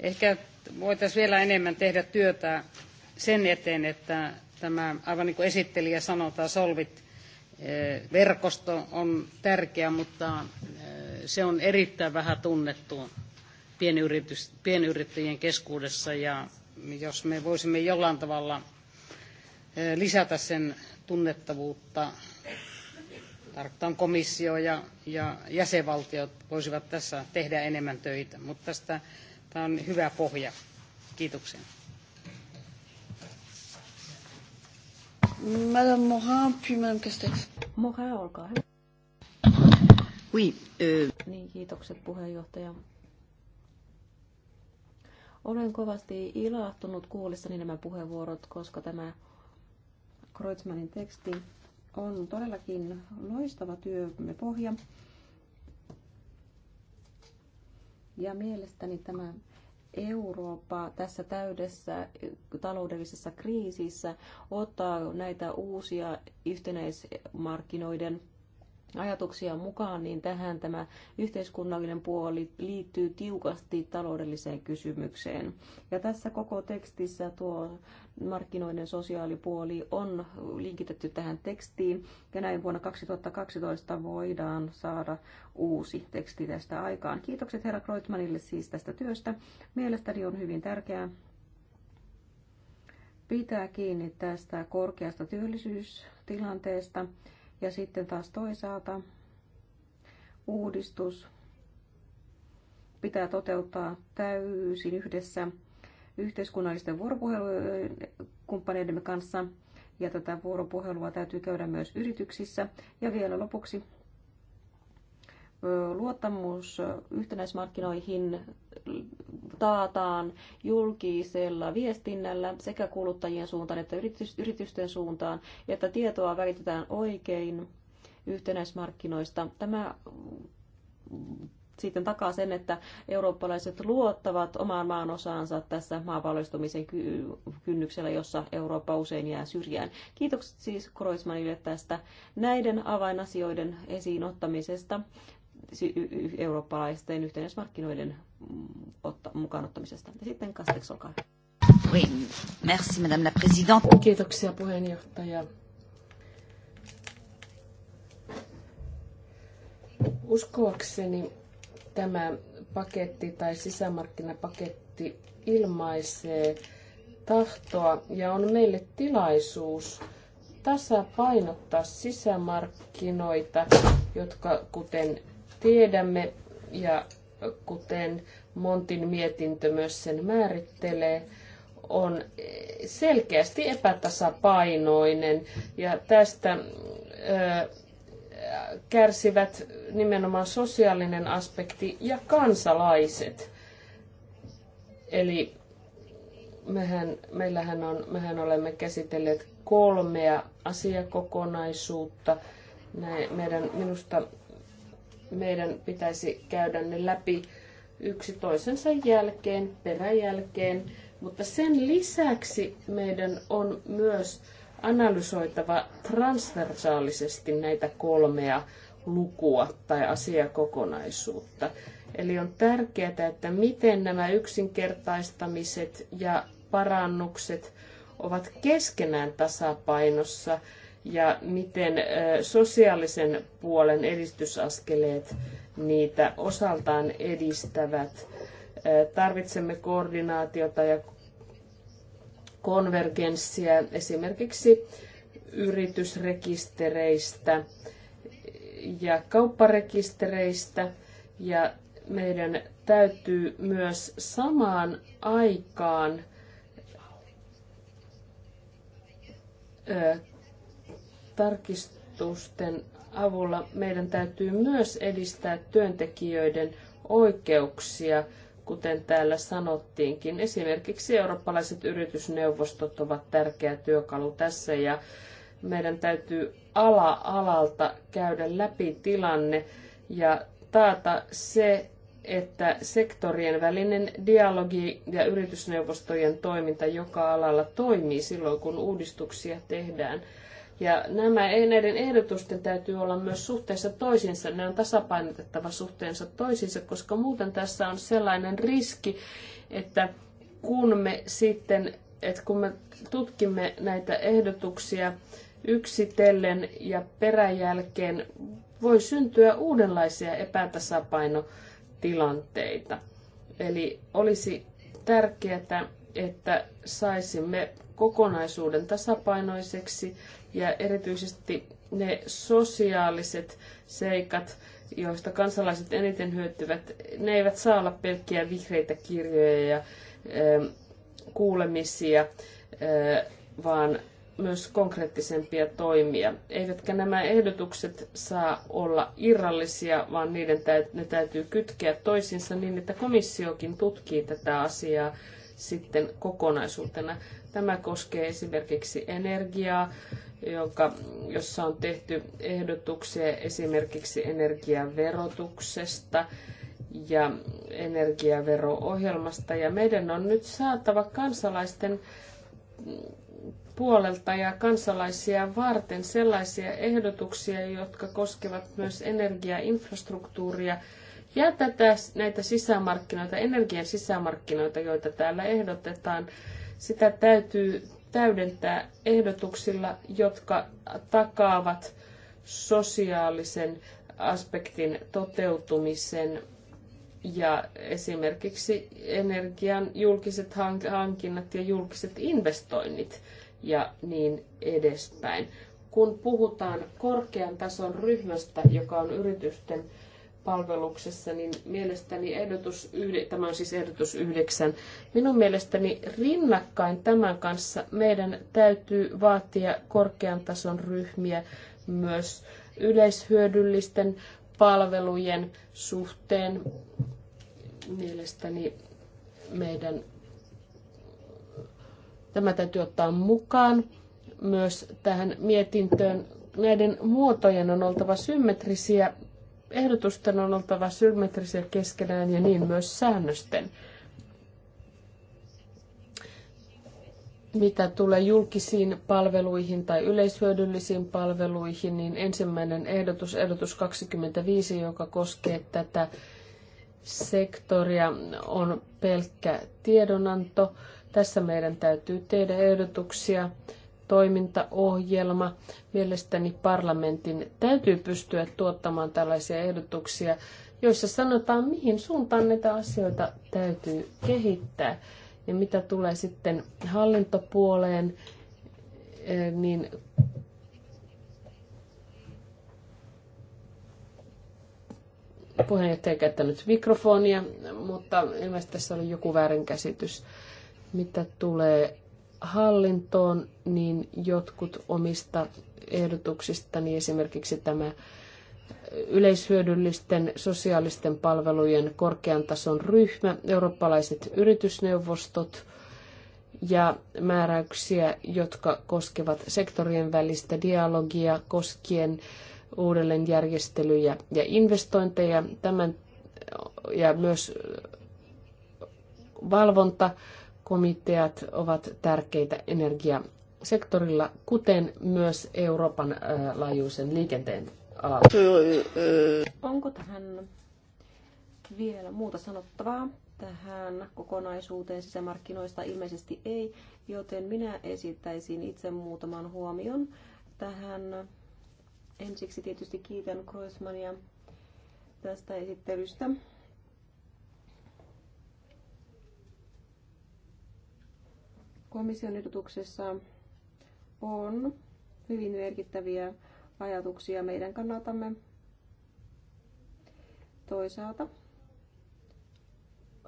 Ehkä voitaisiin vielä enemmän tehdä työtä sen eteen, että tämä, aivan niin kuin esittelijä sanoi, Solvit-verkosto on tärkeä, mutta se on erittäin vähän tunnettu pienyritys, pienyrittäjien keskuudessa ja jos me voisimme jollain tavalla lisätä sen tunnettavuutta, tarkoitan komissio ja, ja jäsenvaltiot voisivat tässä tehdä enemmän töitä, mutta tästä tämä on hyvä pohja. Kiitoksia. Madame Morin, puis Madame Castex. Morin, olkaa hyvä. Oui, euh, niin, kiitokset puheenjohtaja. Olen kovasti ilahtunut kuullessani nämä puheenvuorot, koska tämä Kreutzmannin teksti on todellakin loistava työmme pohja. Ja mielestäni tämä Eurooppa tässä täydessä taloudellisessa kriisissä ottaa näitä uusia yhtenäismarkkinoiden ajatuksia mukaan, niin tähän tämä yhteiskunnallinen puoli liittyy tiukasti taloudelliseen kysymykseen. Ja tässä koko tekstissä tuo markkinoiden sosiaalipuoli on linkitetty tähän tekstiin, ja näin vuonna 2012 voidaan saada uusi teksti tästä aikaan. Kiitokset herra Kreutzmannille siis tästä työstä. Mielestäni on hyvin tärkeää pitää kiinni tästä korkeasta työllisyystilanteesta ja sitten taas toisaalta uudistus pitää toteuttaa täysin yhdessä yhteiskunnallisten vuoropuhelukumppaneidemme kanssa ja tätä vuoropuhelua täytyy käydä myös yrityksissä. Ja vielä lopuksi luottamus yhtenäismarkkinoihin taataan julkisella viestinnällä sekä kuluttajien suuntaan että yritysten suuntaan, että tietoa välitetään oikein yhtenäismarkkinoista. Tämä sitten takaa sen, että eurooppalaiset luottavat omaan maan osaansa tässä maapalloistumisen kynnyksellä, jossa Eurooppa usein jää syrjään. Kiitokset siis Kroismanille tästä näiden avainasioiden esiin ottamisesta eurooppalaisten yhteismarkkinoiden mm, otta, mukaan ottamisesta. Ja sitten Kastex, olkaa hyvä. Oui, merci madame la présidente. Kiitoksia puheenjohtaja. Uskoakseni tämä paketti tai sisämarkkinapaketti ilmaisee tahtoa ja on meille tilaisuus tasapainottaa sisämarkkinoita, jotka kuten tiedämme, ja kuten Montin mietintö myös sen määrittelee, on selkeästi epätasapainoinen ja tästä ö, kärsivät nimenomaan sosiaalinen aspekti ja kansalaiset. Eli mehän, meillähän on, mehän olemme käsitelleet kolmea asiakokonaisuutta. Näin meidän minusta meidän pitäisi käydä ne läpi yksi toisensa jälkeen, peräjälkeen, mutta sen lisäksi meidän on myös analysoitava transversaalisesti näitä kolmea lukua tai asiakokonaisuutta. Eli on tärkeää, että miten nämä yksinkertaistamiset ja parannukset ovat keskenään tasapainossa ja miten sosiaalisen puolen edistysaskeleet niitä osaltaan edistävät. Tarvitsemme koordinaatiota ja konvergenssia esimerkiksi yritysrekistereistä ja kaupparekistereistä ja meidän täytyy myös samaan aikaan tarkistusten avulla meidän täytyy myös edistää työntekijöiden oikeuksia, kuten täällä sanottiinkin. Esimerkiksi eurooppalaiset yritysneuvostot ovat tärkeä työkalu tässä ja meidän täytyy ala alalta käydä läpi tilanne ja taata se, että sektorien välinen dialogi ja yritysneuvostojen toiminta joka alalla toimii silloin, kun uudistuksia tehdään. Ja nämä, näiden ehdotusten täytyy olla myös suhteessa toisiinsa, ne on tasapainotettava suhteensa toisiinsa, koska muuten tässä on sellainen riski, että kun me sitten, että kun me tutkimme näitä ehdotuksia yksitellen ja peräjälkeen, voi syntyä uudenlaisia epätasapainotilanteita. Eli olisi tärkeää, että saisimme kokonaisuuden tasapainoiseksi ja erityisesti ne sosiaaliset seikat, joista kansalaiset eniten hyötyvät, ne eivät saa olla pelkkiä vihreitä kirjoja ja ähm, kuulemisia, äh, vaan myös konkreettisempia toimia. Eivätkä nämä ehdotukset saa olla irrallisia, vaan niiden täyt, ne täytyy kytkeä toisiinsa niin, että komissiokin tutkii tätä asiaa sitten kokonaisuutena. Tämä koskee esimerkiksi energiaa, jonka, jossa on tehty ehdotuksia esimerkiksi energiaverotuksesta ja energiavero-ohjelmasta. Ja meidän on nyt saatava kansalaisten puolelta ja kansalaisia varten sellaisia ehdotuksia, jotka koskevat myös energiainfrastruktuuria ja tätä, näitä sisämarkkinoita, energian sisämarkkinoita, joita täällä ehdotetaan. Sitä täytyy täydentää ehdotuksilla, jotka takaavat sosiaalisen aspektin toteutumisen ja esimerkiksi energian julkiset hankinnat ja julkiset investoinnit ja niin edespäin. Kun puhutaan korkean tason ryhmästä, joka on yritysten palveluksessa, niin mielestäni ehdotus, tämä on siis ehdotus yhdeksän, minun mielestäni rinnakkain tämän kanssa meidän täytyy vaatia korkean tason ryhmiä myös yleishyödyllisten palvelujen suhteen. Mielestäni meidän tämä täytyy ottaa mukaan myös tähän mietintöön. Näiden muotojen on oltava symmetrisiä ehdotusten on oltava symmetrisiä keskenään ja niin myös säännösten. Mitä tulee julkisiin palveluihin tai yleishyödyllisiin palveluihin, niin ensimmäinen ehdotus, ehdotus 25, joka koskee tätä sektoria, on pelkkä tiedonanto. Tässä meidän täytyy tehdä ehdotuksia toimintaohjelma. Mielestäni parlamentin täytyy pystyä tuottamaan tällaisia ehdotuksia, joissa sanotaan, mihin suuntaan näitä asioita täytyy kehittää. Ja mitä tulee sitten hallintopuoleen, eh, niin puheenjohtaja ei käyttänyt mikrofonia, mutta ilmeisesti tässä oli joku väärinkäsitys. Mitä tulee hallintoon, niin jotkut omista ehdotuksista, niin esimerkiksi tämä yleishyödyllisten sosiaalisten palvelujen korkean tason ryhmä, eurooppalaiset yritysneuvostot ja määräyksiä, jotka koskevat sektorien välistä dialogia koskien uudelleenjärjestelyjä ja investointeja tämän, ja myös valvonta komiteat ovat tärkeitä energiasektorilla, kuten myös Euroopan laajuisen liikenteen alalla. Onko tähän vielä muuta sanottavaa? Tähän kokonaisuuteen sisämarkkinoista ilmeisesti ei, joten minä esittäisin itse muutaman huomion tähän. Ensiksi tietysti kiitän Groismania tästä esittelystä. Komission ehdotuksessa on hyvin merkittäviä ajatuksia meidän kannaltamme. Toisaalta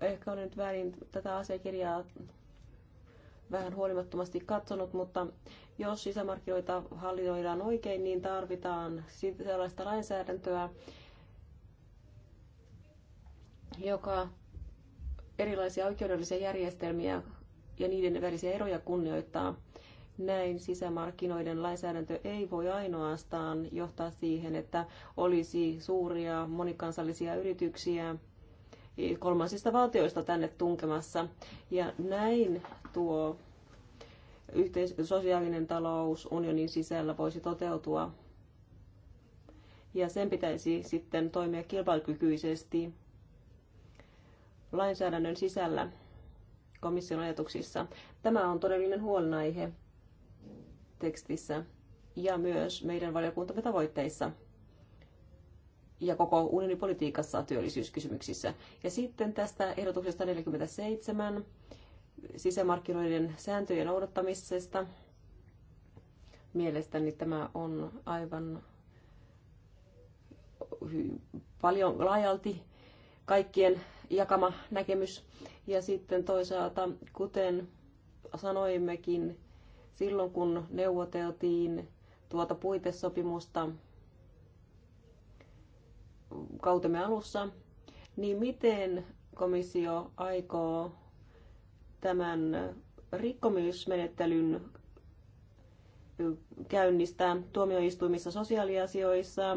ehkä olen nyt väärin tätä asiakirjaa vähän huolimattomasti katsonut, mutta jos sisämarkkinoita hallinnoidaan oikein, niin tarvitaan sellaista lainsäädäntöä, joka erilaisia oikeudellisia järjestelmiä ja niiden välisiä eroja kunnioittaa. Näin sisämarkkinoiden lainsäädäntö ei voi ainoastaan johtaa siihen, että olisi suuria monikansallisia yrityksiä kolmansista valtioista tänne tunkemassa. Ja näin tuo yhteis- sosiaalinen talous unionin sisällä voisi toteutua. Ja sen pitäisi sitten toimia kilpailukykyisesti lainsäädännön sisällä komission ajatuksissa. Tämä on todellinen huolenaihe tekstissä ja myös meidän valiokuntamme tavoitteissa ja koko unionipolitiikassa työllisyyskysymyksissä. Ja sitten tästä ehdotuksesta 47 sisämarkkinoiden sääntöjen noudattamisesta. Mielestäni tämä on aivan paljon laajalti kaikkien jakama näkemys. Ja sitten toisaalta, kuten sanoimmekin, silloin kun neuvoteltiin tuota puitesopimusta kautemme alussa, niin miten komissio aikoo tämän rikkomismenettelyn käynnistää tuomioistuimissa sosiaaliasioissa,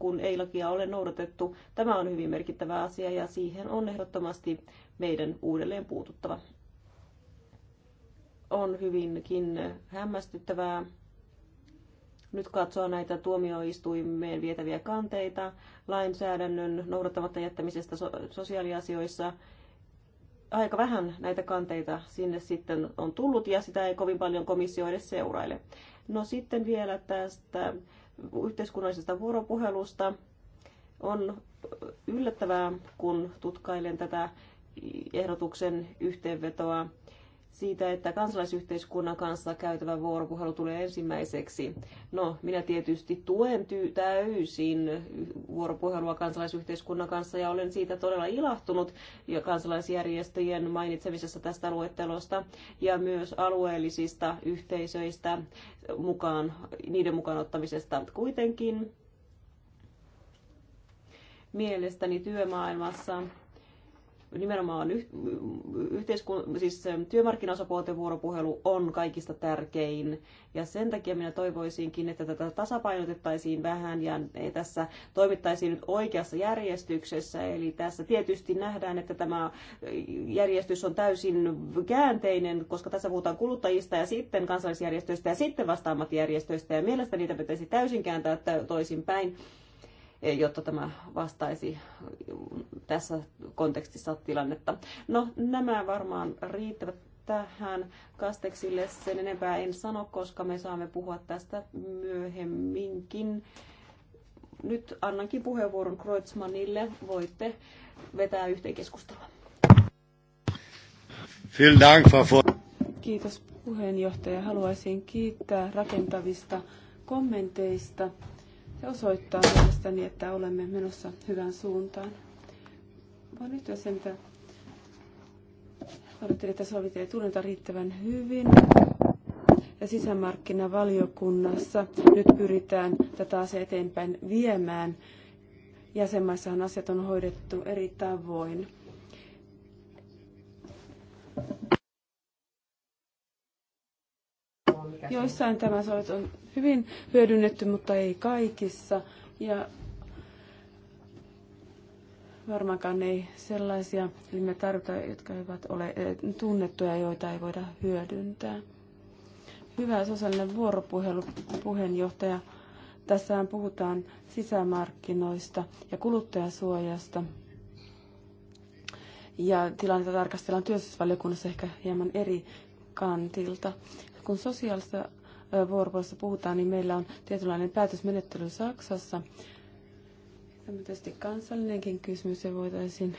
kun ei lakia ole noudatettu. Tämä on hyvin merkittävä asia ja siihen on ehdottomasti meidän uudelleen puututtava. On hyvinkin hämmästyttävää nyt katsoa näitä tuomioistuimeen vietäviä kanteita lainsäädännön noudattamatta jättämisestä sosiaaliasioissa aika vähän näitä kanteita sinne sitten on tullut ja sitä ei kovin paljon komissio edes seuraile. No sitten vielä tästä yhteiskunnallisesta vuoropuhelusta. On yllättävää, kun tutkailen tätä ehdotuksen yhteenvetoa siitä, että kansalaisyhteiskunnan kanssa käytävä vuoropuhelu tulee ensimmäiseksi. No, minä tietysti tuen ty- täysin vuoropuhelua kansalaisyhteiskunnan kanssa ja olen siitä todella ilahtunut ja kansalaisjärjestöjen mainitsemisessa tästä luettelosta ja myös alueellisista yhteisöistä mukaan, niiden mukaan ottamisesta kuitenkin. Mielestäni työmaailmassa nimenomaan yh, yhteiskun, siis ähm, työmarkkinaosapuolten vuoropuhelu on kaikista tärkein. Ja sen takia minä toivoisinkin, että tätä tasapainotettaisiin vähän ja tässä toimittaisiin nyt oikeassa järjestyksessä. Eli tässä tietysti nähdään, että tämä äh, järjestys on täysin käänteinen, koska tässä puhutaan kuluttajista ja sitten kansallisjärjestöistä ja sitten vasta ammattijärjestöistä. Ja mielestäni niitä pitäisi täysin kääntää toisinpäin. Eh, jotta tämä vastaisi tässä kontekstissa tilannetta. No, nämä varmaan riittävät tähän kasteksille. Sen enempää en sano, koska me saamme puhua tästä myöhemminkin. Nyt annankin puheenvuoron Kreutzmannille. Voitte vetää yhteen keskustelua. Kiitos puheenjohtaja. Haluaisin kiittää rakentavista kommenteista se osoittaa mielestäni, että olemme menossa hyvään suuntaan. Voin yhtyä sen, mitä todettiin, että ei tunneta riittävän hyvin. Ja sisämarkkinavaliokunnassa nyt pyritään tätä asiaa eteenpäin viemään. Jäsenmaissahan asiat on hoidettu eri tavoin. Joissain tämä soit on hyvin hyödynnetty, mutta ei kaikissa. Ja varmaankaan ei sellaisia me tarvitaan, jotka eivät ole eh, tunnettuja, joita ei voida hyödyntää. Hyvä sosiaalinen vuoropuhelu, puheenjohtaja. Tässähän puhutaan sisämarkkinoista ja kuluttajasuojasta. Ja tilannetta tarkastellaan työllisyysvaliokunnassa ehkä hieman eri kantilta. Kun sosiaalista vuoropuolesta puhutaan, niin meillä on tietynlainen päätösmenettely Saksassa. Tämä tietysti kansallinenkin kysymys ja voitaisiin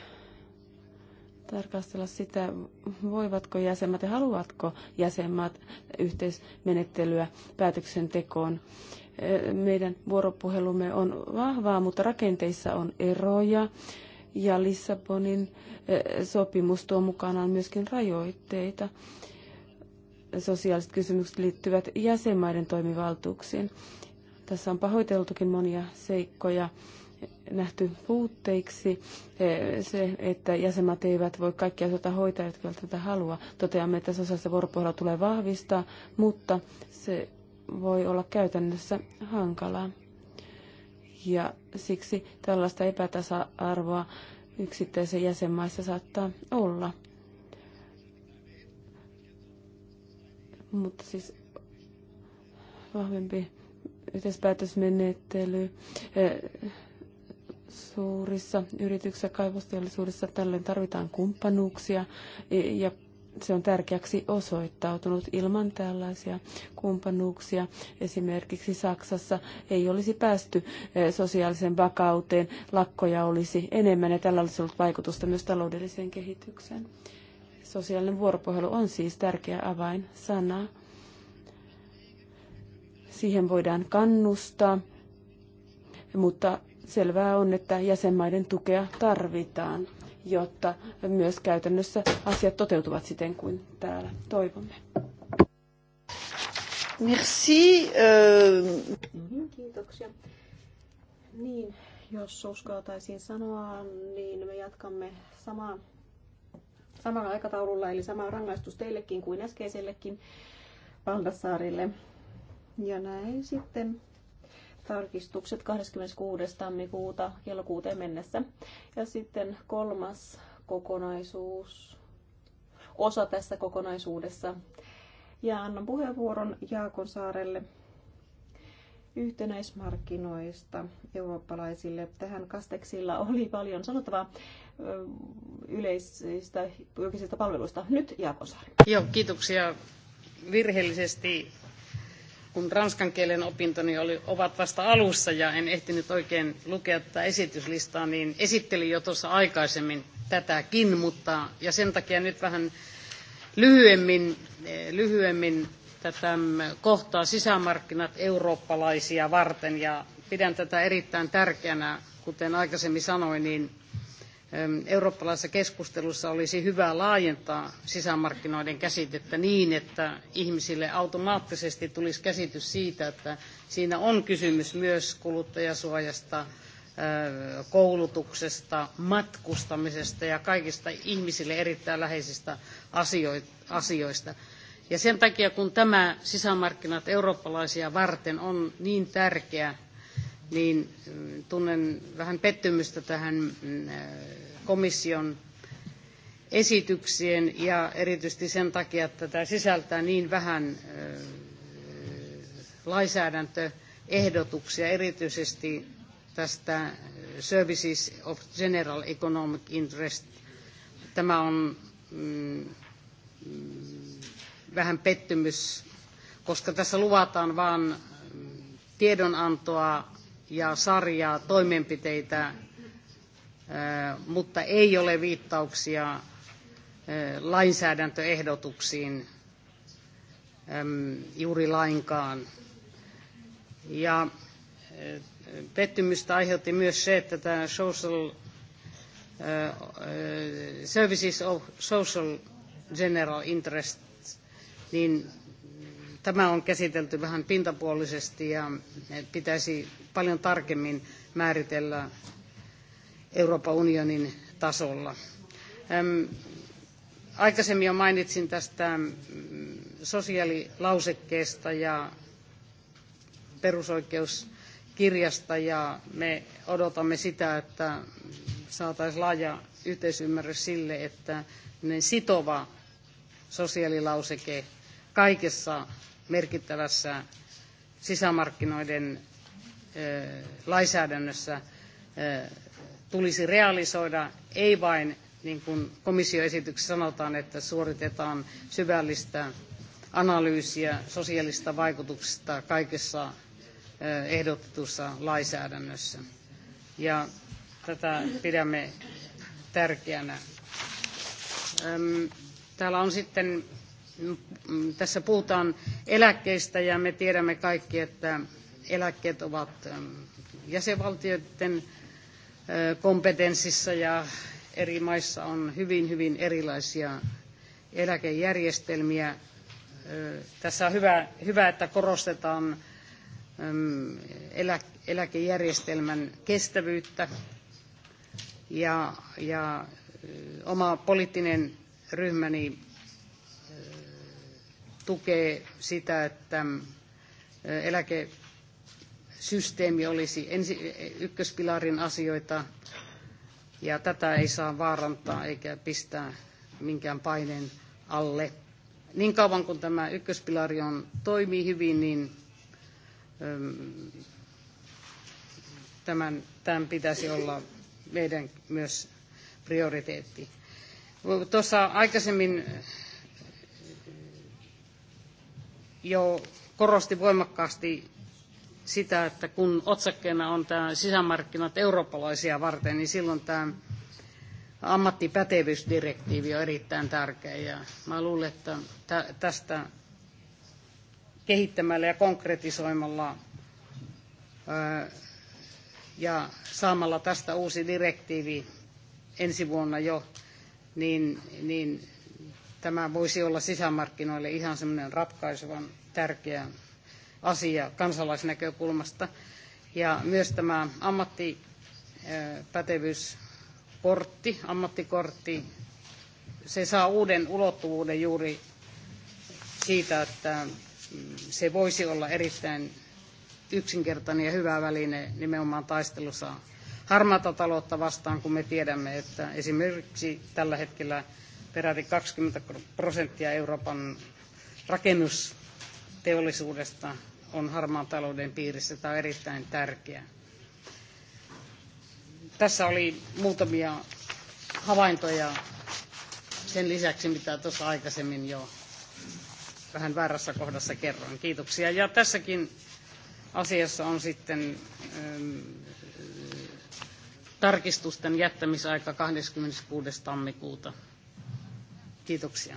tarkastella sitä, voivatko jäsenmaat ja haluavatko jäsenmaat yhteismenettelyä päätöksentekoon. Meidän vuoropuhelumme on vahvaa, mutta rakenteissa on eroja ja Lissabonin sopimus tuo mukanaan myöskin rajoitteita sosiaaliset kysymykset liittyvät jäsenmaiden toimivaltuuksiin. Tässä on pahoiteltukin monia seikkoja nähty puutteiksi. Se, että jäsenmaat eivät voi kaikkia asioita hoitaa, jotka eivät tätä halua. Toteamme, että sosiaalista vuoropuhelua tulee vahvistaa, mutta se voi olla käytännössä hankalaa. Ja siksi tällaista epätasa-arvoa yksittäisen jäsenmaissa saattaa olla. Mutta siis vahvempi yhteispäätösmenettely eh, suurissa yrityksissä, kaivosteollisuudessa tällöin tarvitaan kumppanuuksia ja se on tärkeäksi osoittautunut. Ilman tällaisia kumppanuuksia esimerkiksi Saksassa ei olisi päästy eh, sosiaalisen vakauteen, lakkoja olisi enemmän ja tällä olisi ollut vaikutusta myös taloudelliseen kehitykseen. Sosiaalinen vuoropuhelu on siis tärkeä avain sana. Siihen voidaan kannustaa, mutta selvää on, että jäsenmaiden tukea tarvitaan, jotta myös käytännössä asiat toteutuvat siten kuin täällä toivomme. Merci. Euh. Kiitoksia. Niin, jos uskaltaisin sanoa, niin me jatkamme samaan samalla aikataululla, eli sama rangaistus teillekin kuin äskeisellekin Valdassaarille. Ja näin sitten tarkistukset 26. tammikuuta kello 6 mennessä. Ja sitten kolmas kokonaisuus, osa tässä kokonaisuudessa. Ja annan puheenvuoron Jaakon saarelle yhtenäismarkkinoista eurooppalaisille. Tähän kasteksilla oli paljon sanottavaa, yleisistä julkisista palveluista. Nyt Jaakonsaari. Joo, kiitoksia virheellisesti kun ranskan kielen opintoni oli, ovat vasta alussa ja en ehtinyt oikein lukea tätä esityslistaa, niin esittelin jo tuossa aikaisemmin tätäkin, mutta ja sen takia nyt vähän lyhyemmin, eh, lyhyemmin tätä mm, kohtaa sisämarkkinat eurooppalaisia varten ja pidän tätä erittäin tärkeänä, kuten aikaisemmin sanoin, niin eurooppalaisessa keskustelussa olisi hyvä laajentaa sisämarkkinoiden käsitettä niin, että ihmisille automaattisesti tulisi käsitys siitä, että siinä on kysymys myös kuluttajasuojasta, koulutuksesta, matkustamisesta ja kaikista ihmisille erittäin läheisistä asioista. Ja sen takia, kun tämä sisämarkkinat eurooppalaisia varten on niin tärkeä niin äh, tunnen vähän pettymystä tähän mm, äh, komission esityksien ja erityisesti sen takia, että tämä sisältää niin vähän äh, lainsäädäntöehdotuksia, erityisesti tästä Services of General Economic Interest. Tämä on mm, vähän pettymys, koska tässä luvataan vain mm, tiedonantoa ja sarjaa toimenpiteitä, mutta ei ole viittauksia lainsäädäntöehdotuksiin juuri lainkaan. Ja pettymystä aiheutti myös se, että tämä social, Services of Social General Interest, niin tämä on käsitelty vähän pintapuolisesti ja pitäisi paljon tarkemmin määritellä Euroopan unionin tasolla. Aikaisemmin jo mainitsin tästä sosiaalilausekkeesta ja perusoikeuskirjasta ja me odotamme sitä, että saataisiin laaja yhteisymmärrys sille, että sitova sosiaalilauseke kaikessa merkittävässä sisämarkkinoiden lainsäädännössä tulisi realisoida, ei vain niin kuin komissioesityksessä sanotaan, että suoritetaan syvällistä analyysiä sosiaalista vaikutuksista kaikessa ehdotetussa lainsäädännössä. Ja tätä pidämme tärkeänä. Täällä on sitten, tässä puhutaan eläkkeistä ja me tiedämme kaikki, että eläkkeet ovat ähm, jäsenvaltioiden äh, kompetenssissa ja eri maissa on hyvin, hyvin erilaisia eläkejärjestelmiä. Äh, tässä on hyvä, hyvä että korostetaan ähm, eläkejärjestelmän kestävyyttä ja, ja äh, oma poliittinen ryhmäni tukee sitä, että eläke systeemi olisi ensi, ykköspilarin asioita, ja tätä ei saa vaarantaa eikä pistää minkään paineen alle. Niin kauan kuin tämä ykköspilari on, toimii hyvin, niin tämän, tämän pitäisi olla meidän myös prioriteetti. Tuossa aikaisemmin jo korosti voimakkaasti sitä, että kun otsakkeena on tämä sisämarkkinat eurooppalaisia varten, niin silloin tämä ammattipätevyysdirektiivi on erittäin tärkeä. Ja mä luulen, että tästä kehittämällä ja konkretisoimalla ja saamalla tästä uusi direktiivi ensi vuonna jo, niin, niin tämä voisi olla sisämarkkinoille ihan semmoinen ratkaisevan tärkeä asia kansalaisnäkökulmasta. Ja myös tämä ammattipätevyyskortti, ammattikortti, se saa uuden ulottuvuuden juuri siitä, että mm, se voisi olla erittäin yksinkertainen ja hyvä väline nimenomaan taistelussa harmaata taloutta vastaan, kun me tiedämme, että esimerkiksi tällä hetkellä peräti 20 prosenttia Euroopan rakennusteollisuudesta on harmaan talouden piirissä. Tämä on erittäin tärkeää. Tässä oli muutamia havaintoja sen lisäksi, mitä tuossa aikaisemmin jo vähän väärässä kohdassa kerroin. Kiitoksia. Ja tässäkin asiassa on sitten ähm, tarkistusten jättämisaika 26. tammikuuta. Kiitoksia.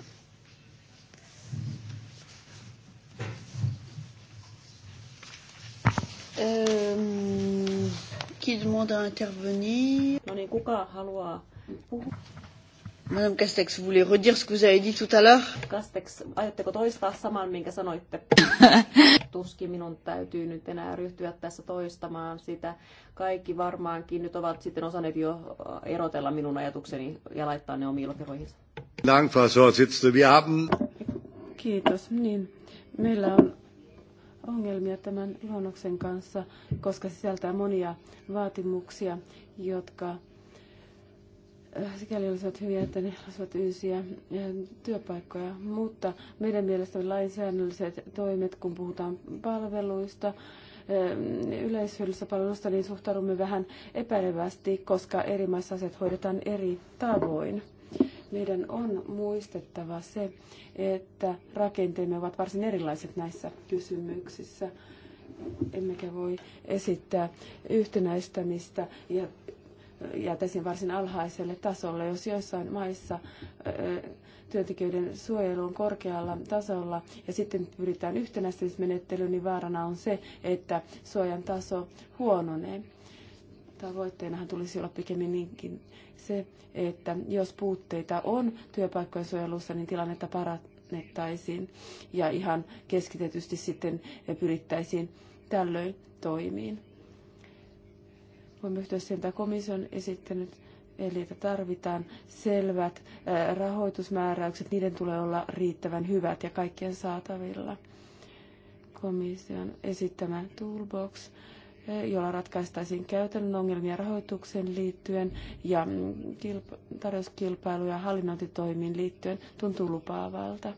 Euh, qui demande à intervenir haluaa Madame Castex, vous voulez redire ce que vous avez dit tout à l'heure Castex, aiotteko toistaa saman, minkä sanoitte? *laughs* Tuskin minun täytyy nyt enää ryhtyä tässä toistamaan sitä. Kaikki varmaankin nyt ovat sitten osanneet jo erotella minun ajatukseni ja laittaa ne omiin lokeroihinsa. Kiitos. Niin, meillä on ongelmia tämän luonnoksen kanssa, koska sisältää monia vaatimuksia, jotka äh, sikäli olisivat hyviä, että ne olisivat yysiä äh, työpaikkoja, mutta meidän mielestämme lainsäädännölliset toimet, kun puhutaan palveluista, äh, yleishyödyllisistä palveluista, niin suhtaudumme vähän epäilevästi, koska eri maissa asiat hoidetaan eri tavoin meidän on muistettava se, että rakenteemme ovat varsin erilaiset näissä kysymyksissä. Emmekä voi esittää yhtenäistämistä ja jätäisin varsin alhaiselle tasolle, jos joissain maissa työntekijöiden suojelu on korkealla tasolla ja sitten pyritään yhtenäistämismenettelyyn, niin vaarana on se, että suojan taso huononee. Tavoitteenahan tulisi olla pikemminkin se, että jos puutteita on työpaikkojen suojelussa, niin tilannetta parannettaisiin ja ihan keskitetysti sitten pyrittäisiin tällöin toimiin. Voimme yhtyä siihen, mitä komission esittänyt Eli että tarvitaan selvät rahoitusmääräykset, niiden tulee olla riittävän hyvät ja kaikkien saatavilla. Komission esittämä toolbox jolla ratkaistaisiin käytännön ongelmia rahoitukseen liittyen ja mm, tarjouskilpailu- ja hallinnointitoimiin liittyen tuntuu lupaavalta.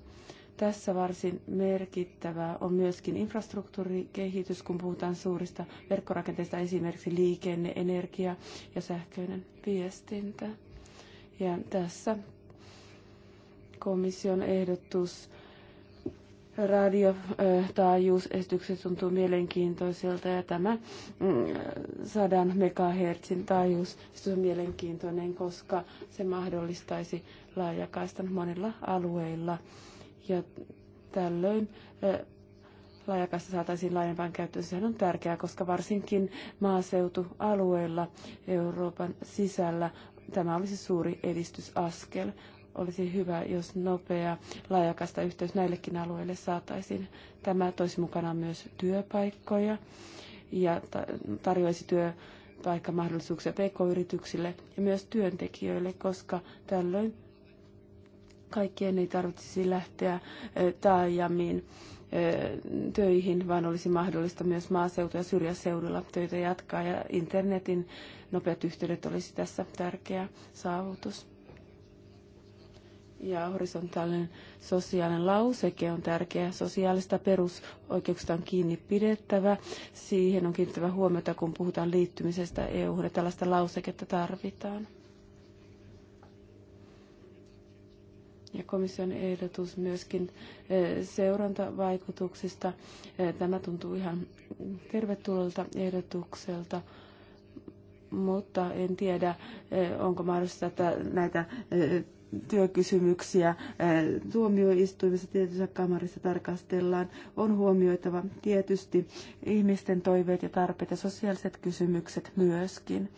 Tässä varsin merkittävää on myöskin infrastruktuurikehitys, kun puhutaan suurista verkkorakenteista, esimerkiksi liikenne, energia ja sähköinen viestintä. Ja tässä komission ehdotus radiotaajuusesitykset eh, tuntuu mielenkiintoiselta ja tämä 100 mm, megahertsin taajuus on mielenkiintoinen, koska se mahdollistaisi laajakaistan monilla alueilla ja tällöin eh, laajakaista saataisiin laajempaan käyttöön. Sehän on tärkeää, koska varsinkin maaseutualueilla Euroopan sisällä tämä olisi suuri edistysaskel olisi hyvä, jos nopea laajakasta yhteys näillekin alueille saataisiin. Tämä toisi mukana myös työpaikkoja ja tarjoaisi työpaikkamahdollisuuksia pk-yrityksille ja myös työntekijöille, koska tällöin kaikkien ei tarvitsisi lähteä taajamiin töihin, vaan olisi mahdollista myös maaseutu- ja syrjäseudulla töitä jatkaa ja internetin nopeat yhteydet olisi tässä tärkeä saavutus ja horisontaalinen sosiaalinen lauseke on tärkeä. Sosiaalista perusoikeuksista on kiinni pidettävä. Siihen on kiinnittävä huomiota, kun puhutaan liittymisestä eu ja tällaista lauseketta tarvitaan. Ja komission ehdotus myöskin eh, seurantavaikutuksista. Eh, tämä tuntuu ihan tervetulolta ehdotukselta mutta en tiedä, eh, onko mahdollista, että näitä työkysymyksiä äh, tuomioistuimessa tietyssä kamarissa tarkastellaan. On huomioitava tietysti ihmisten toiveet ja tarpeet ja sosiaaliset kysymykset myöskin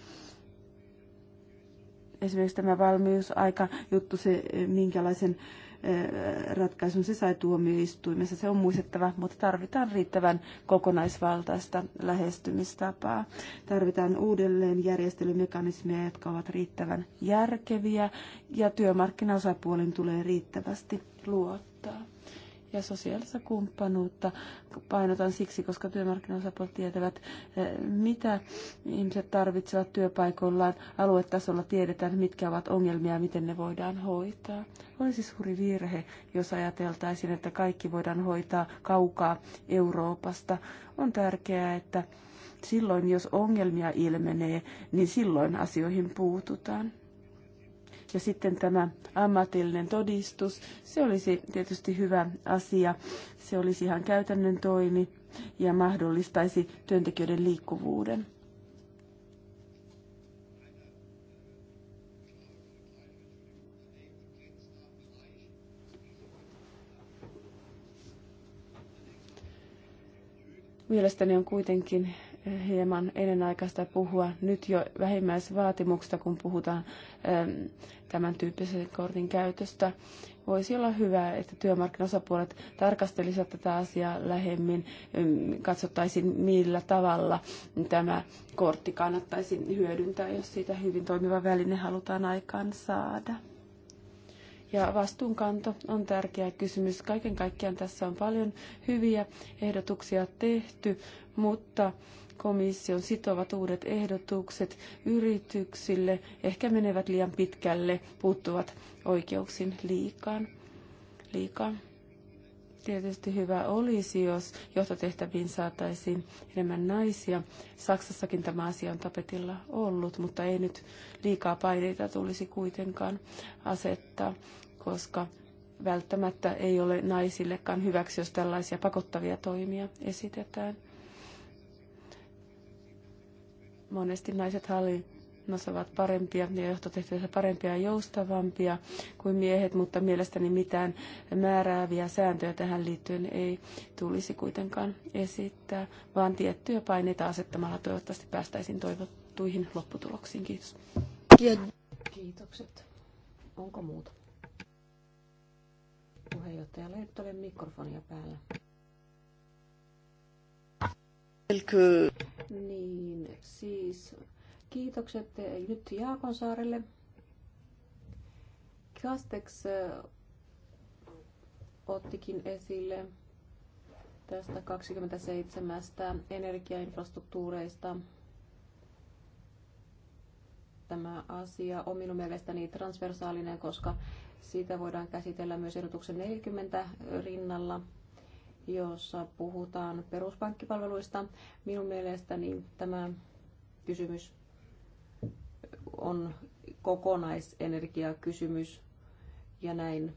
esimerkiksi tämä valmiusaika juttu, se minkälaisen Eh, ratkaisun se sai tuomioistuimessa. Se on muistettava, mutta tarvitaan riittävän kokonaisvaltaista lähestymistapaa. Tarvitaan uudelleen järjestelymekanismeja, jotka ovat riittävän järkeviä ja työmarkkinaosapuolen tulee riittävästi luottaa ja sosiaalista kumppanuutta painotan siksi, koska työmarkkinaosapuolet tietävät, eh, mitä ihmiset tarvitsevat työpaikoillaan. Aluetasolla tiedetään, mitkä ovat ongelmia ja miten ne voidaan hoitaa. Olisi suuri virhe, jos ajateltaisiin, että kaikki voidaan hoitaa kaukaa Euroopasta. On tärkeää, että silloin, jos ongelmia ilmenee, niin silloin asioihin puututaan. Ja sitten tämä ammatillinen todistus, se olisi tietysti hyvä asia. Se olisi ihan käytännön toimi ja mahdollistaisi työntekijöiden liikkuvuuden. Mielestäni on kuitenkin hieman ennenaikaista puhua nyt jo vähimmäisvaatimuksista, kun puhutaan ähm, tämän tyyppisen kortin käytöstä. Voisi olla hyvä, että työmarkkinosapuolet tarkastelisivat tätä asiaa lähemmin, ähm, katsottaisiin millä tavalla tämä kortti kannattaisi hyödyntää, jos siitä hyvin toimiva väline halutaan aikaan saada. Ja vastuunkanto on tärkeä kysymys. Kaiken kaikkiaan tässä on paljon hyviä ehdotuksia tehty, mutta komission sitovat uudet ehdotukset yrityksille ehkä menevät liian pitkälle, puuttuvat oikeuksin liikaan. liikaa. Tietysti hyvä olisi, jos johtotehtäviin saataisiin enemmän naisia. Saksassakin tämä asia on tapetilla ollut, mutta ei nyt liikaa paineita tulisi kuitenkaan asettaa, koska välttämättä ei ole naisillekaan hyväksi, jos tällaisia pakottavia toimia esitetään. Monesti naiset hallinnossa ovat parempia ja johtotehtävissä parempia ja joustavampia kuin miehet, mutta mielestäni mitään määrääviä sääntöjä tähän liittyen ei tulisi kuitenkaan esittää, vaan tiettyjä paineita asettamalla toivottavasti päästäisiin toivottuihin lopputuloksiin. Kiitos. Kiitokset. Onko muuta? Puheenjohtaja nyt mikrofonia päällä. Niin, siis kiitokset nyt Jaakonsaarelle. Kastex äh, ottikin esille tästä 27 energiainfrastruktuureista. Tämä asia on minun mielestäni transversaalinen, koska siitä voidaan käsitellä myös ehdotuksen 40 rinnalla jossa puhutaan peruspankkipalveluista. Minun mielestäni tämä kysymys on kokonaisenergiakysymys ja näin.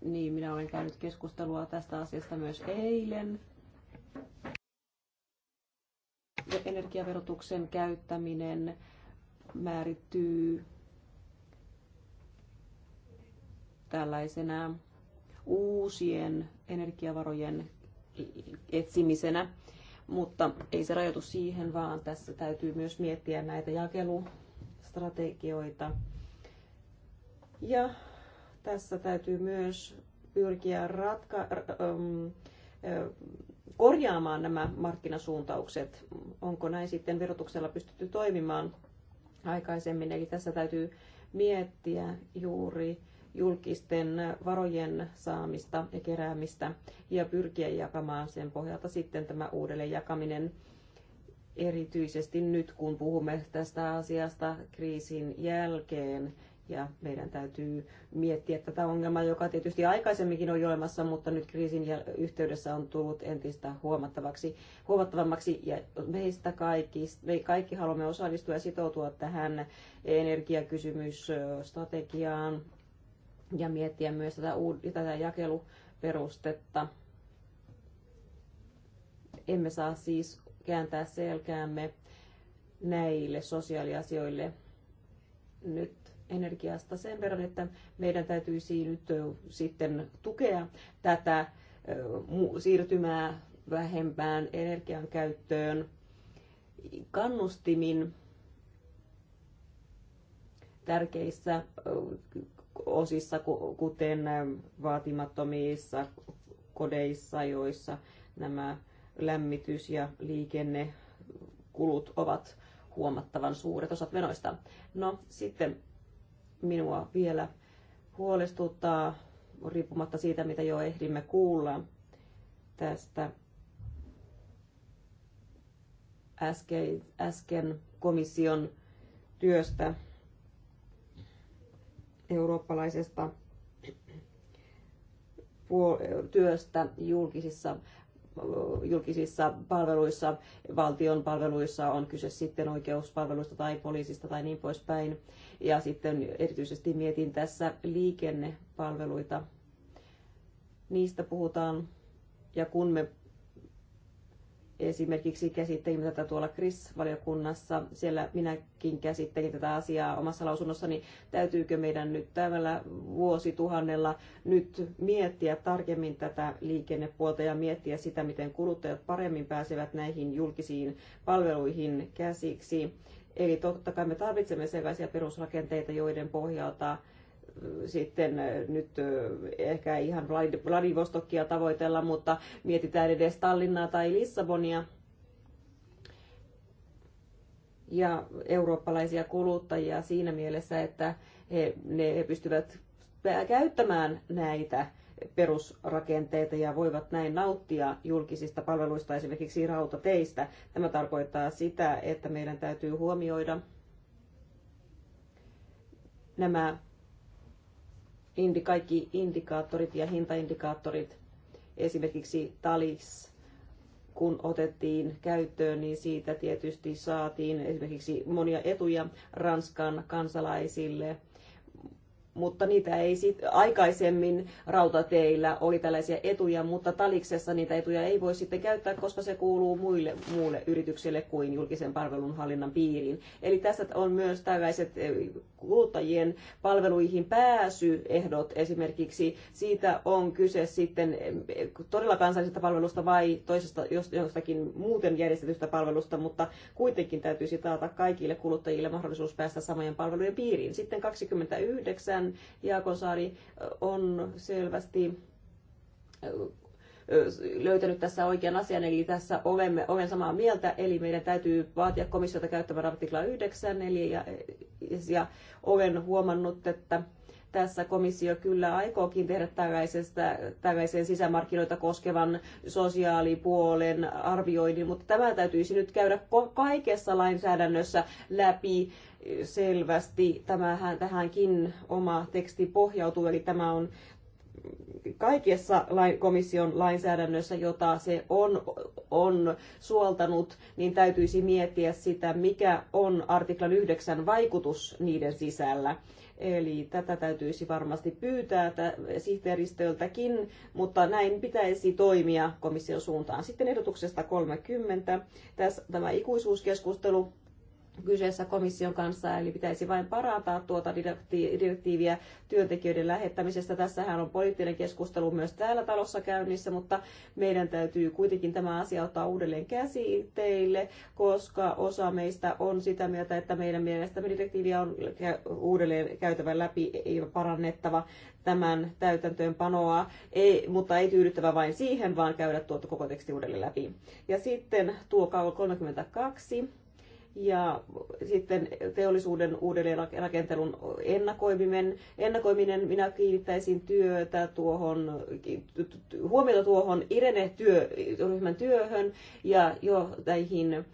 Niin, minä olen käynyt keskustelua tästä asiasta myös eilen. Energiaverotuksen käyttäminen määrittyy tällaisena uusien energiavarojen etsimisenä, mutta ei se rajoitu siihen, vaan tässä täytyy myös miettiä näitä jakelustrategioita. Ja tässä täytyy myös pyrkiä ratka- ähm, äh, korjaamaan nämä markkinasuuntaukset. Onko näin sitten verotuksella pystytty toimimaan aikaisemmin? Eli tässä täytyy miettiä juuri julkisten varojen saamista ja keräämistä ja pyrkiä jakamaan sen pohjalta sitten tämä uudelleen jakaminen erityisesti nyt, kun puhumme tästä asiasta kriisin jälkeen. Ja meidän täytyy miettiä tätä ongelmaa, joka tietysti aikaisemminkin on olemassa, mutta nyt kriisin yhteydessä on tullut entistä huomattavaksi, huomattavammaksi. Ja meistä kaikki, me kaikki haluamme osallistua ja sitoutua tähän energiakysymysstrategiaan ja miettiä myös tätä, uud- tätä jakeluperustetta. Emme saa siis kääntää selkäämme näille sosiaaliasioille nyt energiasta sen verran, että meidän täytyisi nyt sitten tukea tätä siirtymää vähempään energian käyttöön kannustimin tärkeissä osissa, kuten vaatimattomissa kodeissa, joissa nämä lämmitys- ja liikennekulut ovat huomattavan suuret osat menoista. No sitten minua vielä huolestuttaa, riippumatta siitä mitä jo ehdimme kuulla tästä äsken, äsken komission työstä eurooppalaisesta työstä julkisissa julkisissa palveluissa, valtion palveluissa, on kyse sitten oikeuspalveluista tai poliisista tai niin poispäin. Ja sitten erityisesti mietin tässä liikennepalveluita. Niistä puhutaan, ja kun me esimerkiksi käsittelimme tätä tuolla KRIS-valiokunnassa, siellä minäkin käsittelin tätä asiaa omassa lausunnossani, täytyykö meidän nyt tällä vuosituhannella nyt miettiä tarkemmin tätä liikennepuolta ja miettiä sitä, miten kuluttajat paremmin pääsevät näihin julkisiin palveluihin käsiksi. Eli totta kai me tarvitsemme sellaisia perusrakenteita, joiden pohjalta sitten nyt ehkä ihan Vladivostokia tavoitella, mutta mietitään edes Tallinnaa tai Lissabonia ja eurooppalaisia kuluttajia siinä mielessä, että he, ne, he pystyvät käyttämään näitä perusrakenteita ja voivat näin nauttia julkisista palveluista, esimerkiksi rautateistä. Tämä tarkoittaa sitä, että meidän täytyy huomioida nämä indi, kaikki indikaattorit ja hintaindikaattorit, esimerkiksi TALIS, kun otettiin käyttöön, niin siitä tietysti saatiin esimerkiksi monia etuja Ranskan kansalaisille – mutta niitä ei sit, aikaisemmin rautateillä oli tällaisia etuja, mutta taliksessa niitä etuja ei voi sitten käyttää, koska se kuuluu muille muulle yritykselle kuin julkisen palvelunhallinnan piiriin. Eli tässä on myös tällaiset eh, kuluttajien palveluihin pääsyehdot esimerkiksi. Siitä on kyse sitten eh, todella kansallisesta palvelusta vai toisesta jostakin muuten järjestetystä palvelusta, mutta kuitenkin täytyisi taata kaikille kuluttajille mahdollisuus päästä samojen palvelujen piiriin. Sitten 29 meidän Jaakonsaari on selvästi löytänyt tässä oikean asian, eli tässä olemme, olen samaa mieltä, eli meidän täytyy vaatia komissiota käyttämään artikla 9, eli ja, ja olen huomannut, että tässä komissio kyllä aikookin tehdä tällaisen sisämarkkinoita koskevan sosiaalipuolen arvioinnin, mutta tämä täytyisi nyt käydä kaikessa lainsäädännössä läpi selvästi. Tämähän, tähänkin oma teksti pohjautuu, eli tämä on kaikessa lain, komission lainsäädännössä, jota se on, on suoltanut, niin täytyisi miettiä sitä, mikä on artiklan 9 vaikutus niiden sisällä. Eli tätä täytyisi varmasti pyytää sihteeristöltäkin, mutta näin pitäisi toimia komission suuntaan. Sitten ehdotuksesta 30. Tässä tämä ikuisuuskeskustelu kyseessä komission kanssa, eli pitäisi vain parantaa tuota direktiiviä työntekijöiden lähettämisestä. Tässähän on poliittinen keskustelu myös täällä talossa käynnissä, mutta meidän täytyy kuitenkin tämä asia ottaa uudelleen käsitteille, koska osa meistä on sitä mieltä, että meidän mielestämme direktiiviä on uudelleen käytävä läpi ja parannettava tämän täytäntöönpanoa, ei, mutta ei tyydyttävä vain siihen, vaan käydä tuota koko teksti uudelleen läpi. Ja sitten tuo 32 ja sitten teollisuuden uudelleenrakentelun ennakoiminen. ennakoiminen minä kiinnittäisin työtä tuohon, huomiota tuohon irene ryhmän työhön ja jo näihin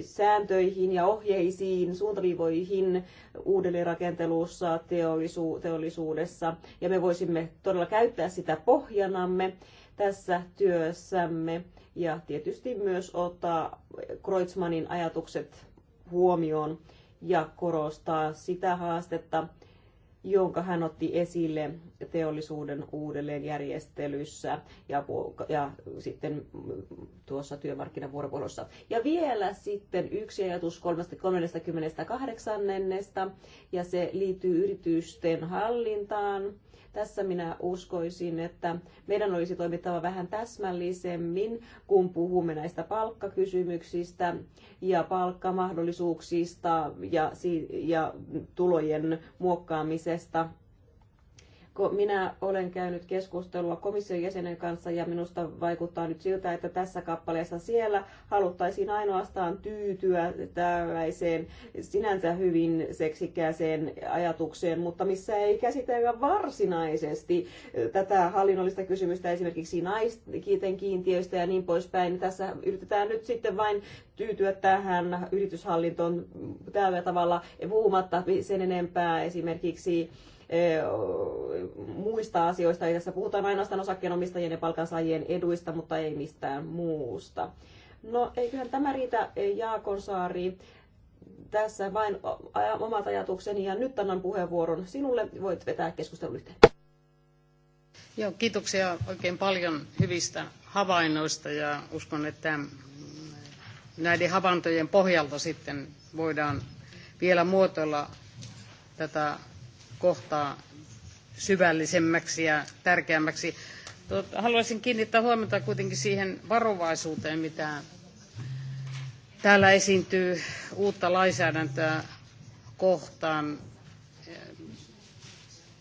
sääntöihin ja ohjeisiin, suuntaviivoihin uudelleenrakentelussa, teollisu- teollisuudessa. Ja me voisimme todella käyttää sitä pohjanamme tässä työssämme ja tietysti myös ottaa Kreutzmannin ajatukset huomioon ja korostaa sitä haastetta, jonka hän otti esille teollisuuden uudelleenjärjestelyssä ja, ja sitten tuossa työmarkkinavuoropuhelussa. Ja vielä sitten yksi ajatus 38. ja se liittyy yritysten hallintaan tässä minä uskoisin, että meidän olisi toimittava vähän täsmällisemmin, kun puhumme näistä palkkakysymyksistä ja palkkamahdollisuuksista ja, ja tulojen muokkaamisesta minä olen käynyt keskustelua komission jäsenen kanssa ja minusta vaikuttaa nyt siltä, että tässä kappaleessa siellä haluttaisiin ainoastaan tyytyä tällaiseen sinänsä hyvin seksikäiseen ajatukseen, mutta missä ei käsitellä varsinaisesti tätä hallinnollista kysymystä esimerkiksi naiskiiten kiintiöistä ja niin poispäin. Tässä yritetään nyt sitten vain tyytyä tähän yrityshallintoon tällä tavalla puhumatta sen enempää esimerkiksi muista asioista. Ei tässä puhutaan ainoastaan osakkeenomistajien ja palkansaajien eduista, mutta ei mistään muusta. No eiköhän tämä riitä, e, Jaakonsaari tässä vain omat ajatukseni ja nyt annan puheenvuoron sinulle. Voit vetää keskustelun yhteen. Joo, kiitoksia oikein paljon hyvistä havainnoista ja uskon, että näiden havaintojen pohjalta sitten voidaan vielä muotoilla tätä kohtaa syvällisemmäksi ja tärkeämmäksi. Tuota, haluaisin kiinnittää huomiota kuitenkin siihen varovaisuuteen, mitä täällä esiintyy uutta lainsäädäntöä kohtaan.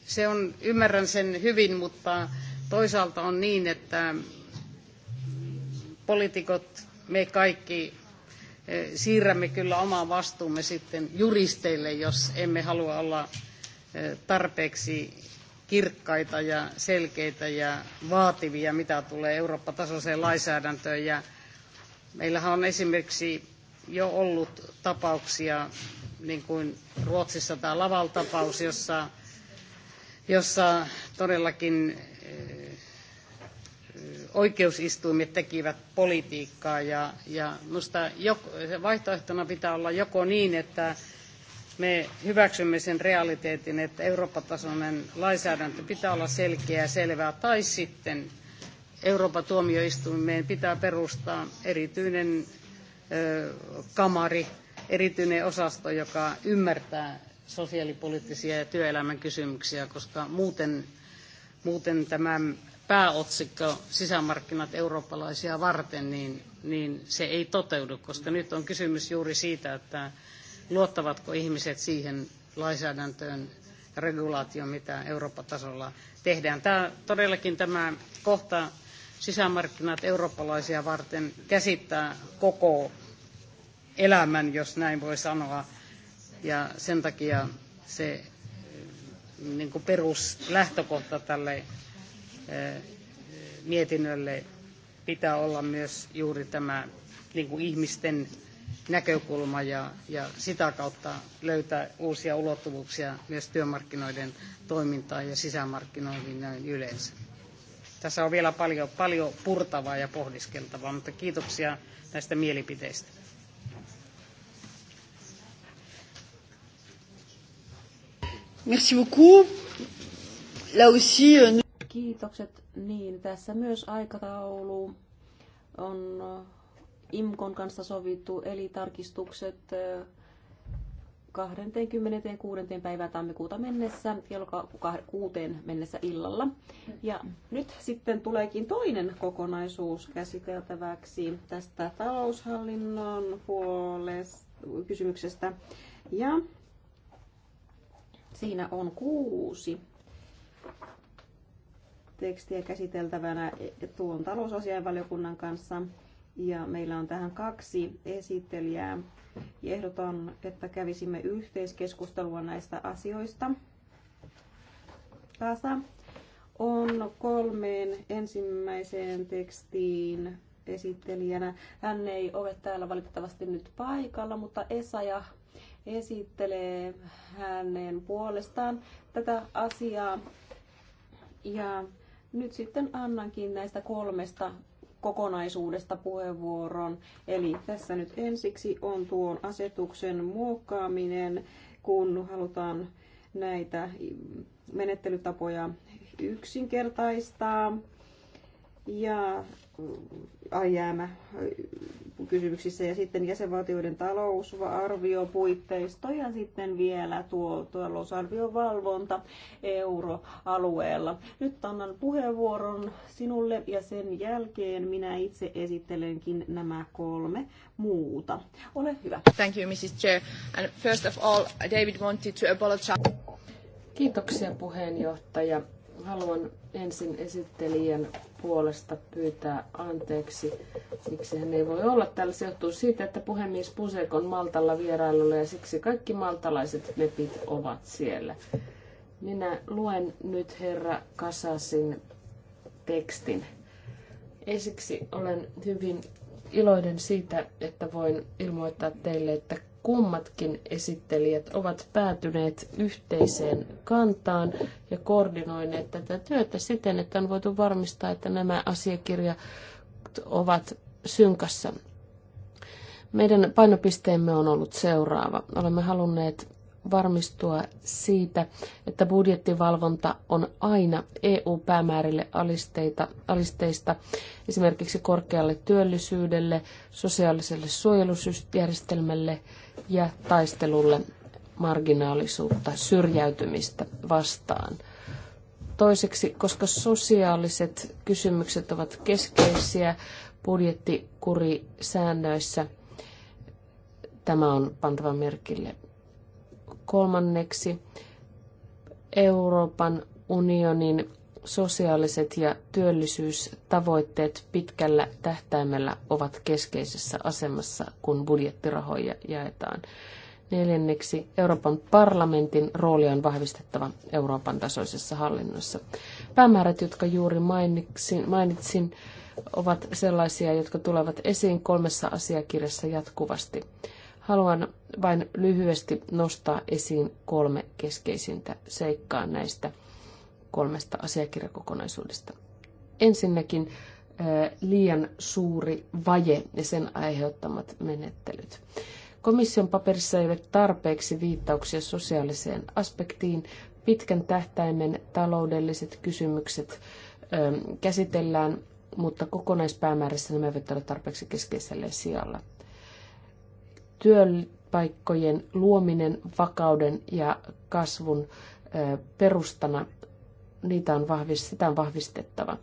Se on, ymmärrän sen hyvin, mutta toisaalta on niin, että poliitikot, me kaikki eh, siirrämme kyllä oman vastuumme sitten juristeille, jos emme halua olla tarpeeksi kirkkaita ja selkeitä ja vaativia, mitä tulee Eurooppa-tasoiseen lainsäädäntöön. Ja meillähän on esimerkiksi jo ollut tapauksia, niin kuin Ruotsissa tämä Laval-tapaus, jossa, jossa todellakin oikeusistuimet tekivät politiikkaa. Ja, ja minusta vaihtoehtona pitää olla joko niin, että me hyväksymme sen realiteetin, että Eurooppa-tasoinen lainsäädäntö pitää olla selkeää ja selvää, tai sitten Euroopan tuomioistuimeen pitää perustaa erityinen ö, kamari, erityinen osasto, joka ymmärtää sosiaalipoliittisia ja työelämän kysymyksiä, koska muuten, muuten tämä pääotsikko sisämarkkinat eurooppalaisia varten, niin, niin se ei toteudu, koska nyt on kysymys juuri siitä, että luottavatko ihmiset siihen lainsäädäntöön ja regulaatioon, mitä Euroopan tasolla tehdään. Tämä, todellakin tämä kohta sisämarkkinat eurooppalaisia varten käsittää koko elämän, jos näin voi sanoa. Ja sen takia se niin kuin peruslähtökohta tälle mietinnölle pitää olla myös juuri tämä niin kuin ihmisten näkökulma ja, ja sitä kautta löytää uusia ulottuvuuksia myös työmarkkinoiden toimintaan ja sisämarkkinoihin näin yleensä. Tässä on vielä paljon, paljon purtavaa ja pohdiskeltavaa, mutta kiitoksia näistä mielipiteistä. Merci beaucoup. Là aussi, euh, Kiitokset. Niin, tässä myös aikataulu on IMKON kanssa sovittu, eli tarkistukset 26. päivää tammikuuta mennessä, kello kuuteen mennessä illalla. Ja nyt sitten tuleekin toinen kokonaisuus käsiteltäväksi tästä taloushallinnon puolesta kysymyksestä. Ja siinä on kuusi tekstiä käsiteltävänä tuon talousasiainvaliokunnan kanssa. Ja meillä on tähän kaksi esittelijää. ehdotan, että kävisimme yhteiskeskustelua näistä asioista. Kasa on kolmeen ensimmäiseen tekstiin esittelijänä. Hän ei ole täällä valitettavasti nyt paikalla, mutta Esaja esittelee hänen puolestaan tätä asiaa. Ja nyt sitten annankin näistä kolmesta kokonaisuudesta puheenvuoron. Eli tässä nyt ensiksi on tuon asetuksen muokkaaminen, kun halutaan näitä menettelytapoja yksinkertaistaa ja äh, alijäämä äh, kysymyksissä ja sitten jäsenvaltioiden talousarviopuitteisto ja sitten vielä tuo valvonta euroalueella. Nyt annan puheenvuoron sinulle ja sen jälkeen minä itse esittelenkin nämä kolme muuta. Ole hyvä. Thank you, Mrs. Chair. And first of all, David wanted to apologize. Kiitoksia puheenjohtaja haluan ensin esittelijän puolesta pyytää anteeksi, miksi hän ei voi olla täällä. Se johtuu siitä, että puhemies Pusek on Maltalla vierailulla ja siksi kaikki maltalaiset mepit ovat siellä. Minä luen nyt herra Kasasin tekstin. Esiksi olen hyvin iloinen siitä, että voin ilmoittaa teille, että kummatkin esittelijät ovat päätyneet yhteiseen kantaan ja koordinoineet tätä työtä siten, että on voitu varmistaa, että nämä asiakirjat ovat synkassa. Meidän painopisteemme on ollut seuraava. Olemme halunneet varmistua siitä, että budjettivalvonta on aina EU-päämäärille alisteita, alisteista, esimerkiksi korkealle työllisyydelle, sosiaaliselle suojelusjärjestelmälle ja taistelulle marginaalisuutta, syrjäytymistä vastaan. Toiseksi, koska sosiaaliset kysymykset ovat keskeisiä budjettikurisäännöissä, tämä on pantava merkille. Kolmanneksi, Euroopan unionin sosiaaliset ja työllisyystavoitteet pitkällä tähtäimellä ovat keskeisessä asemassa, kun budjettirahoja jaetaan. Neljänneksi Euroopan parlamentin rooli on vahvistettava Euroopan tasoisessa hallinnossa. Päämäärät, jotka juuri mainitsin, mainitsin ovat sellaisia, jotka tulevat esiin kolmessa asiakirjassa jatkuvasti. Haluan vain lyhyesti nostaa esiin kolme keskeisintä seikkaa näistä – kolmesta asiakirjakokonaisuudesta. Ensinnäkin liian suuri vaje ja sen aiheuttamat menettelyt. Komission paperissa ei ole tarpeeksi viittauksia sosiaaliseen aspektiin. Pitkän tähtäimen taloudelliset kysymykset käsitellään, mutta kokonaispäämäärässä nämä eivät ole tarpeeksi keskeisellä sijalla. Työpaikkojen luominen vakauden ja kasvun perustana niitä on vahvist, sitä on vahvistettava.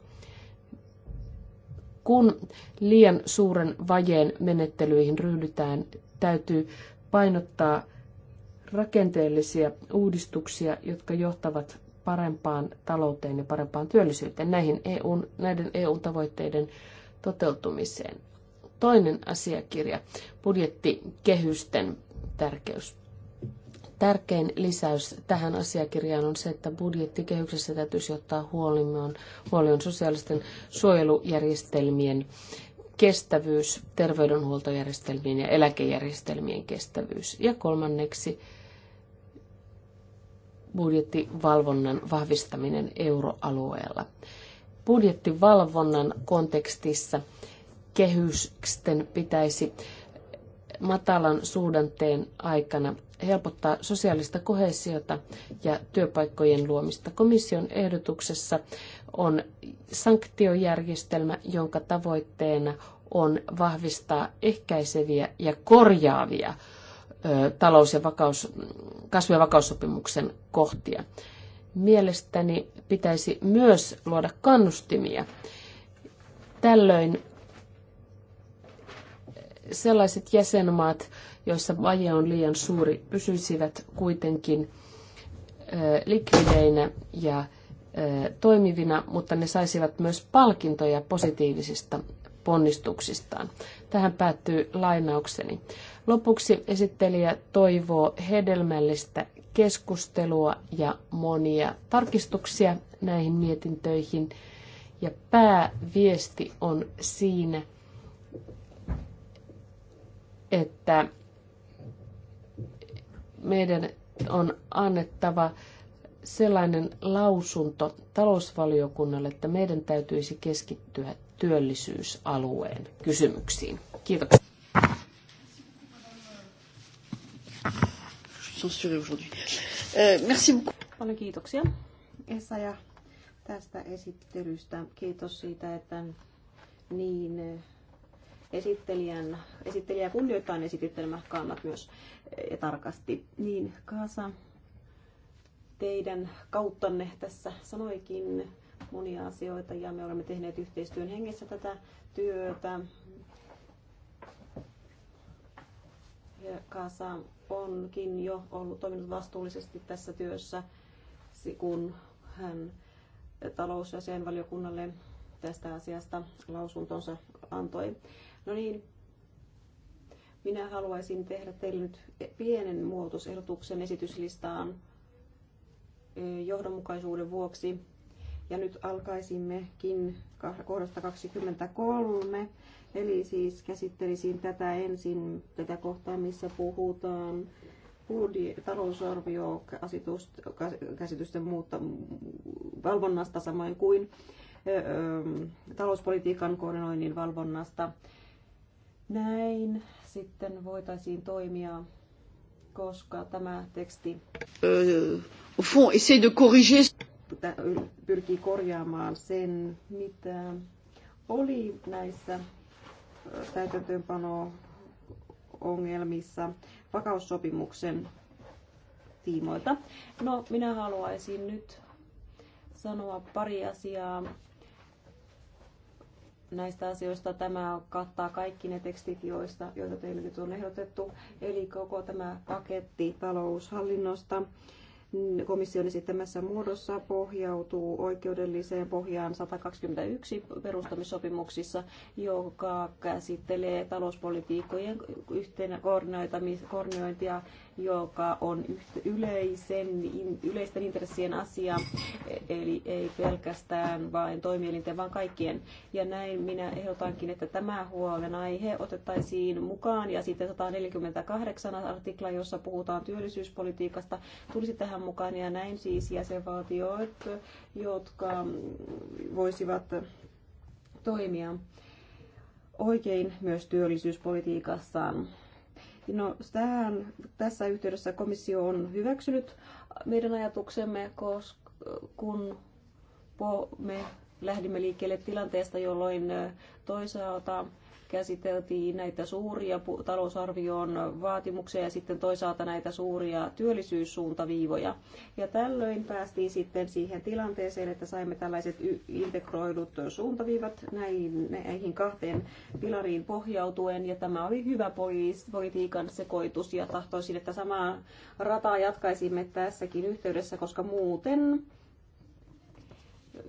Kun liian suuren vajeen menettelyihin ryhdytään, täytyy painottaa rakenteellisia uudistuksia, jotka johtavat parempaan talouteen ja parempaan työllisyyteen, näihin EUn, näiden EU-tavoitteiden toteutumiseen. Toinen asiakirja, budjettikehysten tärkeys. Tärkein lisäys tähän asiakirjaan on se, että budjettikehyksessä täytyisi ottaa huolioon, huolion sosiaalisten suojelujärjestelmien kestävyys, terveydenhuoltojärjestelmien ja eläkejärjestelmien kestävyys. Ja kolmanneksi budjettivalvonnan vahvistaminen euroalueella. Budjettivalvonnan kontekstissa kehysten pitäisi matalan suhdanteen aikana helpottaa sosiaalista kohesiota ja työpaikkojen luomista. Komission ehdotuksessa on sanktiojärjestelmä, jonka tavoitteena on vahvistaa ehkäiseviä ja korjaavia talous- ja vakaus, kasvu- ja vakaussopimuksen kohtia. Mielestäni pitäisi myös luoda kannustimia. Tällöin sellaiset jäsenmaat, joissa vaje on liian suuri, pysyisivät kuitenkin likvideinä ja toimivina, mutta ne saisivat myös palkintoja positiivisista ponnistuksistaan. Tähän päättyy lainaukseni. Lopuksi esittelijä toivoo hedelmällistä keskustelua ja monia tarkistuksia näihin mietintöihin. Ja pääviesti on siinä, että meidän on annettava sellainen lausunto talousvaliokunnalle, että meidän täytyisi keskittyä työllisyysalueen kysymyksiin. Kiitoksia. Euh, Paljon kiitoksia Esa ja tästä esittelystä. Kiitos siitä, että niin esittelijän, esittelijä kunnioittaa, esityttelemä kannat myös eh, tarkasti. Niin, Kaasa, teidän kauttanne tässä sanoikin monia asioita ja me olemme tehneet yhteistyön hengessä tätä työtä. Ja Kaasa onkin jo ollut toiminut vastuullisesti tässä työssä, kun hän valiokunnalle tästä asiasta lausuntonsa antoi. No niin, minä haluaisin tehdä teille nyt pienen muutosehdotuksen esityslistaan johdonmukaisuuden vuoksi. Ja nyt alkaisimmekin kohdasta 23, eli siis käsittelisin tätä ensin, tätä kohtaa, missä puhutaan talousarviokäsitysten muutta, valvonnasta samoin kuin talouspolitiikan koordinoinnin valvonnasta näin sitten voitaisiin toimia, koska tämä teksti euh, pyrkii korjaamaan sen, mitä oli näissä täytäntöönpano-ongelmissa vakaussopimuksen tiimoilta. No, minä haluaisin nyt sanoa pari asiaa näistä asioista. Tämä kattaa kaikki ne tekstit, joista, joita teille nyt on ehdotettu, eli koko tämä paketti taloushallinnosta komission esittämässä muodossa pohjautuu oikeudelliseen pohjaan 121 perustamissopimuksissa, joka käsittelee talouspolitiikkojen yhteen koordinointia joka on yleisen, yleisten intressien asia, eli ei pelkästään vain toimielinten, vaan kaikkien. Ja näin minä ehdotankin, että tämä huolenaihe otettaisiin mukaan ja sitten 148 artikla, jossa puhutaan työllisyyspolitiikasta, tulisi tähän mukaan ja näin siis jäsenvaltiot, jotka voisivat toimia oikein myös työllisyyspolitiikassaan. No, tähän, tässä yhteydessä komissio on hyväksynyt meidän ajatuksemme, koska kun me lähdimme liikkeelle tilanteesta, jolloin toisaalta käsiteltiin näitä suuria talousarvion vaatimuksia ja sitten toisaalta näitä suuria työllisyyssuuntaviivoja. Ja tällöin päästiin sitten siihen tilanteeseen, että saimme tällaiset integroidut suuntaviivat näihin, näihin kahteen pilariin pohjautuen ja tämä oli hyvä politiikan sekoitus ja tahtoisin, että samaa rataa jatkaisimme tässäkin yhteydessä, koska muuten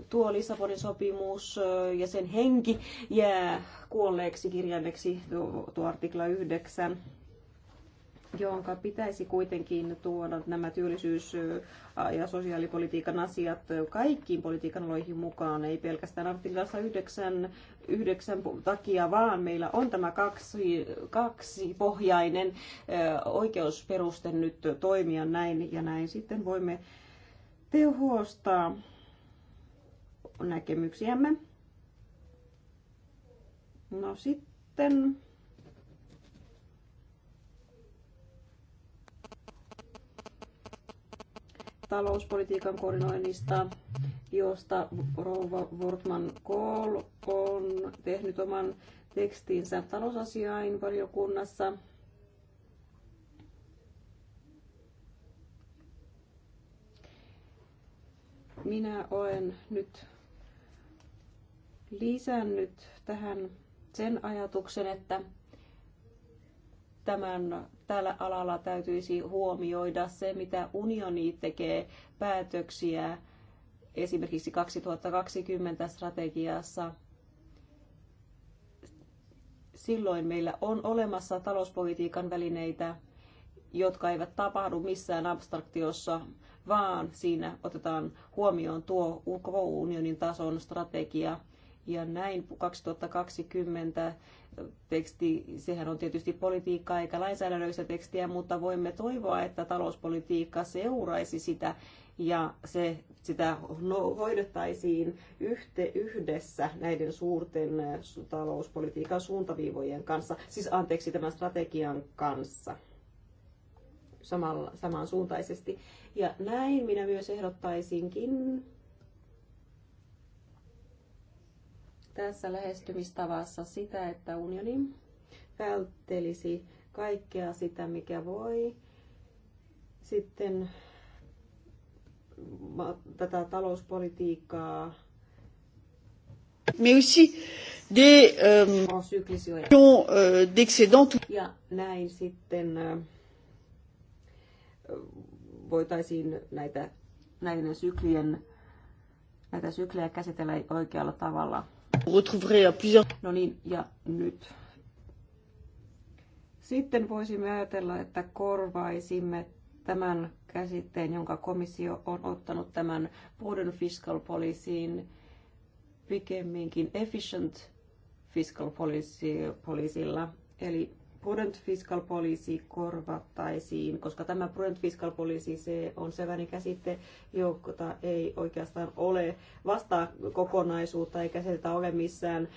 tuo Lissabonin sopimus ja sen henki jää kuolleeksi kirjaimeksi tuo, tuo artikla 9 jonka pitäisi kuitenkin tuoda nämä työllisyys- ja sosiaalipolitiikan asiat kaikkiin politiikan aloihin mukaan, ei pelkästään artiklassa 9, 9 takia, vaan meillä on tämä kaksi, kaksi pohjainen oikeusperuste nyt toimia näin, ja näin sitten voimme tehostaa näkemyksiämme. No sitten... talouspolitiikan koordinoinnista, josta Rouva Wortman Kohl on tehnyt oman tekstinsä talousasiain valiokunnassa. Minä olen nyt lisännyt tähän sen ajatuksen, että tämän, tällä alalla täytyisi huomioida se, mitä unioni tekee päätöksiä esimerkiksi 2020 strategiassa. Silloin meillä on olemassa talouspolitiikan välineitä, jotka eivät tapahdu missään abstraktiossa, vaan siinä otetaan huomioon tuo koko unionin tason strategia ja näin 2020 teksti, sehän on tietysti politiikkaa eikä lainsäädännöllistä tekstiä, mutta voimme toivoa, että talouspolitiikka seuraisi sitä ja se, sitä no, hoidettaisiin yhte, yhdessä näiden suurten äh, talouspolitiikan suuntaviivojen kanssa, siis anteeksi tämän strategian kanssa samansuuntaisesti. Ja näin minä myös ehdottaisinkin tässä lähestymistavassa sitä, että unioni välttelisi kaikkea sitä, mikä voi sitten tätä talouspolitiikkaa mais aussi des euh, euh d'excédents. Ja näin sitten äh, voitaisiin näitä näiden syklien näitä syklejä käsitellä oikealla tavalla Euh, no niin, ja nyt. Sitten voisimme ajatella, että korvaisimme tämän käsitteen, jonka komissio on ottanut tämän Borden fiscal policyin pikemminkin efficient fiscal policy, policylla, eli prudent fiscal policy korvattaisiin, koska tämä prudent fiscal policy se on sellainen käsite, jota ei oikeastaan ole vastaa kokonaisuutta, eikä sitä ole missään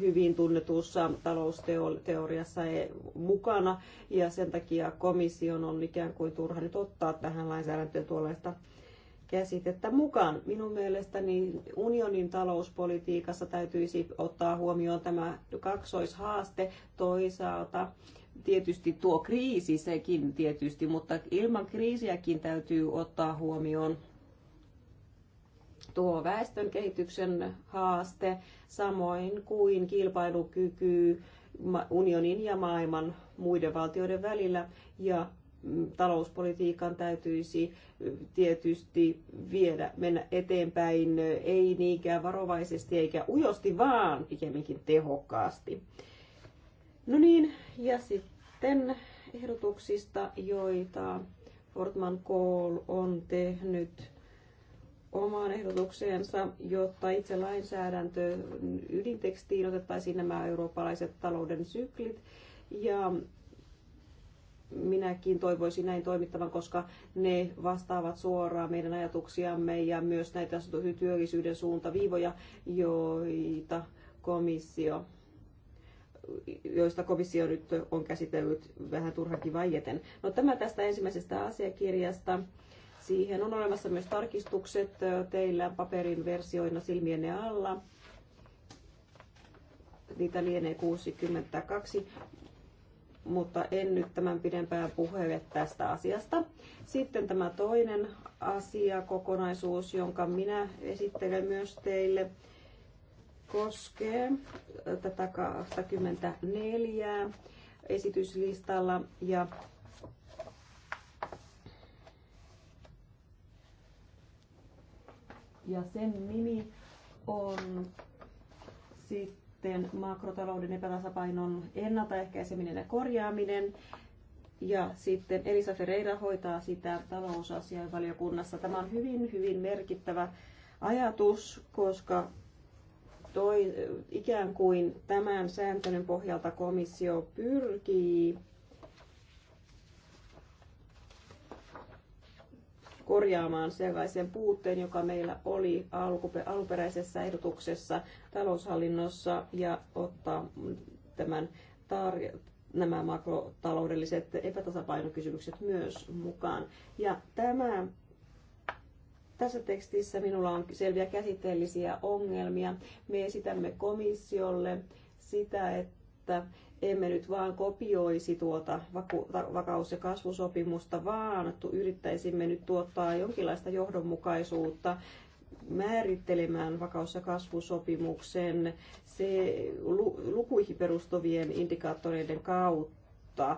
hyvin tunnetussa talousteoriassa e- mukana, ja sen takia komission on ikään kuin turha nyt ottaa tähän lainsäädäntöön tuollaista käsitettä mukaan. Minun mielestäni unionin talouspolitiikassa täytyisi ottaa huomioon tämä kaksoishaaste toisaalta. Tietysti tuo kriisi sekin tietysti, mutta ilman kriisiäkin täytyy ottaa huomioon tuo väestön kehityksen haaste, samoin kuin kilpailukyky unionin ja maailman muiden valtioiden välillä ja talouspolitiikan täytyisi tietysti viedä, mennä eteenpäin, ei niinkään varovaisesti eikä ujosti, vaan pikemminkin tehokkaasti. No niin, ja sitten ehdotuksista, joita Fortman Kohl on tehnyt omaan ehdotukseensa, jotta itse lainsäädäntö ydintekstiin otettaisiin nämä eurooppalaiset talouden syklit ja minäkin toivoisin näin toimittavan, koska ne vastaavat suoraan meidän ajatuksiamme ja myös näitä työllisyyden suuntaviivoja, joita komissio joista komissio nyt on käsitellyt vähän turhankin vaieten. No tämä tästä ensimmäisestä asiakirjasta. Siihen on olemassa myös tarkistukset teillä paperin versioina silmienne alla. Niitä lienee 62 mutta en nyt tämän pidempään puhe tästä asiasta. Sitten tämä toinen asia, kokonaisuus, jonka minä esittelen myös teille, koskee tätä 24 esityslistalla ja ja sen nimi on sitten sitten makrotalouden epätasapainon ennaltaehkäiseminen ja korjaaminen. Ja sitten Elisa Ferreira hoitaa sitä valiokunnassa. Tämä on hyvin, hyvin merkittävä ajatus, koska toi, ikään kuin tämän sääntelyn pohjalta komissio pyrkii korjaamaan sellaisen puutteen, joka meillä oli alkuperäisessä ehdotuksessa taloushallinnossa ja ottaa tämän tar- nämä makrotaloudelliset epätasapainokysymykset myös mukaan. Ja tämä tässä tekstissä minulla on selviä käsitteellisiä ongelmia. Me esitämme komissiolle sitä, että emme nyt vaan kopioisi tuota vakaus- ja kasvusopimusta, vaan yrittäisimme nyt tuottaa jonkinlaista johdonmukaisuutta määrittelemään vakaus- ja kasvusopimuksen se lukuihin perustuvien indikaattoreiden kautta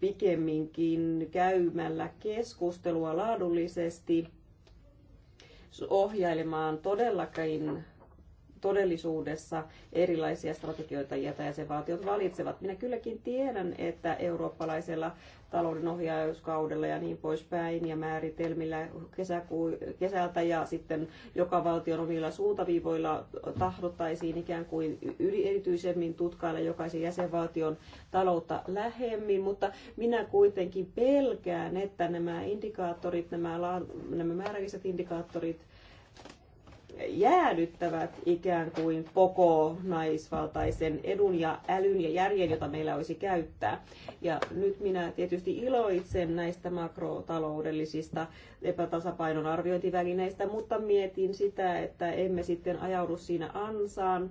pikemminkin käymällä keskustelua laadullisesti ohjailemaan todellakin todellisuudessa erilaisia strategioita, joita jäsenvaltiot valitsevat. Minä kylläkin tiedän, että eurooppalaisella talouden ohjauskaudella ja niin poispäin ja määritelmillä kesäku- kesältä ja sitten joka valtion omilla suuntaviivoilla tahdottaisiin ikään kuin yli erityisemmin tutkailla jokaisen jäsenvaltion taloutta lähemmin, mutta minä kuitenkin pelkään, että nämä indikaattorit, nämä, la- nämä määrälliset indikaattorit jäädyttävät ikään kuin koko naisvaltaisen edun ja älyn ja järjen, jota meillä olisi käyttää. Ja nyt minä tietysti iloitsen näistä makrotaloudellisista epätasapainon arviointivälineistä, mutta mietin sitä, että emme sitten ajaudu siinä ansaan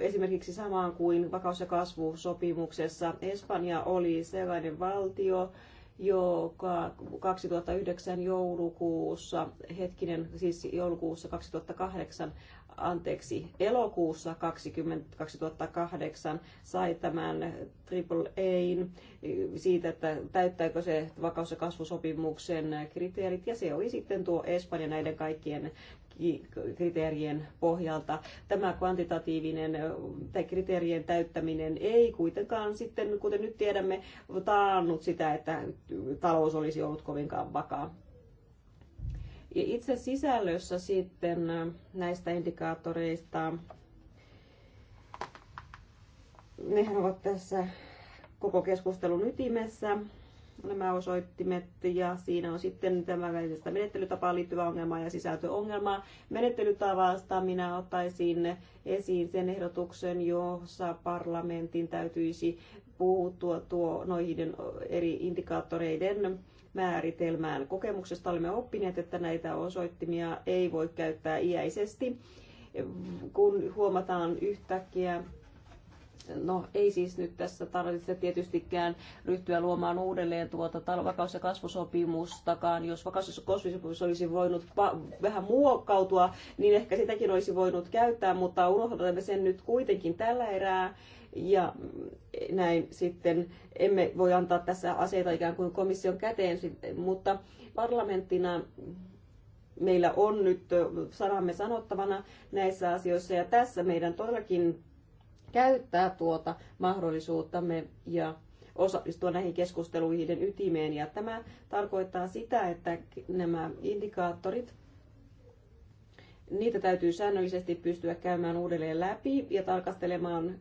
esimerkiksi samaan kuin vakaus- ja kasvusopimuksessa. Espanja oli sellainen valtio, joka 2009 joulukuussa, hetkinen, siis joulukuussa 2008, anteeksi, elokuussa 20, 2008 sai tämän Triple siitä, että täyttääkö se vakaus- ja kasvusopimuksen kriteerit, ja se oli sitten tuo Espanja näiden kaikkien kriteerien pohjalta. Tämä kvantitatiivinen tai kriteerien täyttäminen ei kuitenkaan sitten, kuten nyt tiedämme, taannut sitä, että talous olisi ollut kovinkaan vakaa. Ja itse sisällössä sitten näistä indikaattoreista, nehän ovat tässä koko keskustelun ytimessä nämä osoittimet ja siinä on sitten tämä välisestä menettelytapaan liittyvä ongelma ja sisältöongelma. Menettelytavasta minä ottaisin esiin sen ehdotuksen, jossa parlamentin täytyisi puuttua tuo, noihin eri indikaattoreiden määritelmään. Kokemuksesta olemme oppineet, että näitä osoittimia ei voi käyttää iäisesti, kun huomataan yhtäkkiä No ei siis nyt tässä tarvitse tietystikään ryhtyä luomaan uudelleen tuota vakaus- ja kasvusopimustakaan. Jos vakaus- ja kasvusopimus olisi voinut vähän muokkautua, niin ehkä sitäkin olisi voinut käyttää, mutta unohdamme sen nyt kuitenkin tällä erää. Ja näin sitten emme voi antaa tässä aseita ikään kuin komission käteen, mutta parlamenttina meillä on nyt sanamme sanottavana näissä asioissa ja tässä meidän todellakin käyttää tuota mahdollisuuttamme ja osallistua näihin keskusteluihin ytimeen. Ja tämä tarkoittaa sitä, että nämä indikaattorit niitä täytyy säännöllisesti pystyä käymään uudelleen läpi ja tarkastelemaan,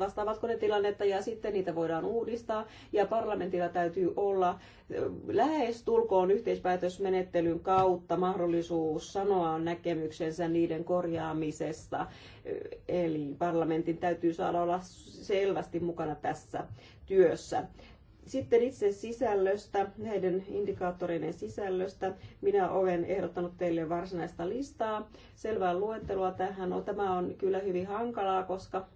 vastaavatko ne tilannetta ja sitten niitä voidaan uudistaa. Ja parlamentilla täytyy olla tulkoon yhteispäätösmenettelyn kautta mahdollisuus sanoa näkemyksensä niiden korjaamisesta. Eli parlamentin täytyy saada olla selvästi mukana tässä työssä. Sitten itse sisällöstä, näiden indikaattoreiden sisällöstä, minä olen ehdottanut teille varsinaista listaa. Selvää luettelua tähän No, Tämä on kyllä hyvin hankalaa, koska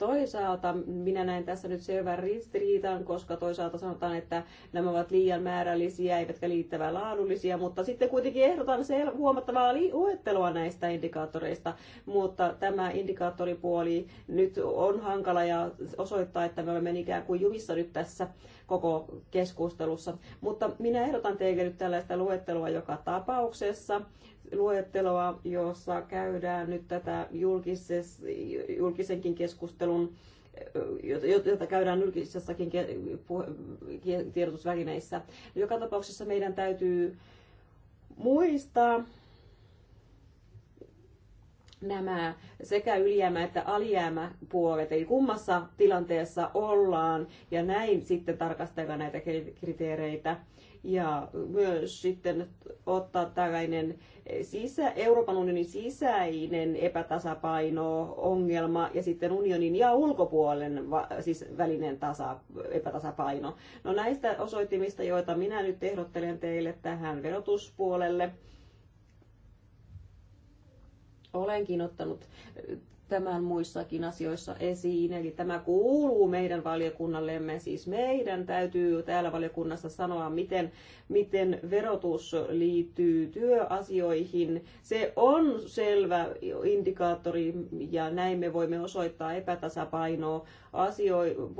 Toisaalta minä näen tässä nyt selvän ristiriitan, koska toisaalta sanotaan, että nämä ovat liian määrällisiä eivätkä liittävän laadullisia, mutta sitten kuitenkin ehdotan sel- huomattavaa luettelua näistä indikaattoreista, mutta tämä indikaattoripuoli nyt on hankala ja osoittaa, että me olemme ikään kuin jumissa nyt tässä koko keskustelussa. Mutta minä ehdotan teille nyt tällaista luettelua joka tapauksessa luetteloa, jossa käydään nyt tätä julkises, julkisenkin keskustelun jota käydään julkisessakin tiedotusvälineissä. Joka tapauksessa meidän täytyy muistaa nämä sekä ylijäämä että alijäämä puolet, eli kummassa tilanteessa ollaan, ja näin sitten tarkastella näitä kriteereitä ja myös sitten ottaa tällainen sisä, Euroopan unionin sisäinen epätasapaino-ongelma ja sitten unionin ja ulkopuolen va, siis välinen tasa, epätasapaino. No näistä osoittimista, joita minä nyt ehdottelen teille tähän verotuspuolelle, olenkin ottanut tämän muissakin asioissa esiin. Eli tämä kuuluu meidän valiokunnallemme, siis meidän täytyy täällä valiokunnassa sanoa, miten, miten verotus liittyy työasioihin. Se on selvä indikaattori ja näin me voimme osoittaa epätasapainoa asio-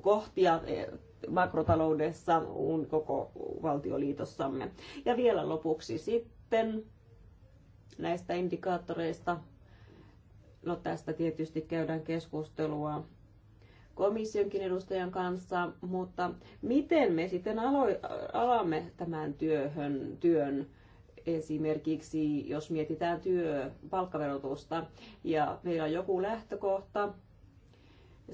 kohtia eh, makrotaloudessa koko valtioliitossamme. Ja vielä lopuksi sitten näistä indikaattoreista No tästä tietysti käydään keskustelua komissionkin edustajan kanssa, mutta miten me sitten alo- alamme tämän työhön, työn esimerkiksi, jos mietitään työ, palkkaverotusta ja meillä on joku lähtökohta,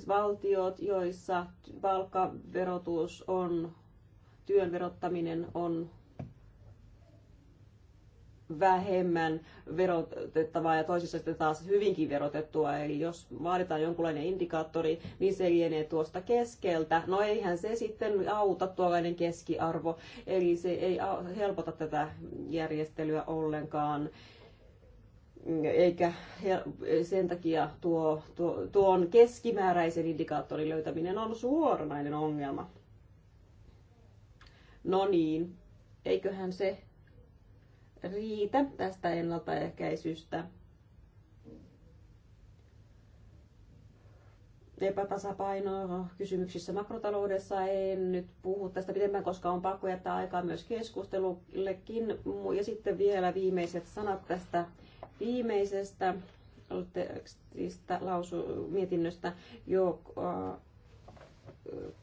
valtiot, joissa palkkaverotus on, työn verottaminen on vähemmän verotettavaa ja toisissa sitten taas hyvinkin verotettua. Eli jos vaaditaan jonkunlainen indikaattori, niin se lienee tuosta keskeltä. No eihän se sitten auta tuollainen keskiarvo, eli se ei helpota tätä järjestelyä ollenkaan eikä sen takia tuo, tuo, tuon keskimääräisen indikaattorin löytäminen on suoranainen ongelma. No niin, eiköhän se riitä tästä ennaltaehkäisystä. epätasapaino kysymyksissä makrotaloudessa. En nyt puhu tästä pidemmän, koska on pakko jättää aikaa myös keskustelullekin. Ja sitten vielä viimeiset sanat tästä viimeisestä tekstistä, lausu, mietinnöstä, joka,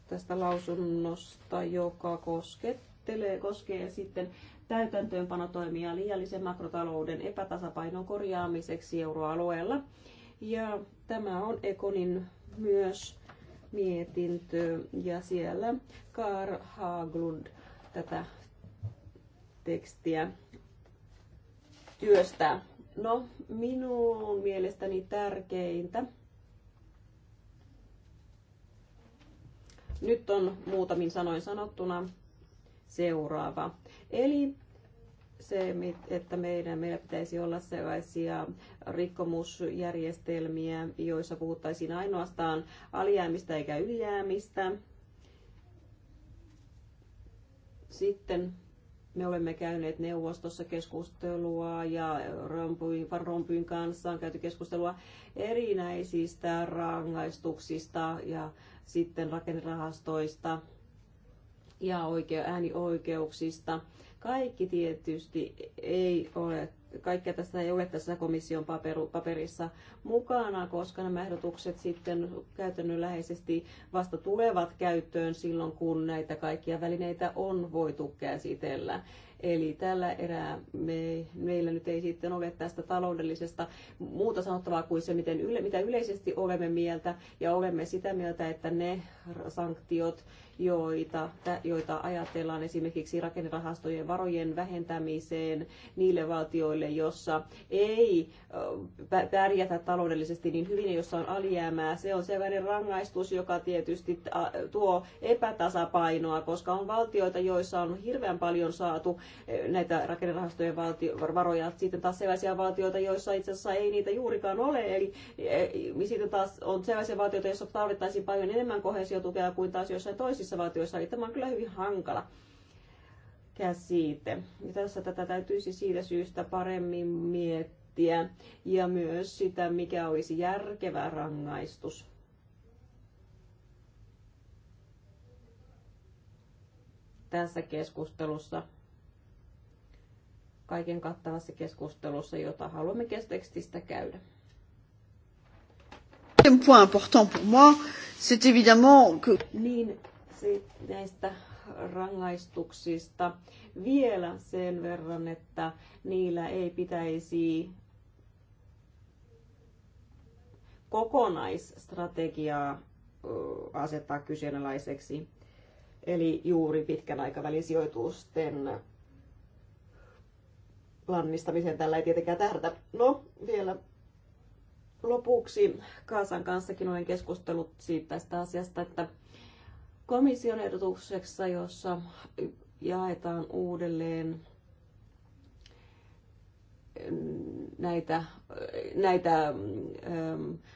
tästä lausunnosta, joka koskettelee, koskee sitten täytäntöönpanotoimia liiallisen makrotalouden epätasapainon korjaamiseksi euroalueella. Ja tämä on Ekonin myös mietintö ja siellä Karl Haglund tätä tekstiä työstää. No, minun mielestäni tärkeintä nyt on muutamin sanoin sanottuna seuraava. Eli se, että meidän, meillä pitäisi olla sellaisia rikkomusjärjestelmiä, joissa puhuttaisiin ainoastaan alijäämistä eikä ylijäämistä. Sitten me olemme käyneet neuvostossa keskustelua ja Van Rompuyn kanssa on käyty keskustelua erinäisistä rangaistuksista ja sitten rakennerahastoista ja oikea, äänioikeuksista. Kaikki tietysti ei ole, kaikkea tästä ei ole tässä komission paperu, paperissa mukana, koska nämä ehdotukset sitten käytännönläheisesti vasta tulevat käyttöön silloin, kun näitä kaikkia välineitä on voitu käsitellä. Eli tällä erää me, meillä nyt ei sitten ole tästä taloudellisesta muuta sanottavaa kuin se, miten yle, mitä yleisesti olemme mieltä. Ja olemme sitä mieltä, että ne sanktiot, joita, joita ajatellaan esimerkiksi rakennerahastojen varojen vähentämiseen niille valtioille, jossa ei pärjätä taloudellisesti niin hyvin ja jossa on alijäämää. Se on sellainen rangaistus, joka tietysti tuo epätasapainoa, koska on valtioita, joissa on hirveän paljon saatu näitä rakennerahastojen valtio- varoja. Sitten taas sellaisia valtioita, joissa itse asiassa ei niitä juurikaan ole. Eli e, sitten taas on sellaisia valtioita, joissa tarvittaisiin paljon enemmän kohesiotukea kuin taas joissain toisissa toisissa valtioissa, oli tämä on kyllä hyvin hankala käsite. Ja tässä tätä täytyisi siitä syystä paremmin miettiä ja myös sitä, mikä olisi järkevä rangaistus. Tässä keskustelussa, kaiken kattavassa keskustelussa, jota haluamme kestekstistä käydä. Point important pour moi, c'est évidemment que... Niin, näistä rangaistuksista vielä sen verran, että niillä ei pitäisi kokonaisstrategiaa asettaa kyseenalaiseksi, eli juuri pitkän aikavälin sijoitusten lannistamiseen tällä ei tietenkään tähdätä. No, vielä lopuksi Kaasan kanssakin olen keskustellut siitä tästä asiasta, että komission ehdotuksessa, jossa jaetaan uudelleen näitä, näitä ähm,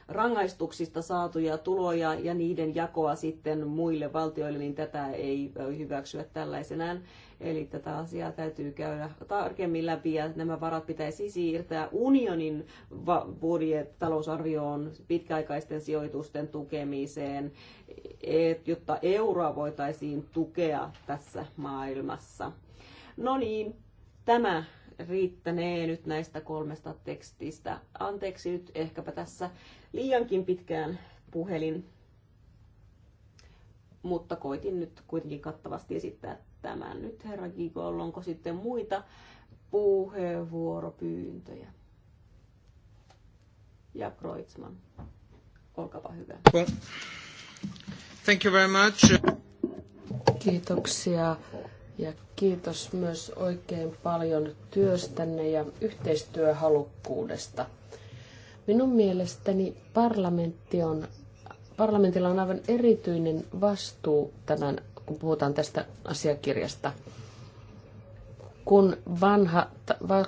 rangaistuksista saatuja tuloja ja niiden jakoa sitten muille valtioille, niin tätä ei hyväksyä tällaisenään. Eli tätä asiaa täytyy käydä tarkemmin läpi ja nämä varat pitäisi siirtää unionin budjet talousarvioon pitkäaikaisten sijoitusten tukemiseen, et, jotta euroa voitaisiin tukea tässä maailmassa. No niin, tämä riittänee nyt näistä kolmesta tekstistä. Anteeksi nyt ehkäpä tässä liiankin pitkään puhelin, mutta koitin nyt kuitenkin kattavasti esittää tämän. Nyt herra Gigol, onko sitten muita puheenvuoropyyntöjä? Ja Kreutzmann, olkapa hyvä. Thank you very much. Kiitoksia ja kiitos myös oikein paljon työstänne ja yhteistyöhalukkuudesta. Minun mielestäni parlamentti on, parlamentilla on aivan erityinen vastuu tämän kun puhutaan tästä asiakirjasta. Kun vanha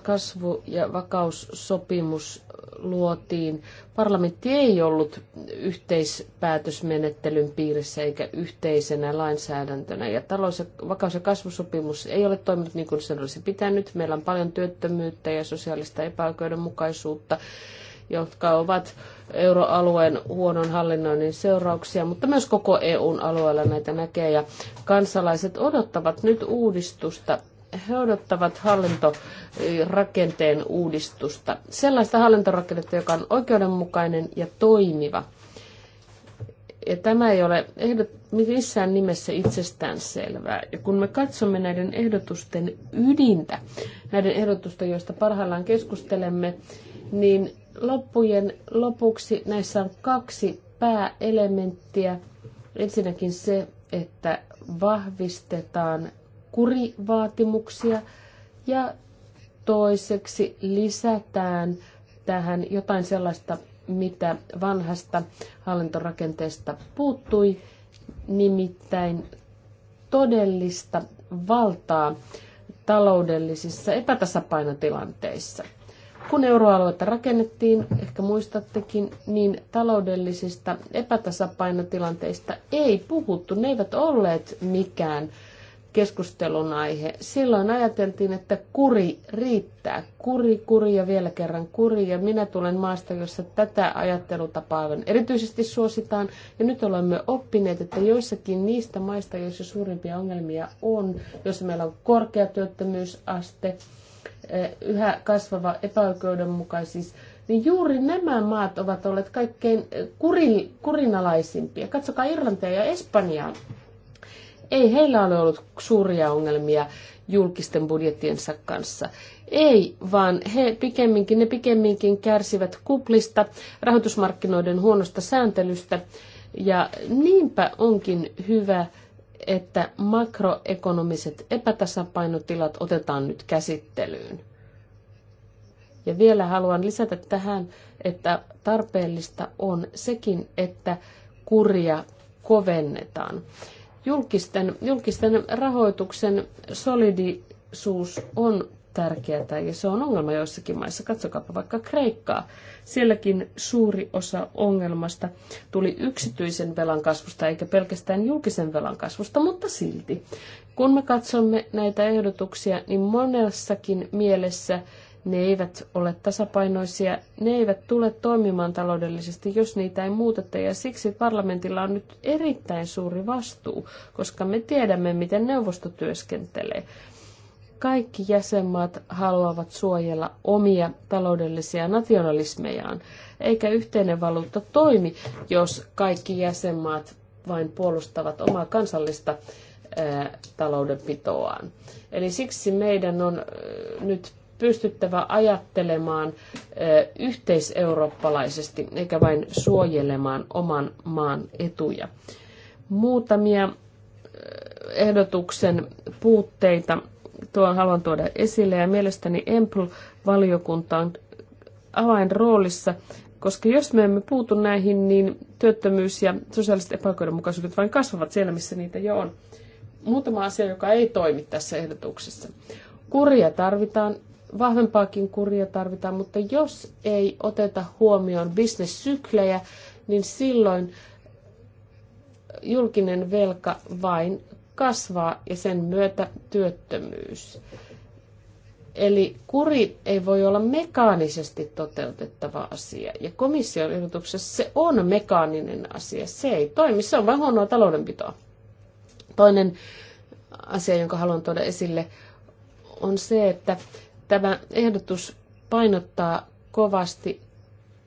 kasvu- ja vakaussopimus luotiin, parlamentti ei ollut yhteispäätösmenettelyn piirissä eikä yhteisenä lainsäädäntönä. Ja talous- ja vakaus- ja kasvusopimus ei ole toiminut niin kuin sen olisi pitänyt. Meillä on paljon työttömyyttä ja sosiaalista epäoikeudenmukaisuutta, jotka ovat euroalueen huonon hallinnoinnin seurauksia, mutta myös koko EUn alueella näitä näkee. Ja kansalaiset odottavat nyt uudistusta he odottavat hallintorakenteen uudistusta. Sellaista hallintorakennetta, joka on oikeudenmukainen ja toimiva. Ja tämä ei ole ehdot, missään nimessä itsestään selvää. Ja kun me katsomme näiden ehdotusten ydintä, näiden ehdotusten, joista parhaillaan keskustelemme, niin loppujen lopuksi näissä on kaksi pääelementtiä. Ensinnäkin se, että vahvistetaan kurivaatimuksia ja toiseksi lisätään tähän jotain sellaista, mitä vanhasta hallintorakenteesta puuttui, nimittäin todellista valtaa taloudellisissa epätasapainotilanteissa. Kun euroaluetta rakennettiin, ehkä muistattekin, niin taloudellisista epätasapainotilanteista ei puhuttu. Ne eivät olleet mikään keskustelun aihe. Silloin ajateltiin, että kuri riittää. Kuri, kuri ja vielä kerran kuri. Ja minä tulen maasta, jossa tätä ajattelutapaa erityisesti suositaan. Ja nyt olemme oppineet, että joissakin niistä maista, joissa suurimpia ongelmia on, joissa meillä on korkea työttömyysaste, Eh, yhä kasvava epäoikeudenmukaisuus, niin juuri nämä maat ovat olleet kaikkein eh, kuri, kurinalaisimpia. Katsokaa Irlantia ja Espanjaa. Ei heillä ole ollut suuria ongelmia julkisten budjettiensa kanssa. Ei, vaan he pikemminkin, ne pikemminkin kärsivät kuplista, rahoitusmarkkinoiden huonosta sääntelystä. Ja niinpä onkin hyvä että makroekonomiset epätasapainotilat otetaan nyt käsittelyyn. Ja vielä haluan lisätä tähän, että tarpeellista on sekin, että kuria kovennetaan. Julkisten, julkisten rahoituksen solidisuus on tärkeää ja se on ongelma joissakin maissa. Katsokaapa vaikka Kreikkaa. Sielläkin suuri osa ongelmasta tuli yksityisen velan kasvusta eikä pelkästään julkisen velan kasvusta, mutta silti. Kun me katsomme näitä ehdotuksia, niin monessakin mielessä ne eivät ole tasapainoisia, ne eivät tule toimimaan taloudellisesti, jos niitä ei muuteta. Ja siksi parlamentilla on nyt erittäin suuri vastuu, koska me tiedämme, miten neuvosto työskentelee. Kaikki jäsenmaat haluavat suojella omia taloudellisia nationalismejaan, eikä yhteinen valuutta toimi, jos kaikki jäsenmaat vain puolustavat omaa kansallista taloudenpitoaan. Eli siksi meidän on nyt pystyttävä ajattelemaan yhteiseurooppalaisesti, eikä vain suojelemaan oman maan etuja. Muutamia ehdotuksen puutteita tuon haluan tuoda esille ja mielestäni Empl-valiokunta on avainroolissa, koska jos me emme puutu näihin, niin työttömyys ja sosiaaliset epäoikeudenmukaisuudet vain kasvavat siellä, missä niitä jo on. Muutama asia, joka ei toimi tässä ehdotuksessa. Kuria tarvitaan, vahvempaakin kuria tarvitaan, mutta jos ei oteta huomioon bisnessyklejä, niin silloin julkinen velka vain kasvaa ja sen myötä työttömyys. Eli kuri ei voi olla mekaanisesti toteutettava asia. Ja komission ehdotuksessa se on mekaaninen asia. Se ei toimi, se on vain huonoa taloudenpitoa. Toinen asia, jonka haluan tuoda esille, on se, että tämä ehdotus painottaa kovasti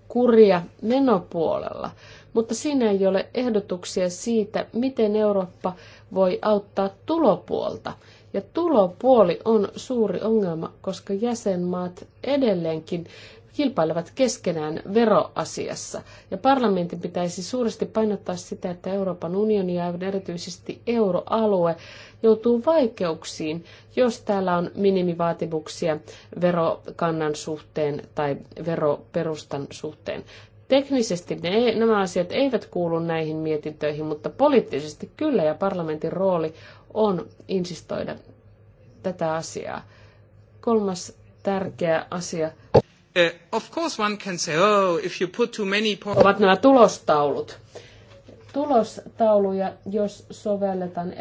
kuria menopuolella, mutta siinä ei ole ehdotuksia siitä, miten Eurooppa voi auttaa tulopuolta. Ja tulopuoli on suuri ongelma, koska jäsenmaat edelleenkin kilpailevat keskenään veroasiassa. Ja parlamentin pitäisi suuresti painottaa sitä, että Euroopan unioni ja erityisesti euroalue joutuu vaikeuksiin, jos täällä on minimivaatimuksia verokannan suhteen tai veroperustan suhteen. Teknisesti ne, nämä asiat eivät kuulu näihin mietintöihin, mutta poliittisesti kyllä ja parlamentin rooli on insistoida tätä asiaa. Kolmas tärkeä asia eh, of course one can say, oh, if you put too many ovat nämä tulostaulut. Tulostauluja, jos sovelletaan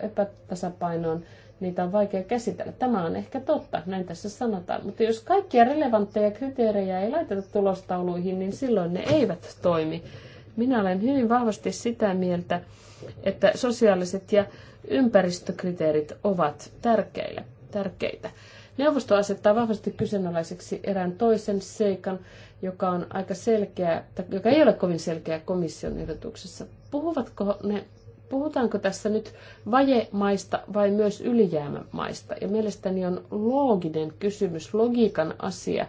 epätasapainoon, niitä on vaikea käsitellä. Tämä on ehkä totta, näin tässä sanotaan. Mutta jos kaikkia relevantteja kriteerejä ei laiteta tulostauluihin, niin silloin ne eivät toimi. Minä olen hyvin vahvasti sitä mieltä, että sosiaaliset ja ympäristökriteerit ovat tärkeillä, tärkeitä. Neuvosto asettaa vahvasti kyseenalaiseksi erään toisen seikan, joka on aika selkeä, joka ei ole kovin selkeä komission ehdotuksessa. Puhuvatko ne Puhutaanko tässä nyt vajemaista vai myös ylijäämämaista? Ja mielestäni on looginen kysymys, logiikan asia,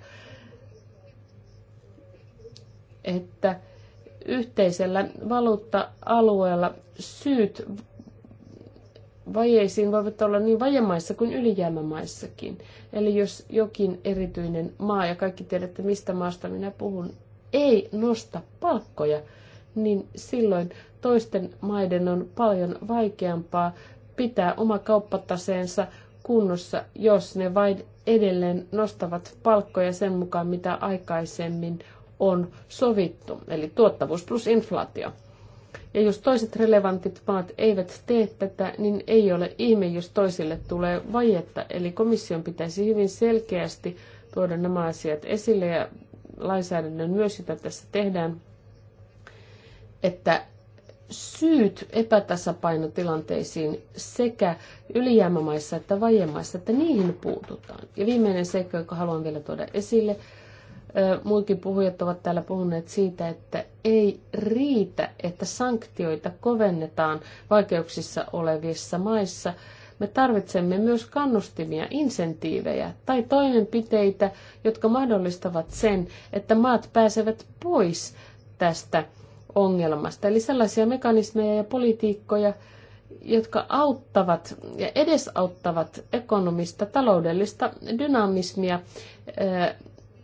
että yhteisellä valuutta-alueella syyt vajeisiin voivat olla niin vajemaissa kuin ylijäämämaissakin. Eli jos jokin erityinen maa, ja kaikki tiedätte mistä maasta minä puhun, ei nosta palkkoja, niin silloin toisten maiden on paljon vaikeampaa pitää oma kauppataseensa kunnossa, jos ne vain edelleen nostavat palkkoja sen mukaan, mitä aikaisemmin on sovittu, eli tuottavuus plus inflaatio. Ja jos toiset relevantit maat eivät tee tätä, niin ei ole ihme, jos toisille tulee vajetta. Eli komission pitäisi hyvin selkeästi tuoda nämä asiat esille ja lainsäädännön myös, sitä tässä tehdään, että syyt epätasapainotilanteisiin sekä ylijäämämaissa että vajemaissa, että niihin puututaan. Ja viimeinen seikka, joka haluan vielä tuoda esille, muikin puhujat ovat täällä puhuneet siitä, että ei riitä, että sanktioita kovennetaan vaikeuksissa olevissa maissa. Me tarvitsemme myös kannustimia, insentiivejä tai toimenpiteitä, jotka mahdollistavat sen, että maat pääsevät pois tästä ongelmasta. Eli sellaisia mekanismeja ja politiikkoja, jotka auttavat ja edesauttavat ekonomista taloudellista dynamismia,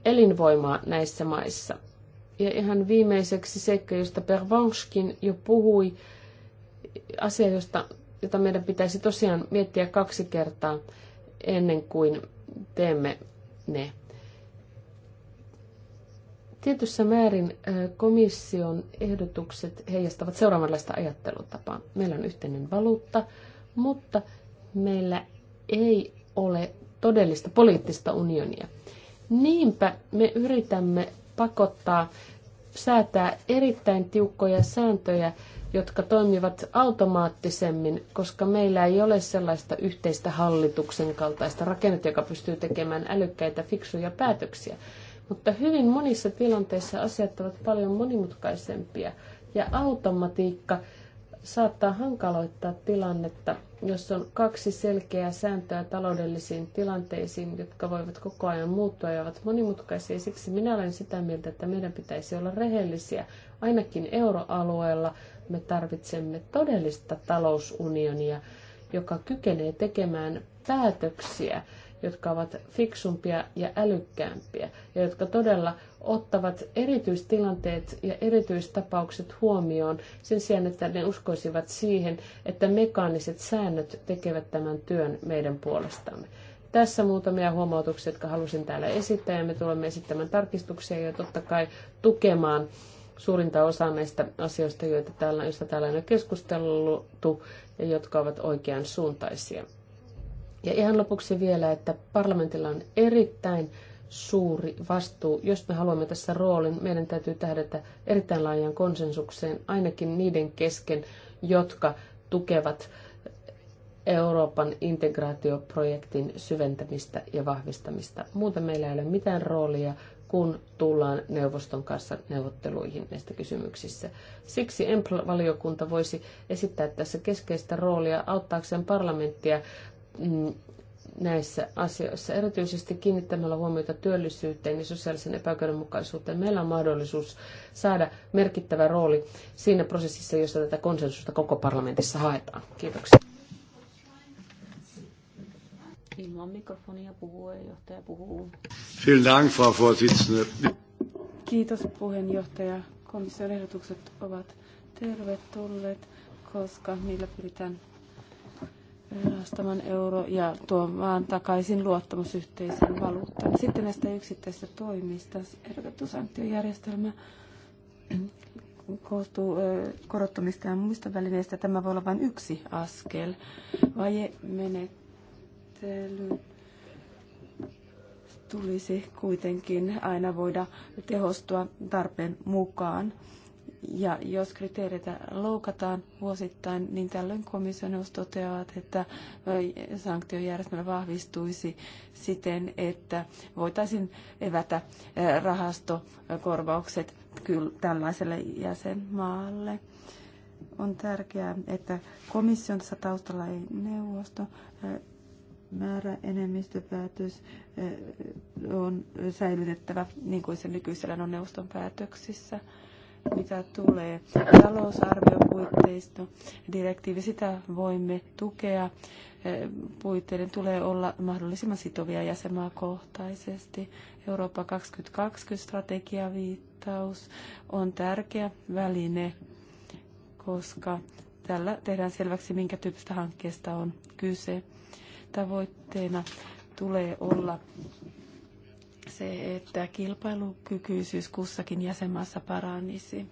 elinvoimaa näissä maissa. Ja ihan viimeiseksi seikka, josta Pervanskin jo puhui, asia, josta, jota meidän pitäisi tosiaan miettiä kaksi kertaa ennen kuin teemme ne Tietyssä määrin komission ehdotukset heijastavat seuraavanlaista ajattelutapaa. Meillä on yhteinen valuutta, mutta meillä ei ole todellista poliittista unionia. Niinpä me yritämme pakottaa säätää erittäin tiukkoja sääntöjä, jotka toimivat automaattisemmin, koska meillä ei ole sellaista yhteistä hallituksen kaltaista rakennetta, joka pystyy tekemään älykkäitä, fiksuja päätöksiä. Mutta hyvin monissa tilanteissa asiat ovat paljon monimutkaisempia ja automatiikka saattaa hankaloittaa tilannetta, jos on kaksi selkeää sääntöä taloudellisiin tilanteisiin, jotka voivat koko ajan muuttua ja ovat monimutkaisia. Siksi minä olen sitä mieltä, että meidän pitäisi olla rehellisiä. Ainakin euroalueella me tarvitsemme todellista talousunionia, joka kykenee tekemään päätöksiä jotka ovat fiksumpia ja älykkäämpiä ja jotka todella ottavat erityistilanteet ja erityistapaukset huomioon sen sijaan, että ne uskoisivat siihen, että mekaaniset säännöt tekevät tämän työn meidän puolestamme. Tässä muutamia huomautuksia, jotka halusin täällä esittää ja me tulemme esittämään tarkistuksia ja totta kai tukemaan suurinta osaa näistä asioista, joita täällä, joista täällä on keskusteltu ja jotka ovat oikean suuntaisia. Ja ihan lopuksi vielä, että parlamentilla on erittäin suuri vastuu. Jos me haluamme tässä roolin, meidän täytyy tähdätä erittäin laajaan konsensukseen, ainakin niiden kesken, jotka tukevat Euroopan integraatioprojektin syventämistä ja vahvistamista. Muuten meillä ei ole mitään roolia, kun tullaan neuvoston kanssa neuvotteluihin näistä kysymyksissä. Siksi EMPL-valiokunta voisi esittää tässä keskeistä roolia auttaakseen parlamenttia Mm, näissä asioissa. Erityisesti kiinnittämällä huomiota työllisyyteen ja sosiaalisen epäoikeudenmukaisuuteen meillä on mahdollisuus saada merkittävä rooli siinä prosessissa, jossa tätä konsensusta koko parlamentissa haetaan. Kiitoksia. Ilman mikrofonia puheenjohtaja puhuu. Dank, Frau Kiitos puheenjohtaja. Komission ehdotukset ovat tervetulleet, koska niillä pyritään rahastaman euro ja tuo vaan takaisin luottamusyhteisön valuuttaan. Sitten näistä yksittäisistä toimista. Ehdotettu sanktiojärjestelmä koostuu korottamista ja muista välineistä. Tämä voi olla vain yksi askel. menettely tulisi kuitenkin aina voida tehostua tarpeen mukaan. Ja jos kriteereitä loukataan vuosittain, niin tällöin komissioneuvos toteavat, että sanktiojärjestelmä vahvistuisi siten, että voitaisiin evätä rahastokorvaukset kyllä tällaiselle jäsenmaalle. On tärkeää, että komission tässä taustalla ei neuvosto enemmistöpäätös on säilytettävä niin kuin se nykyisellä on neuvoston päätöksissä mitä tulee talousarviopuitteisto, direktiivi, sitä voimme tukea. Eh, puitteiden tulee olla mahdollisimman sitovia jäsenmaakohtaisesti. Eurooppa 2020-strategiaviittaus on tärkeä väline, koska tällä tehdään selväksi, minkä tyyppistä hankkeesta on kyse. Tavoitteena tulee olla se, että kilpailukykyisyys kussakin jäsenmaassa paranisi.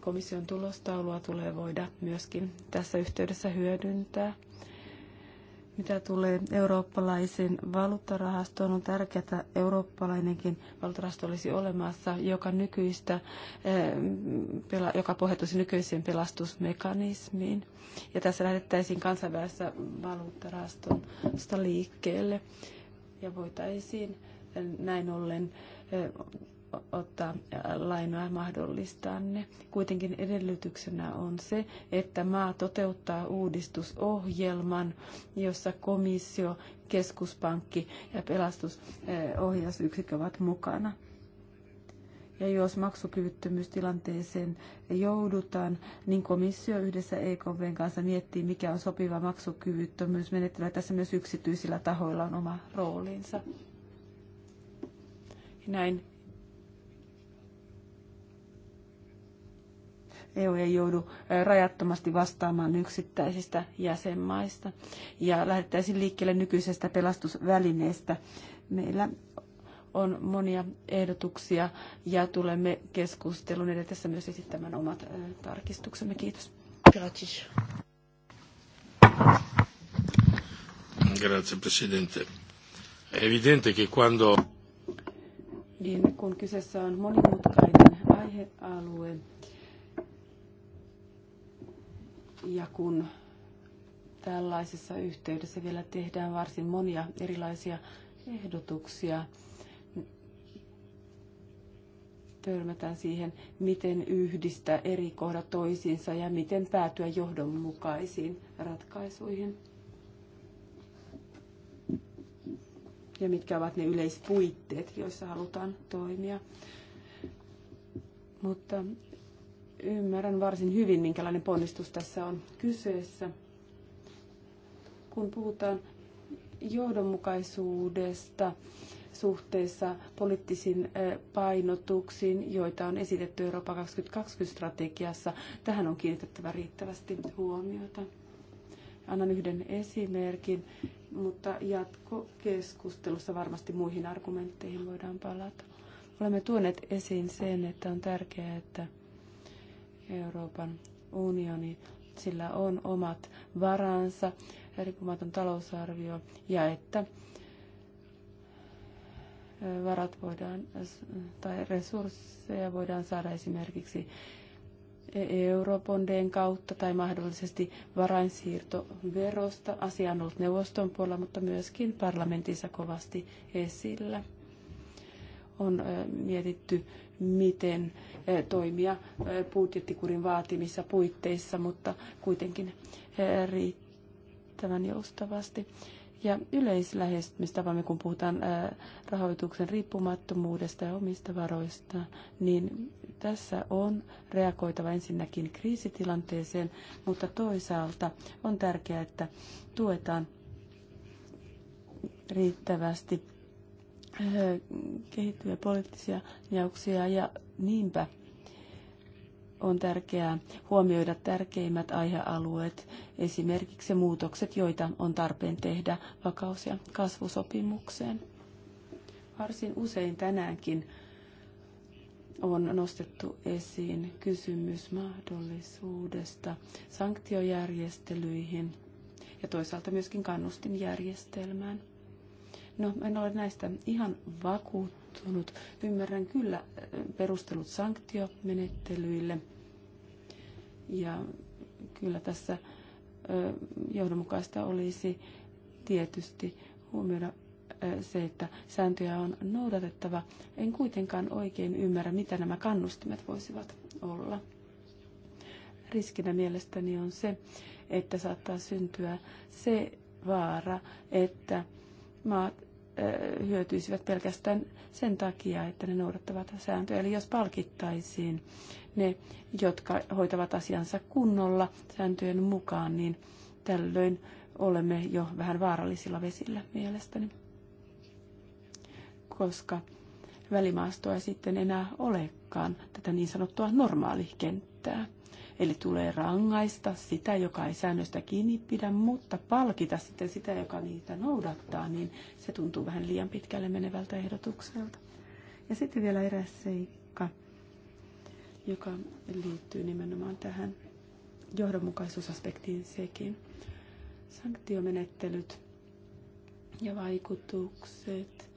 Komission tulostaulua tulee voida myöskin tässä yhteydessä hyödyntää. Mitä tulee eurooppalaisen valuuttarahastoon, on tärkeää, että eurooppalainenkin valuuttarahasto olisi olemassa, joka, nykyistä, eh, joka pohjautuisi nykyiseen pelastusmekanismiin. Ja tässä lähdettäisiin kansainvälisestä valuuttarahastosta liikkeelle ja voitaisiin näin ollen ottaa lainaa mahdollistaa ne. Kuitenkin edellytyksenä on se, että maa toteuttaa uudistusohjelman, jossa komissio, keskuspankki ja pelastusohjausyksikkö ovat mukana. Ja jos maksukyvyttömyystilanteeseen joudutaan, niin komissio yhdessä EKVn kanssa miettii, mikä on sopiva maksukyvyttömyysmenettely. Tässä myös yksityisillä tahoilla on oma roolinsa. Näin EU ei joudu rajattomasti vastaamaan yksittäisistä jäsenmaista ja lähdettäisiin liikkeelle nykyisestä pelastusvälineestä. Meillä on monia ehdotuksia ja tulemme keskustelun edetessä myös esittämään omat tarkistuksemme. Kiitos. Gratis. Grazie Presidente. È evidente che quando... Niin, kun kyseessä on monimutkainen aihealue ja kun tällaisessa yhteydessä vielä tehdään varsin monia erilaisia ehdotuksia, törmätään siihen, miten yhdistää eri kohdat toisiinsa ja miten päätyä johdonmukaisiin ratkaisuihin. Ja mitkä ovat ne yleispuitteet, joissa halutaan toimia. Mutta ymmärrän varsin hyvin, minkälainen ponnistus tässä on kyseessä. Kun puhutaan johdonmukaisuudesta, suhteessa poliittisiin painotuksiin, joita on esitetty Euroopan 2020-strategiassa. Tähän on kiinnitettävä riittävästi huomiota. Annan yhden esimerkin, mutta jatkokeskustelussa varmasti muihin argumentteihin voidaan palata. Olemme tuoneet esiin sen, että on tärkeää, että Euroopan unioni, sillä on omat varansa, riippumaton talousarvio ja että varat voidaan, tai resursseja voidaan saada esimerkiksi eurobondeen kautta tai mahdollisesti varainsiirtoverosta. Asia on ollut neuvoston puolella, mutta myöskin parlamentissa kovasti esillä. On mietitty, miten toimia budjettikurin vaatimissa puitteissa, mutta kuitenkin riittävän joustavasti. Ja yleislähestymistapamme, kun puhutaan rahoituksen riippumattomuudesta ja omista varoista, niin tässä on reagoitava ensinnäkin kriisitilanteeseen, mutta toisaalta on tärkeää, että tuetaan riittävästi kehittyviä poliittisia jauksia ja niinpä on tärkeää huomioida tärkeimmät aihealueet, esimerkiksi muutokset, joita on tarpeen tehdä vakaus- ja kasvusopimukseen. Varsin usein tänäänkin on nostettu esiin kysymys mahdollisuudesta sanktiojärjestelyihin ja toisaalta myöskin kannustinjärjestelmään. No, en ole näistä ihan vakuuttunut muuttunut. Ymmärrän kyllä eh, perustelut sanktiomenettelyille. Ja kyllä tässä eh, johdonmukaista olisi tietysti huomioida eh, se, että sääntöjä on noudatettava. En kuitenkaan oikein ymmärrä, mitä nämä kannustimet voisivat olla. Riskinä mielestäni on se, että saattaa syntyä se vaara, että maat hyötyisivät pelkästään sen takia, että ne noudattavat sääntöjä. Eli jos palkittaisiin ne, jotka hoitavat asiansa kunnolla sääntöjen mukaan, niin tällöin olemme jo vähän vaarallisilla vesillä mielestäni. Koska välimaastoa ei sitten enää olekaan tätä niin sanottua normaalikenttää. Eli tulee rangaista sitä, joka ei säännöstä kiinni pidä, mutta palkita sitten sitä, joka niitä noudattaa, niin se tuntuu vähän liian pitkälle menevältä ehdotukselta. Ja sitten vielä eräs seikka, joka liittyy nimenomaan tähän johdonmukaisuusaspektiin sekin. Sanktiomenettelyt ja vaikutukset.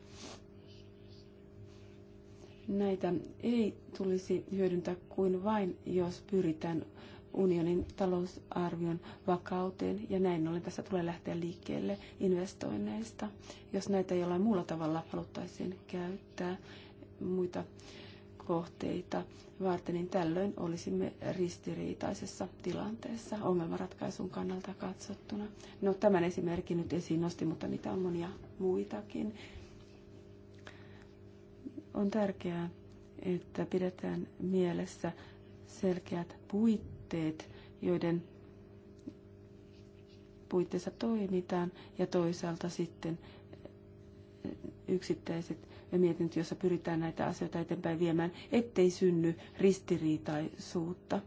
Näitä ei tulisi hyödyntää kuin vain, jos pyritään unionin talousarvion vakauteen ja näin ollen tässä tulee lähteä liikkeelle investoinneista, jos näitä jollain muulla tavalla haluttaisiin käyttää muita kohteita varten, niin tällöin olisimme ristiriitaisessa tilanteessa ongelmanratkaisun kannalta katsottuna. No tämän esimerkin nyt esiin nosti, mutta niitä on monia muitakin. On tärkeää, että pidetään mielessä selkeät puitteet puitteet, joiden puitteissa toimitaan, ja toisaalta sitten yksittäiset mietinnöt, joissa pyritään näitä asioita eteenpäin viemään, ettei synny ristiriitaisuutta,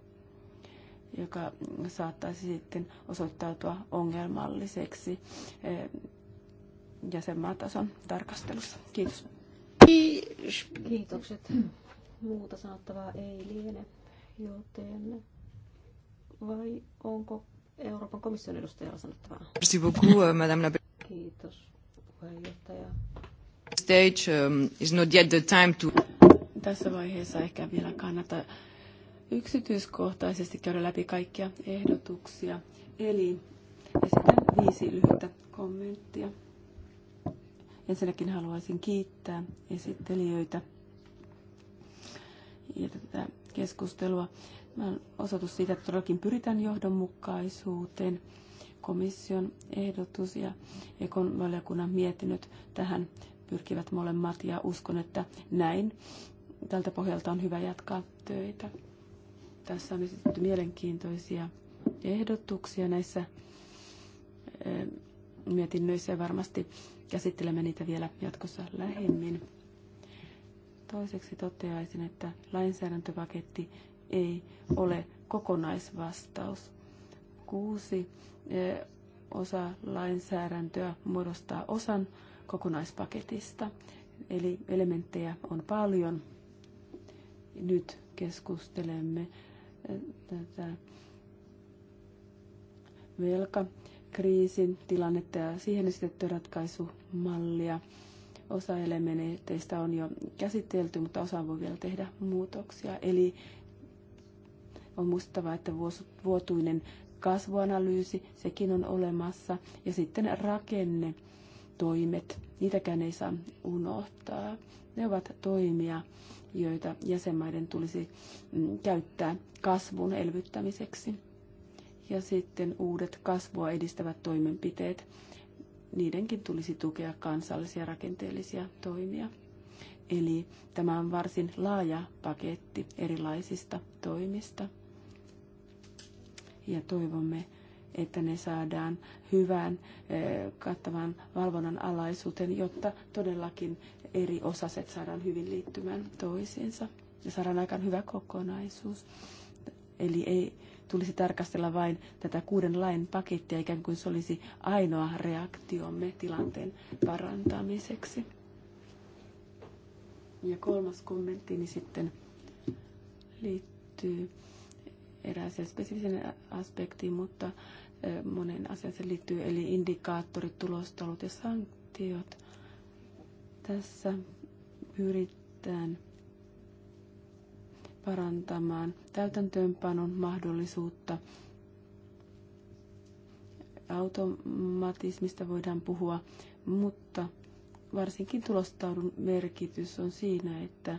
joka saattaisi sitten osoittautua ongelmalliseksi eh, jäsenmaatason tarkastelussa. Kiitos. Kiitokset. Muuta sanottavaa ei liene, joten vai onko Euroopan komission edustajalla sanottavaa? Merci beaucoup, euh, madame la... Kiitos, puheenjohtaja. Stage um, is not yet the time to... Tässä vaiheessa ehkä vielä kannata yksityiskohtaisesti käydä läpi kaikkia ehdotuksia. Eli esitän viisi lyhyttä kommenttia. Ensinnäkin haluaisin kiittää esittelijöitä ja tätä keskustelua osoitus siitä, että todellakin pyritään johdonmukaisuuteen. Komission ehdotus ja Ekon valiokunnan mietinnöt tähän pyrkivät molemmat ja uskon, että näin tältä pohjalta on hyvä jatkaa töitä. Tässä on esitetty mielenkiintoisia ehdotuksia näissä eh, mietinnöissä ja varmasti käsittelemme niitä vielä jatkossa lähemmin. Toiseksi toteaisin, että lainsäädäntöpaketti ei ole kokonaisvastaus. Kuusi e, osa lainsäädäntöä muodostaa osan kokonaispaketista, eli elementtejä on paljon. Nyt keskustelemme e, tätä velkakriisin tilannetta ja siihen esitetty ratkaisumallia. Osa elementeistä on jo käsitelty, mutta osa voi vielä tehdä muutoksia. Eli on muistettava, että vuotuinen kasvuanalyysi, sekin on olemassa, ja sitten rakenne toimet, niitäkään ei saa unohtaa. Ne ovat toimia, joita jäsenmaiden tulisi mm, käyttää kasvun elvyttämiseksi. Ja sitten uudet kasvua edistävät toimenpiteet, niidenkin tulisi tukea kansallisia rakenteellisia toimia. Eli tämä on varsin laaja paketti erilaisista toimista ja toivomme, että ne saadaan hyvään eh, kattavan valvonnan alaisuuteen, jotta todellakin eri osaset saadaan hyvin liittymään toisiinsa ja saadaan aika hyvä kokonaisuus. Eli ei tulisi tarkastella vain tätä kuuden lain pakettia, ikään kuin se olisi ainoa reaktiomme tilanteen parantamiseksi. Ja kolmas kommenttini sitten liittyy erääseen spesifisen aspektiin, mutta monen asian se liittyy, eli indikaattorit, tulostalut ja sanktiot. Tässä pyritään parantamaan täytäntöönpanon mahdollisuutta. Automatismista voidaan puhua, mutta varsinkin tulostaudun merkitys on siinä, että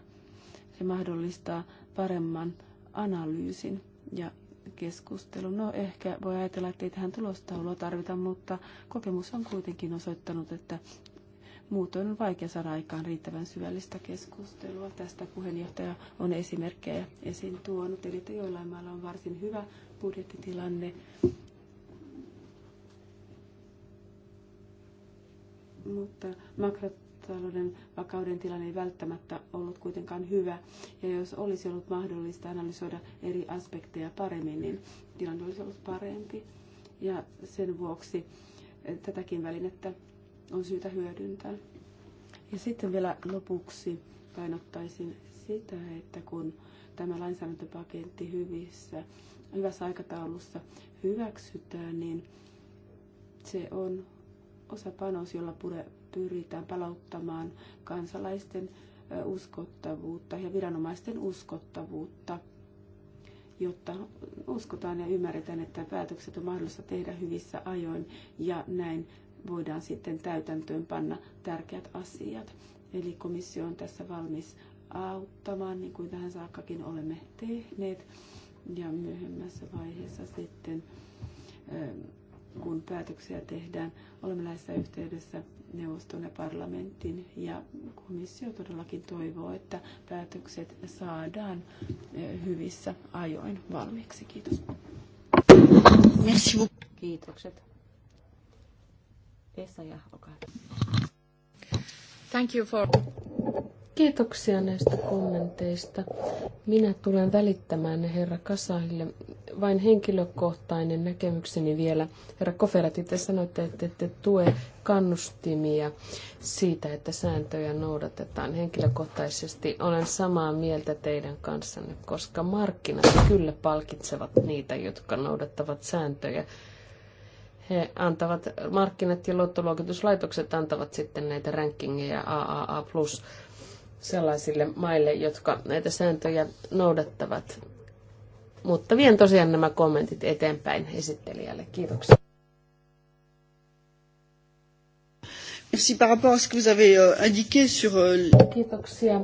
se mahdollistaa paremman analyysin ja keskustelu. No ehkä voi ajatella, että ei tähän tulostaulua tarvita, mutta kokemus on kuitenkin osoittanut, että muutoin on vaikea saada aikaan riittävän syvällistä keskustelua. Tästä puheenjohtaja on esimerkkejä esiin tuonut, eli että joillain mailla on varsin hyvä budjettitilanne. Mutta makrot talouden vakauden tilanne ei välttämättä ollut kuitenkaan hyvä. Ja jos olisi ollut mahdollista analysoida eri aspekteja paremmin, niin tilanne olisi ollut parempi. Ja sen vuoksi eh, tätäkin välinettä on syytä hyödyntää. Ja sitten vielä lopuksi painottaisin sitä, että kun tämä lainsäädäntöpaketti hyvissä, hyvässä aikataulussa hyväksytään, niin se on osa panos, jolla pyritään palauttamaan kansalaisten uskottavuutta ja viranomaisten uskottavuutta, jotta uskotaan ja ymmärretään, että päätökset on mahdollista tehdä hyvissä ajoin ja näin voidaan sitten täytäntöön panna tärkeät asiat. Eli komissio on tässä valmis auttamaan, niin kuin tähän saakkakin olemme tehneet. Ja myöhemmässä vaiheessa sitten, kun päätöksiä tehdään, olemme näissä yhteydessä neuvoston ja parlamentin. Ja komissio todellakin toivoo, että päätökset saadaan eh, hyvissä ajoin valmiiksi. Kiitos. Kiitokset. Esa ja Thank you for... Kiitoksia näistä kommenteista. Minä tulen välittämään ne herra Kasahille. Vain henkilökohtainen näkemykseni vielä. Herra Koferati, te sanoitte, että ette tue kannustimia siitä, että sääntöjä noudatetaan. Henkilökohtaisesti olen samaa mieltä teidän kanssanne, koska markkinat kyllä palkitsevat niitä, jotka noudattavat sääntöjä he antavat, markkinat ja luottoluokituslaitokset antavat sitten näitä rankingeja AAA+ sellaisille maille, jotka näitä sääntöjä noudattavat. Mutta vien tosiaan nämä kommentit eteenpäin esittelijälle. Kiitoksia. Merci par rapport à ce que vous avez euh, indiqué sur... Euh, Kiitoksia.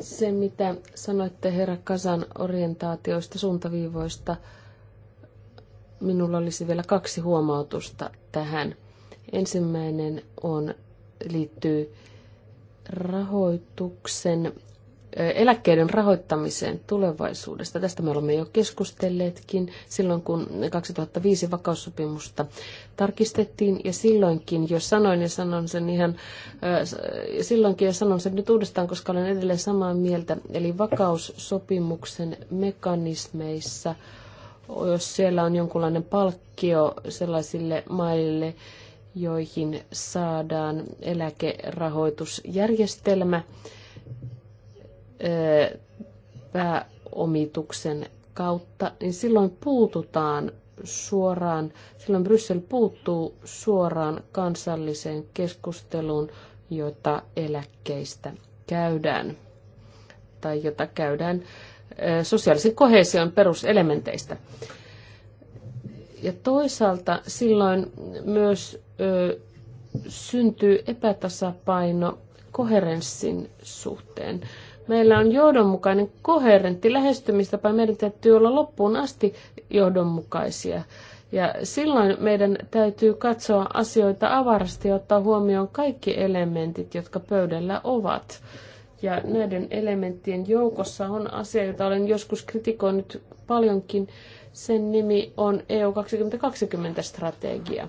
Se, mitä sanoitte herra Kasan orientaatioista, suuntaviivoista, minulla olisi vielä kaksi huomautusta tähän. Ensimmäinen on, liittyy rahoituksen, eläkkeiden rahoittamiseen tulevaisuudesta. Tästä me olemme jo keskustelleetkin silloin, kun 2005 vakaussopimusta tarkistettiin. Ja silloinkin, jos sanoin ja sanon sen ihan, silloinkin ja sanon sen nyt uudestaan, koska olen edelleen samaa mieltä. Eli vakaussopimuksen mekanismeissa, jos siellä on jonkunlainen palkkio sellaisille maille, joihin saadaan eläkerahoitusjärjestelmä pääomituksen kautta, niin silloin puututaan suoraan, silloin Bryssel puuttuu suoraan kansalliseen keskusteluun, jota eläkkeistä käydään tai jota käydään sosiaalisen kohesion peruselementeistä. Ja toisaalta silloin myös ö, syntyy epätasapaino koherenssin suhteen. Meillä on johdonmukainen, koherentti lähestymistapa. Meidän täytyy olla loppuun asti johdonmukaisia. Ja silloin meidän täytyy katsoa asioita avarasti ja ottaa huomioon kaikki elementit, jotka pöydällä ovat. Ja näiden elementtien joukossa on asia, jota olen joskus kritikoinut paljonkin, sen nimi on EU 2020-strategia.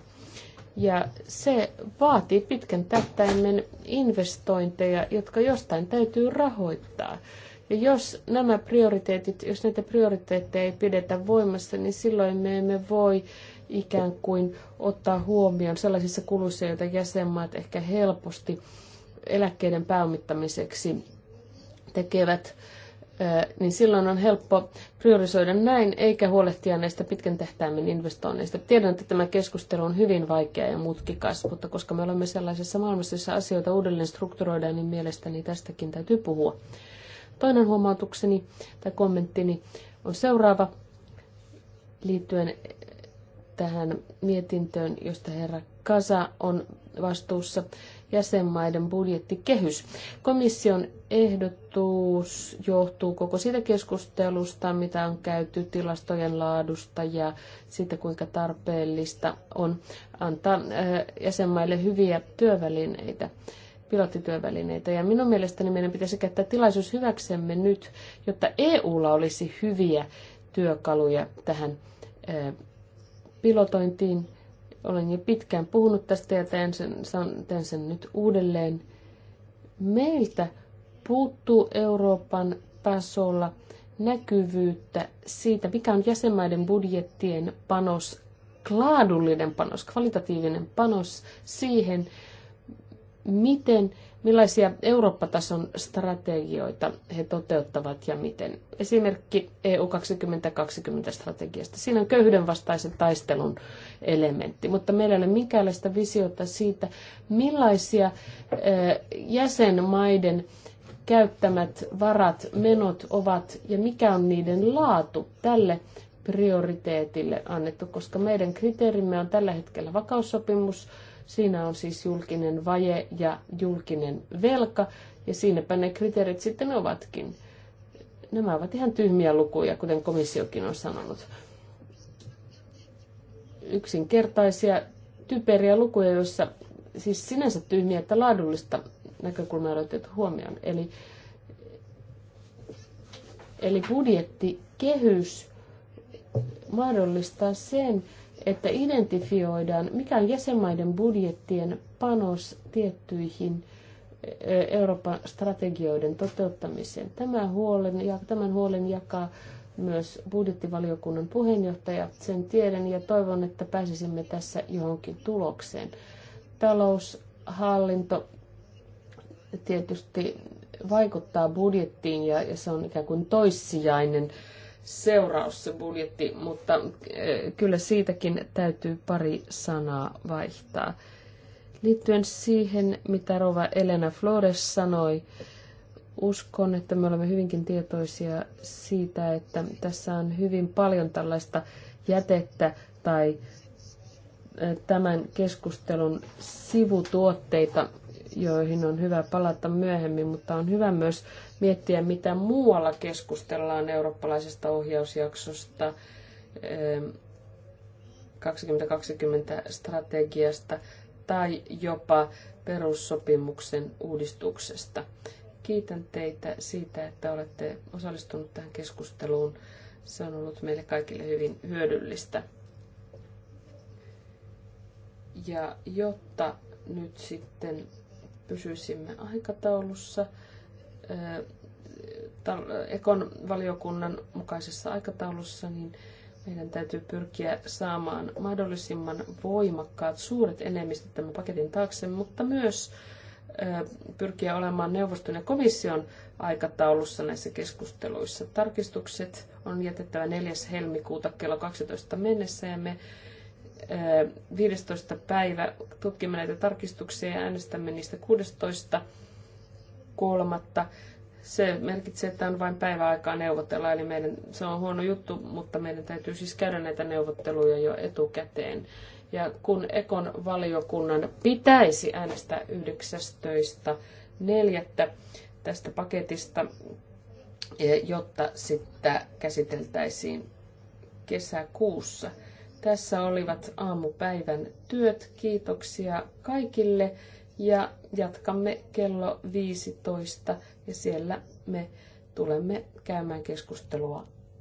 Ja se vaatii pitkän tähtäimen investointeja, jotka jostain täytyy rahoittaa. Ja jos nämä prioriteetit, jos näitä prioriteetteja ei pidetä voimassa, niin silloin me emme voi ikään kuin ottaa huomioon sellaisissa kuluissa, joita jäsenmaat ehkä helposti eläkkeiden pääomittamiseksi tekevät niin silloin on helppo priorisoida näin, eikä huolehtia näistä pitkän tähtäimen investoinneista. Tiedän, että tämä keskustelu on hyvin vaikea ja mutkikas, mutta koska me olemme sellaisessa maailmassa, jossa asioita uudelleen strukturoidaan, niin mielestäni tästäkin täytyy puhua. Toinen huomautukseni tai kommenttini on seuraava liittyen tähän mietintöön, josta herra Kasa on vastuussa jäsenmaiden budjettikehys. Komission ehdotus johtuu koko siitä keskustelusta, mitä on käyty tilastojen laadusta ja siitä, kuinka tarpeellista on antaa äh, jäsenmaille hyviä työvälineitä pilottityövälineitä. Ja minun mielestäni meidän pitäisi käyttää tilaisuus hyväksemme nyt, jotta EUlla olisi hyviä työkaluja tähän äh, pilotointiin olen jo pitkään puhunut tästä ja teen sen, teen sen nyt uudelleen. Meiltä puuttuu Euroopan tasolla näkyvyyttä siitä, mikä on jäsenmaiden budjettien panos, laadullinen panos, kvalitatiivinen panos siihen, miten Millaisia Eurooppa-tason strategioita he toteuttavat ja miten? Esimerkki EU 2020-strategiasta. Siinä on köyhyyden vastaisen taistelun elementti, mutta meillä ei ole minkäänlaista visiota siitä, millaisia jäsenmaiden käyttämät varat, menot ovat ja mikä on niiden laatu tälle prioriteetille annettu, koska meidän kriteerimme on tällä hetkellä vakaussopimus, Siinä on siis julkinen vaje ja julkinen velka, ja siinäpä ne kriteerit sitten ovatkin. Nämä ovat ihan tyhmiä lukuja, kuten komissiokin on sanonut. Yksinkertaisia, typeriä lukuja, joissa siis sinänsä tyhmiä, että laadullista näkökulmaa on otettu huomioon. Eli, eli budjettikehys mahdollistaa sen, että identifioidaan, mikä on jäsenmaiden budjettien panos tiettyihin e, Euroopan strategioiden toteuttamiseen. Tämä huolen, ja tämän huolen jakaa myös budjettivaliokunnan puheenjohtaja. Sen tiedän ja toivon, että pääsisimme tässä johonkin tulokseen. Taloushallinto tietysti vaikuttaa budjettiin ja, ja se on ikään kuin toissijainen seuraus se budjetti, mutta eh, kyllä siitäkin täytyy pari sanaa vaihtaa. Liittyen siihen, mitä Rova Elena Flores sanoi, uskon, että me olemme hyvinkin tietoisia siitä, että tässä on hyvin paljon tällaista jätettä tai eh, tämän keskustelun sivutuotteita, joihin on hyvä palata myöhemmin, mutta on hyvä myös miettiä, mitä muualla keskustellaan eurooppalaisesta ohjausjaksosta, 2020-strategiasta tai jopa perussopimuksen uudistuksesta. Kiitän teitä siitä, että olette osallistunut tähän keskusteluun. Se on ollut meille kaikille hyvin hyödyllistä. Ja jotta nyt sitten pysyisimme aikataulussa, Ekon valiokunnan mukaisessa aikataulussa, niin meidän täytyy pyrkiä saamaan mahdollisimman voimakkaat suuret enemmistöt tämän paketin taakse, mutta myös pyrkiä olemaan neuvoston ja komission aikataulussa näissä keskusteluissa. Tarkistukset on jätettävä 4. helmikuuta kello 12 mennessä ja me 15. päivä. Tutkimme näitä tarkistuksia ja äänestämme niistä 16. kolmatta. Se merkitsee, että on vain päiväaikaa neuvotella, eli meidän, se on huono juttu, mutta meidän täytyy siis käydä näitä neuvotteluja jo etukäteen. Ja kun Ekon valiokunnan pitäisi äänestää 19.4. tästä paketista, eh, jotta sitä käsiteltäisiin kesäkuussa – tässä olivat aamupäivän työt. Kiitoksia kaikille ja jatkamme kello 15 ja siellä me tulemme käymään keskustelua